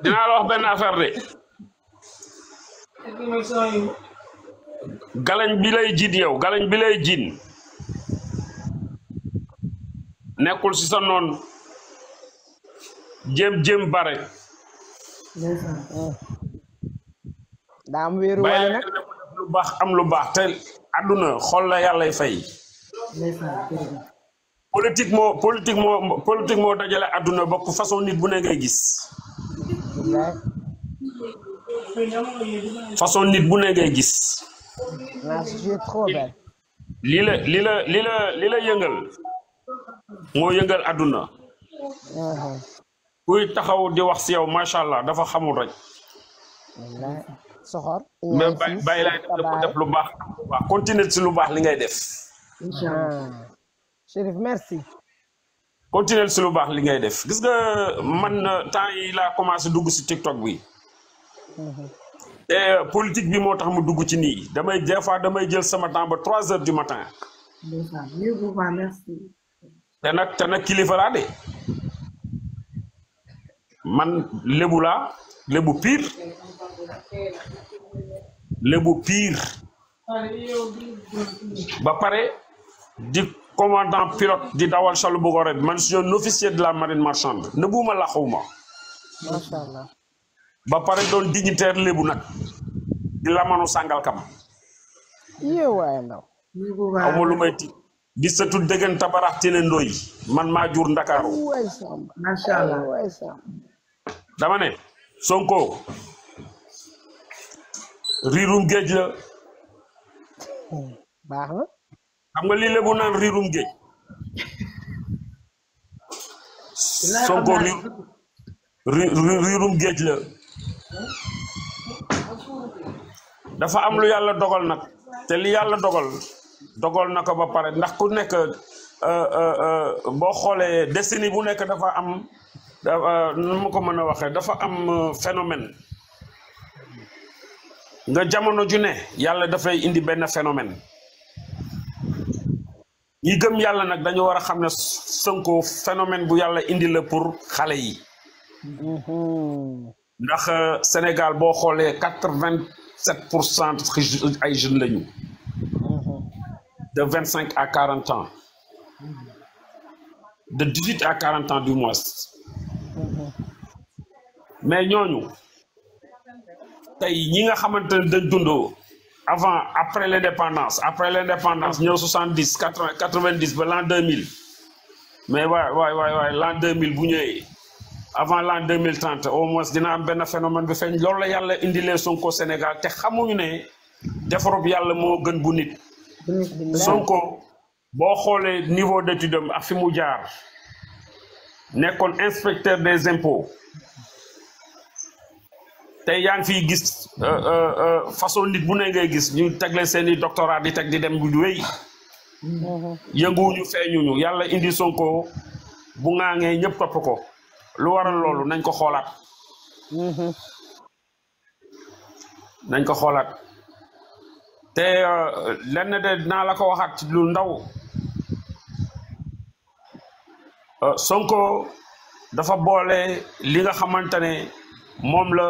dinaa la benn affaire de. galañ bi lay jiit yow galañ bi lay jiin nekkul ci sa noon jéem jéem bare. daa lu baax am lu baax te àdduna xol la yàllay fay. politique moo politique moo politique moo dajale àdduna bokk façon nit bu ne ngay gis. façon nit bu ne ngay gis. lii la lii la yëngal. moo yëngal àdduna kuy taxaw di wax si yow macha allah dafa xamul rek. soxor. mais bàyyi bàyyi laay def lu baax waaw continuer si lu baax li ngay def. incha allah ah. Chérif si lu baax li ngay def gis nga man euh, temps yi laa commencé dugg si TikTok bi. te euh, politique bi moo tax mu dugg ci nii damay des fois damay jël sama temps ba trois heures du matin. te nag te a kilifa les de man lébu laa lébu Le lébu pire. ba pare di commandant pilote di dawal chaloupe bu suis un officier de la marine marchande nëbbuma ma la allah ba pare don dignitaire lébu il di lamanu sàngal kam. yéen waay ndaw. amul di sëtu dëgganta barax tene ndooy man maa jur ndakaaru macha ne sonko riirum géej la baax na xam nga lii géej sonko géej la dafa am lu yàlla dogal nag te li yàlla dogal dogal na ko ba pare ndax ku nekk euh, euh, euh, boo xoolee décennie bu nekk dafa am nu ma ko mën a waxee dafa am phénomène nga jamono ju ne yàlla dafay indi benn phénomène ñi gëm yàlla nag dañu war a xam ne Sonko phénomène bu yàlla indi la pour xale yi ndax Sénégal boo xoolee quatre-vingt-sept pour cent ay jeunes lañu de 25 à 40 ans, de 18 à 40 ans du moins. mais nous nga avant après l'indépendance après l'indépendance nous 70 80 90 l'an 2000 mais ouais ouais ouais l'an 2000 avant l'an 2030 au moins dina am phénomène bi nous la Sénégal nous Sonko boo xoolee niveau d'étude am ak fi mu jaar nekkoon inspecteur des impôts te yaa ngi fiy gis euh, euh, euh, façon nit bu ne nga gis ñu tegle seeni i doctorat di teg di dem du wéy yënguwuñu feeñuñu yàlla indi Sonko bu ŋaaŋee ñëpp topp ko lu waral loolu nañ ko xoolaat mm-hmm. nañ ko xoolaat te uh, lenn de dinaa la ko waxaat ci lu ndaw uh, Sonko dafa boole li nga xamante ne moom la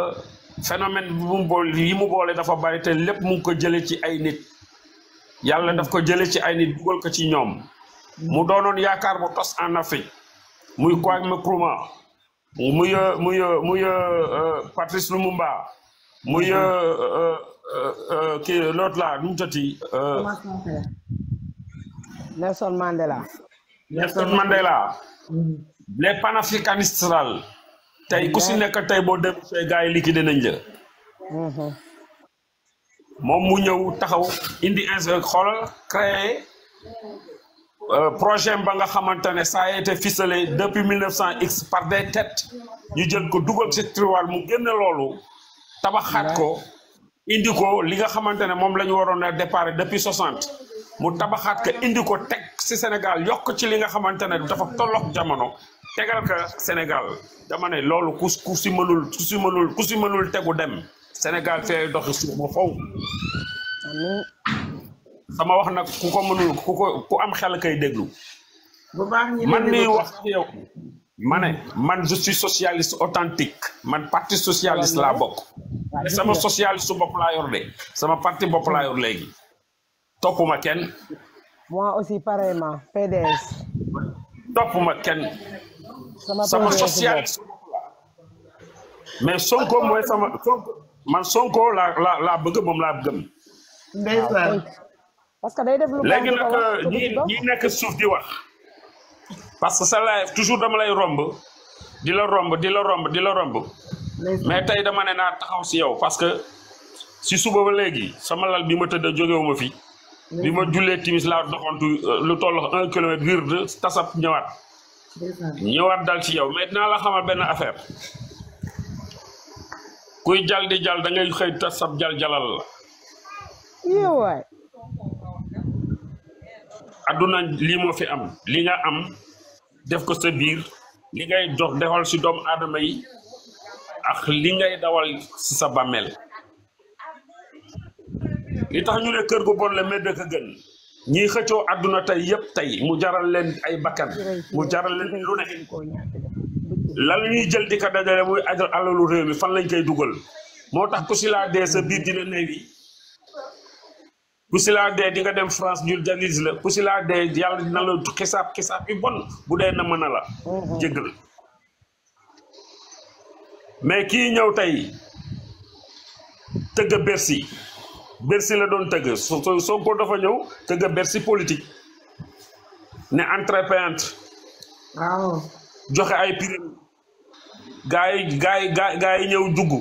phénomène bi mu boole yi mu boole dafa bari te lépp mu ngi ko jële ci ay nit yàlla daf ko jële ci ay nit dugal ko ci ñoom mu doonoon yaakaar bu tos en Afrique muy Kwame Nkrumah muy muy muy uh, Patrice Lumumba muy Euh, euh, kii l'autre là nu mu tëddi. Euh. Nelson Mandela. Nelson Mandela. les panafricanistes daal. tey ku si nekk tey boo dem say gars yi liquide nañ la. Mhm. moom mu ñëw taxaw indi inse xoolal créé projet ba nga xamante ne ça a été depuis mille neuf cent x par des têtes ñu jël ko dugal ci mu génne loolu tabaxaat ko. indi ko li nga xamante ne moom la ñu waroon a départ depuis 60 mu tabaxaat ka indi ko teg si Sénégal yokk ci li nga xamante ne dafa tolloog jamono tegal ka Sénégal dama loolu ku ku si mënul ku si mënul si mënul tegu dem Sénégal fee doxi suuf ba faw sama wax nag ku ko mënul ku ko ku am xel kay déglu. bu man mii wax yow. ma ne man je suis socialiste authentique man parti socialiste laa bokk sama socialiste su bopp laa yor de sama parti bopp laa yor léegi toppuma kenn moi aussi pareillement PDS toppuma kenn sama socialiste su bopp mais Sonko mooy sama man Sonko laa la laa bëgg moom laa gëm parce que day def lu léegi nag euh, ñi ñi nekk suuf di wa parce que sa live toujours dama lay romb di la romb di la romb di la romb mais tay dama ne na taxaw si yow parce que si suba ba léegi sama lal bi ma tëdd jógewuma fi bi ma timis la doxantu euh, lu toll 1 km biir de tassap ñëwaat ñëwaat dal ci yow maintenant la xamal ben affaire kuy jal di jal da ngay xey tassap jal jalal la yowaay adduna lii fi am li nga am def ko sa biir li ngay dox dewal si doom aadama yi ak li ngay dawal si sa bàmmeel li tax ñu ne kër gu bon la medd ka gën ñiy xëccoo àdduna tey yëpp tey mu jaral leen ay bakkan mu jaral leen lu ne lan ñuy jël di ko dajale muy ajal alalu réew mi fan lañ koy dugal moo tax ku si laa dee sa biir dina neewi ku si laa di nga dem France ñu janise la ku si laa dee yàlla dina la xisaab xisaab yu bon bu dee na mën a la mm-hmm. jéggal mais kii ñëw tey tëgg Bercy Bercy la doon tëgg so Sonko dafa ñëw tëgg Bercy politique ne entreprenante waaw joxe ay prix gaa yi gaa yi gaa yi ñëw dugg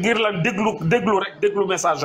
ngir lan déglu déglu rek déglu message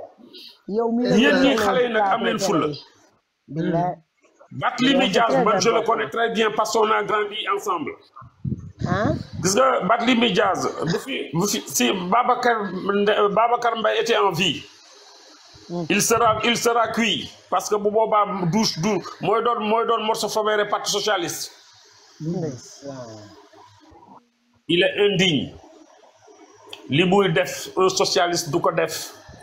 yow mi yéen ñi xale am je le connais très bien parce qu'on a grandi ensemble hein? gis nga Barthélémy Dias bu fi si Babacar euh, Babacar Mbaye était en vie hmm. il sera il sera cuit parce que bu boobaa douche du mooy donne moi donne morceau favori parti socialiste il est indigne li muy def un socialiste du ko def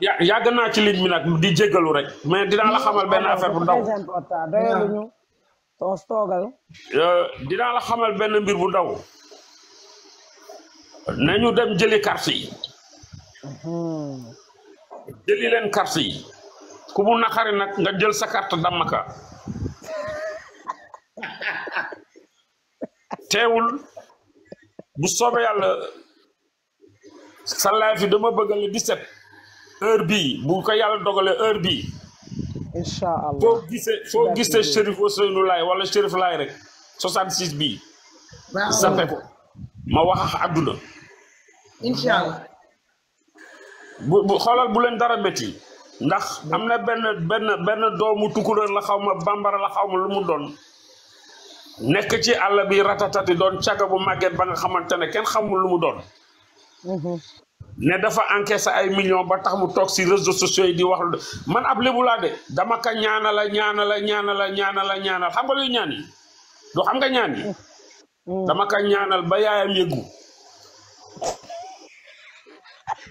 yàgg naa ci ligne mi nag di jégalu rek mais dinaa la xamal benn affaire bu ndaw. Euh, dinaa la xamal benn mbir bu ndaw. nañu dem jëli carte yi. Hmm. jëli leen carte yi. ku mu naqari nag nga jël sa carte dammaka. teewul bu soobee yàlla sa live yi dama bëgg le 17. heure bii bu ko yàlla dogalee heure bi incha allah foo gisee foo gisee Chérif Ousseynou Laye wala Chérif Laye rek 66 bii. waaw ko ma wax ak àdduna. bu xoolal bu leen dara métti. ndax am na benn benn benn doomu tukkuloon la xaw ma la xaw ma lu mu doon. nekk ci àll bi ratatati doon càgg bu màgget ba nga xamante ne kenn xamul lu mu doon. Mm-hmm. ne dafa encaissé ay millions ba tax mu tok ci réseaux sociaux di wax man ab de dama ka ñaanala ñaanala ñaanala ñaanala ñaanal xam nga lu ñaan do xam nga ñaan mm. dama ka ñaanal ba yaayam yeggu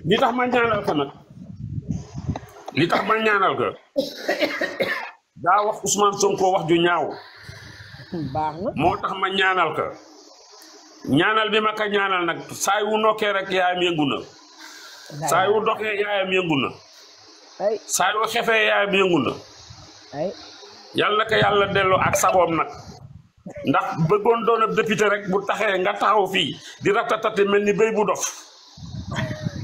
li tax ma ñaanal ko nak li tax ma ñaanal ko da wax Ousmane Sonko wax ju ñaaw tax ma ñaanal ko ñaanal bi ma ka ñaanal nak say wu noké rek yaayam yeggu na saa yu doxee yaayam yëngu na. ay saa yu xefee yaayam yëngu yàlla ko yàlla delloo ak sagoom nag. ndax bëggoon doon ab rek bu taxee nga taxaw fii di ratatati mel ni béy bu dof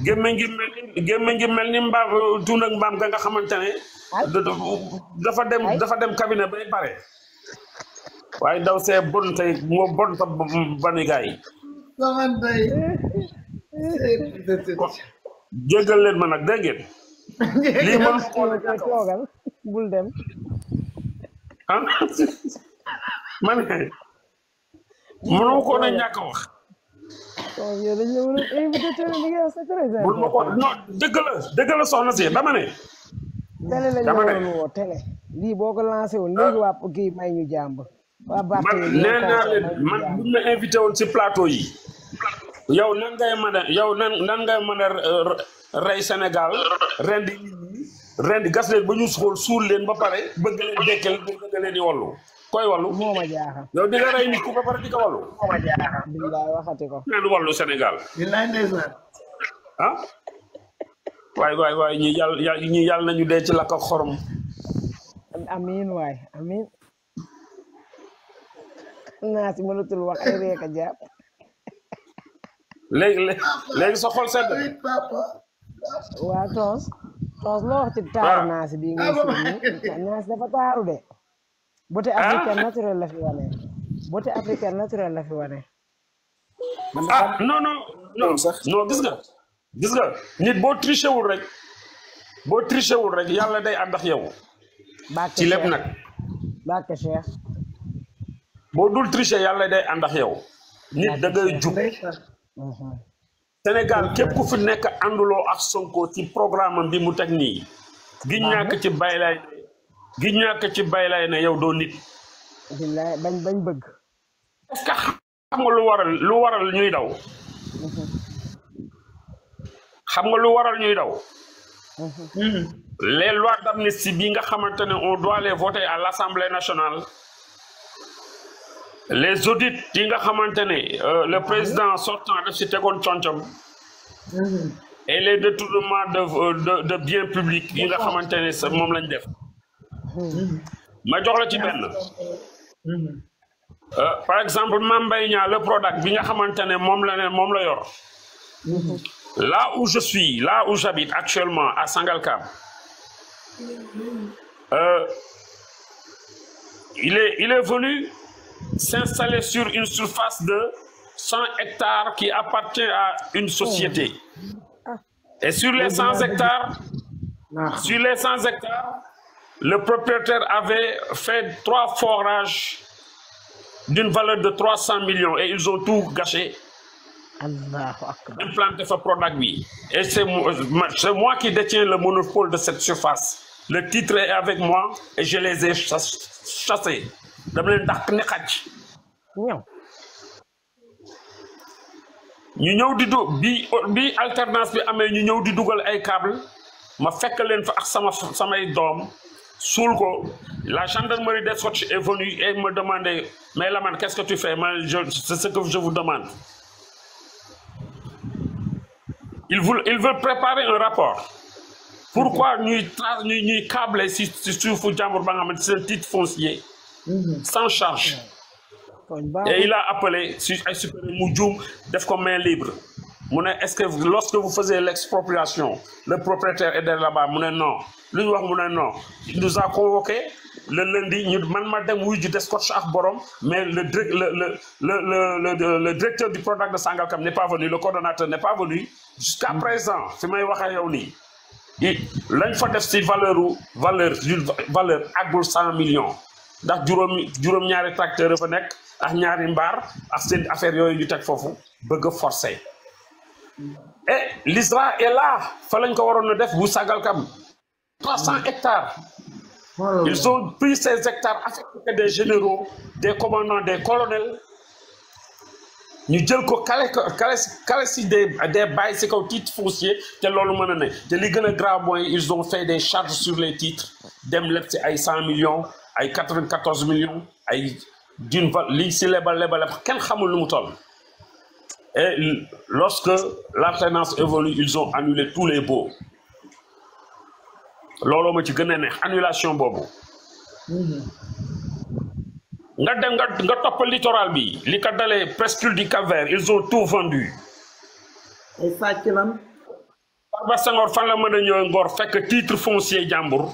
gémme ngi mel ni gémme ngi mel mbaam tuun mbaam ga nga xamante ne dafa dem dafa dem cabinet bay pare waaye ndaw see bon tey moo bon ta banigaay jéggal leen ma nag dégg ngeen. lii ma toogal bul dem. ko woon a ñàkk a wax. waaw yow la nga wax c'est très bul ma ko non dëgg la dëgg la soxna si dama ne. télé la ñu waroon boo ko lancé woon léegi waa jàmb. waa Barthélémy man si plateau yi. yaw nan ngay mën a yow nan nan a rey Sénégal ren di ren gas leen ba ñu suul suul leen ba pare bëgg leen dekkal bëgg leen di wallu koy wallu moo ma jaaxal yow di nga rey nit ku ba pare di ko wallu moo ma jaaxal billaay waxati ko leen wallu Sénégal ah waay waay waay ñi yàlla ñi yàlla nañu dee ci lakk ak xorom amiin waay amiin naa si mënatul wax ay reeka jàpp léegi léegi sa xol sedd waa toos toos loo wax ci ah. taaru naasi bii ngay ah, sii naasi dafa taaru de beauté ah. africaine naturelle la fi wane beauté africaine naturelle la fi wane ah non non non gis nga gis nga nit boo triché wul rek boo triché wul rek yàlla day ànd ak ci lépp nag bàkke boo dul triché yàlla day ànd ak yow nit da jub Mhm. Sénégal képp ku fi nekk ànduloo ak Sonko ci programme bi mu teg nii. gi ñàkk ci baylaay gi ñàkk ci baylaay ne yow doo nit. billaay bañ bañ bëgg. est-ce lu waral lu ñuy daw. Mhm. xam nga lu waral ñuy daw. Mhm. Hmm. les lois d'amnistie bi nga xamante ne on doit les voter à l'Assemblée nationale. les audits yi nga euh, le président sortant la cité tegoon concom mhm. et les détournements de euh, de de biens publics yi nga xamante ne sa moom lañ def mhm. ma jox la ci mhm. euh, par exemple mam le product bi nga xamante ne la la là où je suis là où j'habite actuellement à Sangalkam il est il est venu s'installer sur une surface de 100 hectares qui appartient à une société. Ah. Et sur les 100 hectares, ah. sur les 100 hectares, le propriétaire avait fait trois forages d'une valeur de 300 millions et ils ont tout gâché. Implanté ce produit. Et c'est moi qui détiens le monopole de cette surface. Le titre est avec moi et je les ai chassés dama leen dàq ne xaj ñëw ñu ñëw di du bi bi alternance bi amee ñu ñëw di dugal ay câble ma fekk leen fa ak sama samay doom suul ko la gendarmerie des Scotch est venu et me demandait mais Lamane qu'est-ce que tu fais ma je c'est ce que je vous demande il veut il veut préparer un rapport pourquoi ñuy tra ñuy ñuy câbler si si suufu jàmbur ba nga xam ne titre foncier Mhm. sans charge. Et il a appelé Moudjoum def comme main libre. Est-ce que lorsque vous faisiez l'expropriation, le propriétaire est là-bas Non. Lui, non. Il nous a convoqué le lundi, nous oui, Borom, mais le, le, le, le, directeur du product de Sangalkam n'est pas venu, le coordonnateur n'est pas venu. Jusqu'à mhm. présent, c'est moi qui l'un fois de valeur, valeur, 100 millions ndax juróomi juróom-ñaari tracteur fa nekk ak ñaari mbaar ak seen affaire yooyu ñu teg foofu bëgg forcer et l'ISRA est là fa lañ ko waroon a def bu Sangalkam kam 300 hectares ils ont pris ces hectares affectés des généraux des commandants des colonels ñu jël ko calé calé calé si des des bàyyi si kaw titre foncier te loolu mën a ne te li gën a grave mooy ils ont fait des charges sur les titres dem leb si ay 100 millions ay 94 millions ay d'une li si lebal lebal xamul lu mu toll et lorsque l'alternance évolue ils ont annulé tous les baux lolo ma ci je annulation bobo nga dem nga nga littoral bi li ka la presqu'île du Cap-Vert ils ont tout vendu ça par fan la Ngor titre foncier jambour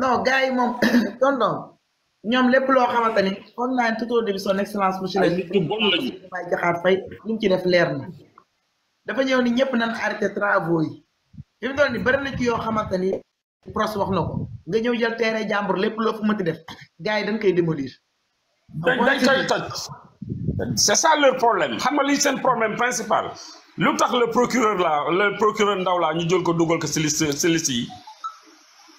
non gars yi moom tonton ñoom lépp loo xamante ni on a tout début son excellence monsieur le ministre may jaxaat fay lu mu ci def leer na dafa ñëw ni ñëpp nan arrêté travaux yi fi mu toll ni bëri na ci yoo xamante ni wax na ko nga ñëw jël terrain jàmbur lépp loo fu mënti def gars yi dañ koy démolir dañ koy toj c'est ça leur problème xam nga lii seen problème principal lu tax le procureur la le procureur ndaw laa ñu jël ko dugal ko si liste yi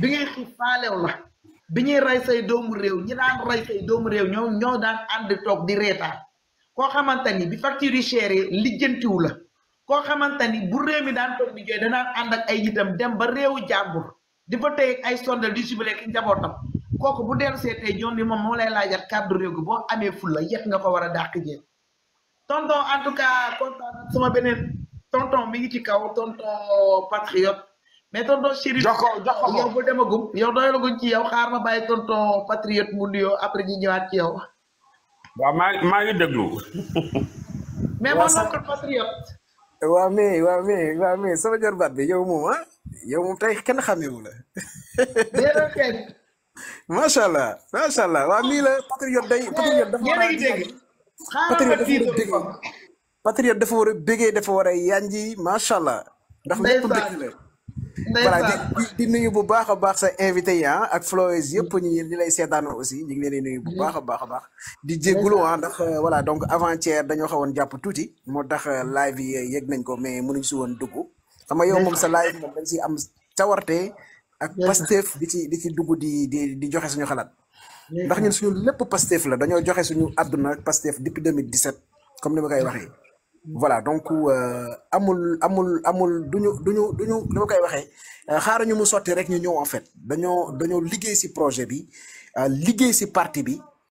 bi ngay xiif faalew la bi ñuy rey say doomu réew ñi daan rey say doomu réew ñoo ñoo daan ànd toog di reetaan koo xamante ni bi facture yi chéré lijjantiwu la koo xamante ni bu réew mi daan toog di jooy danaan ànd ak ay yitam dem ba réewu jàmbur di fa tey ay sondel di jubilee ki njabootam kooku bu dellu seetee ñoom bi moom moo lay laajat kàddu réew gi boo amee ful la yet nga ko war a dàq jéem tonton en tout cas kontaan sama beneen tonton mi ngi ci kaw tonton patriote mais tonton Chérif jox ko jox ko yow bu demagum yow doyalaguñ ci yow xaar ma bàyyi tonton patriote mu nuyoo après ñu ñëwaat ci yow. waaw maa maa ngi déglu. mais man maa ko patriote. waaw mais waaw mais waaw mais sama jarbaat bi yow moom ah yow moom tey kenn xàmmewu la. déedéet kenn. macha allah macha allah la patriote day. patriote dafa war a dégg dafa war a bégee dafa war a yànji macha allah. ndax lépp voilà di nuyu bu baax a baax sa invité yi ah ak flowers yëpp mm. ñi ñi lay seetaan aussi ñu ngi leen di nuyu bu mm. baax a baax a baax di jéggulu a ah, ndax euh, voilà donc avant-hier dañoo xawoon jàpp tuuti moo tax euh, live yi euh, yëg nañ ko mais mënuñ si woon dugg xam nga yow moom sa live moom dañ si am cawarte ak Pastef di ci di ci dugg di di di joxe suñu xalaat ndax ñun suñu lépp Pastef la dañoo joxe suñu àdduna Pastef depuis 2017 comme ni ma koy mm. waxee voilà donc euh, amul amul amul duñu duñu duñu li koy koy waxee euh, ñu mu sotti rek ñu ñëw en fait dañoo dañoo liggéey ci projet bi euh, liggéey ci parti bi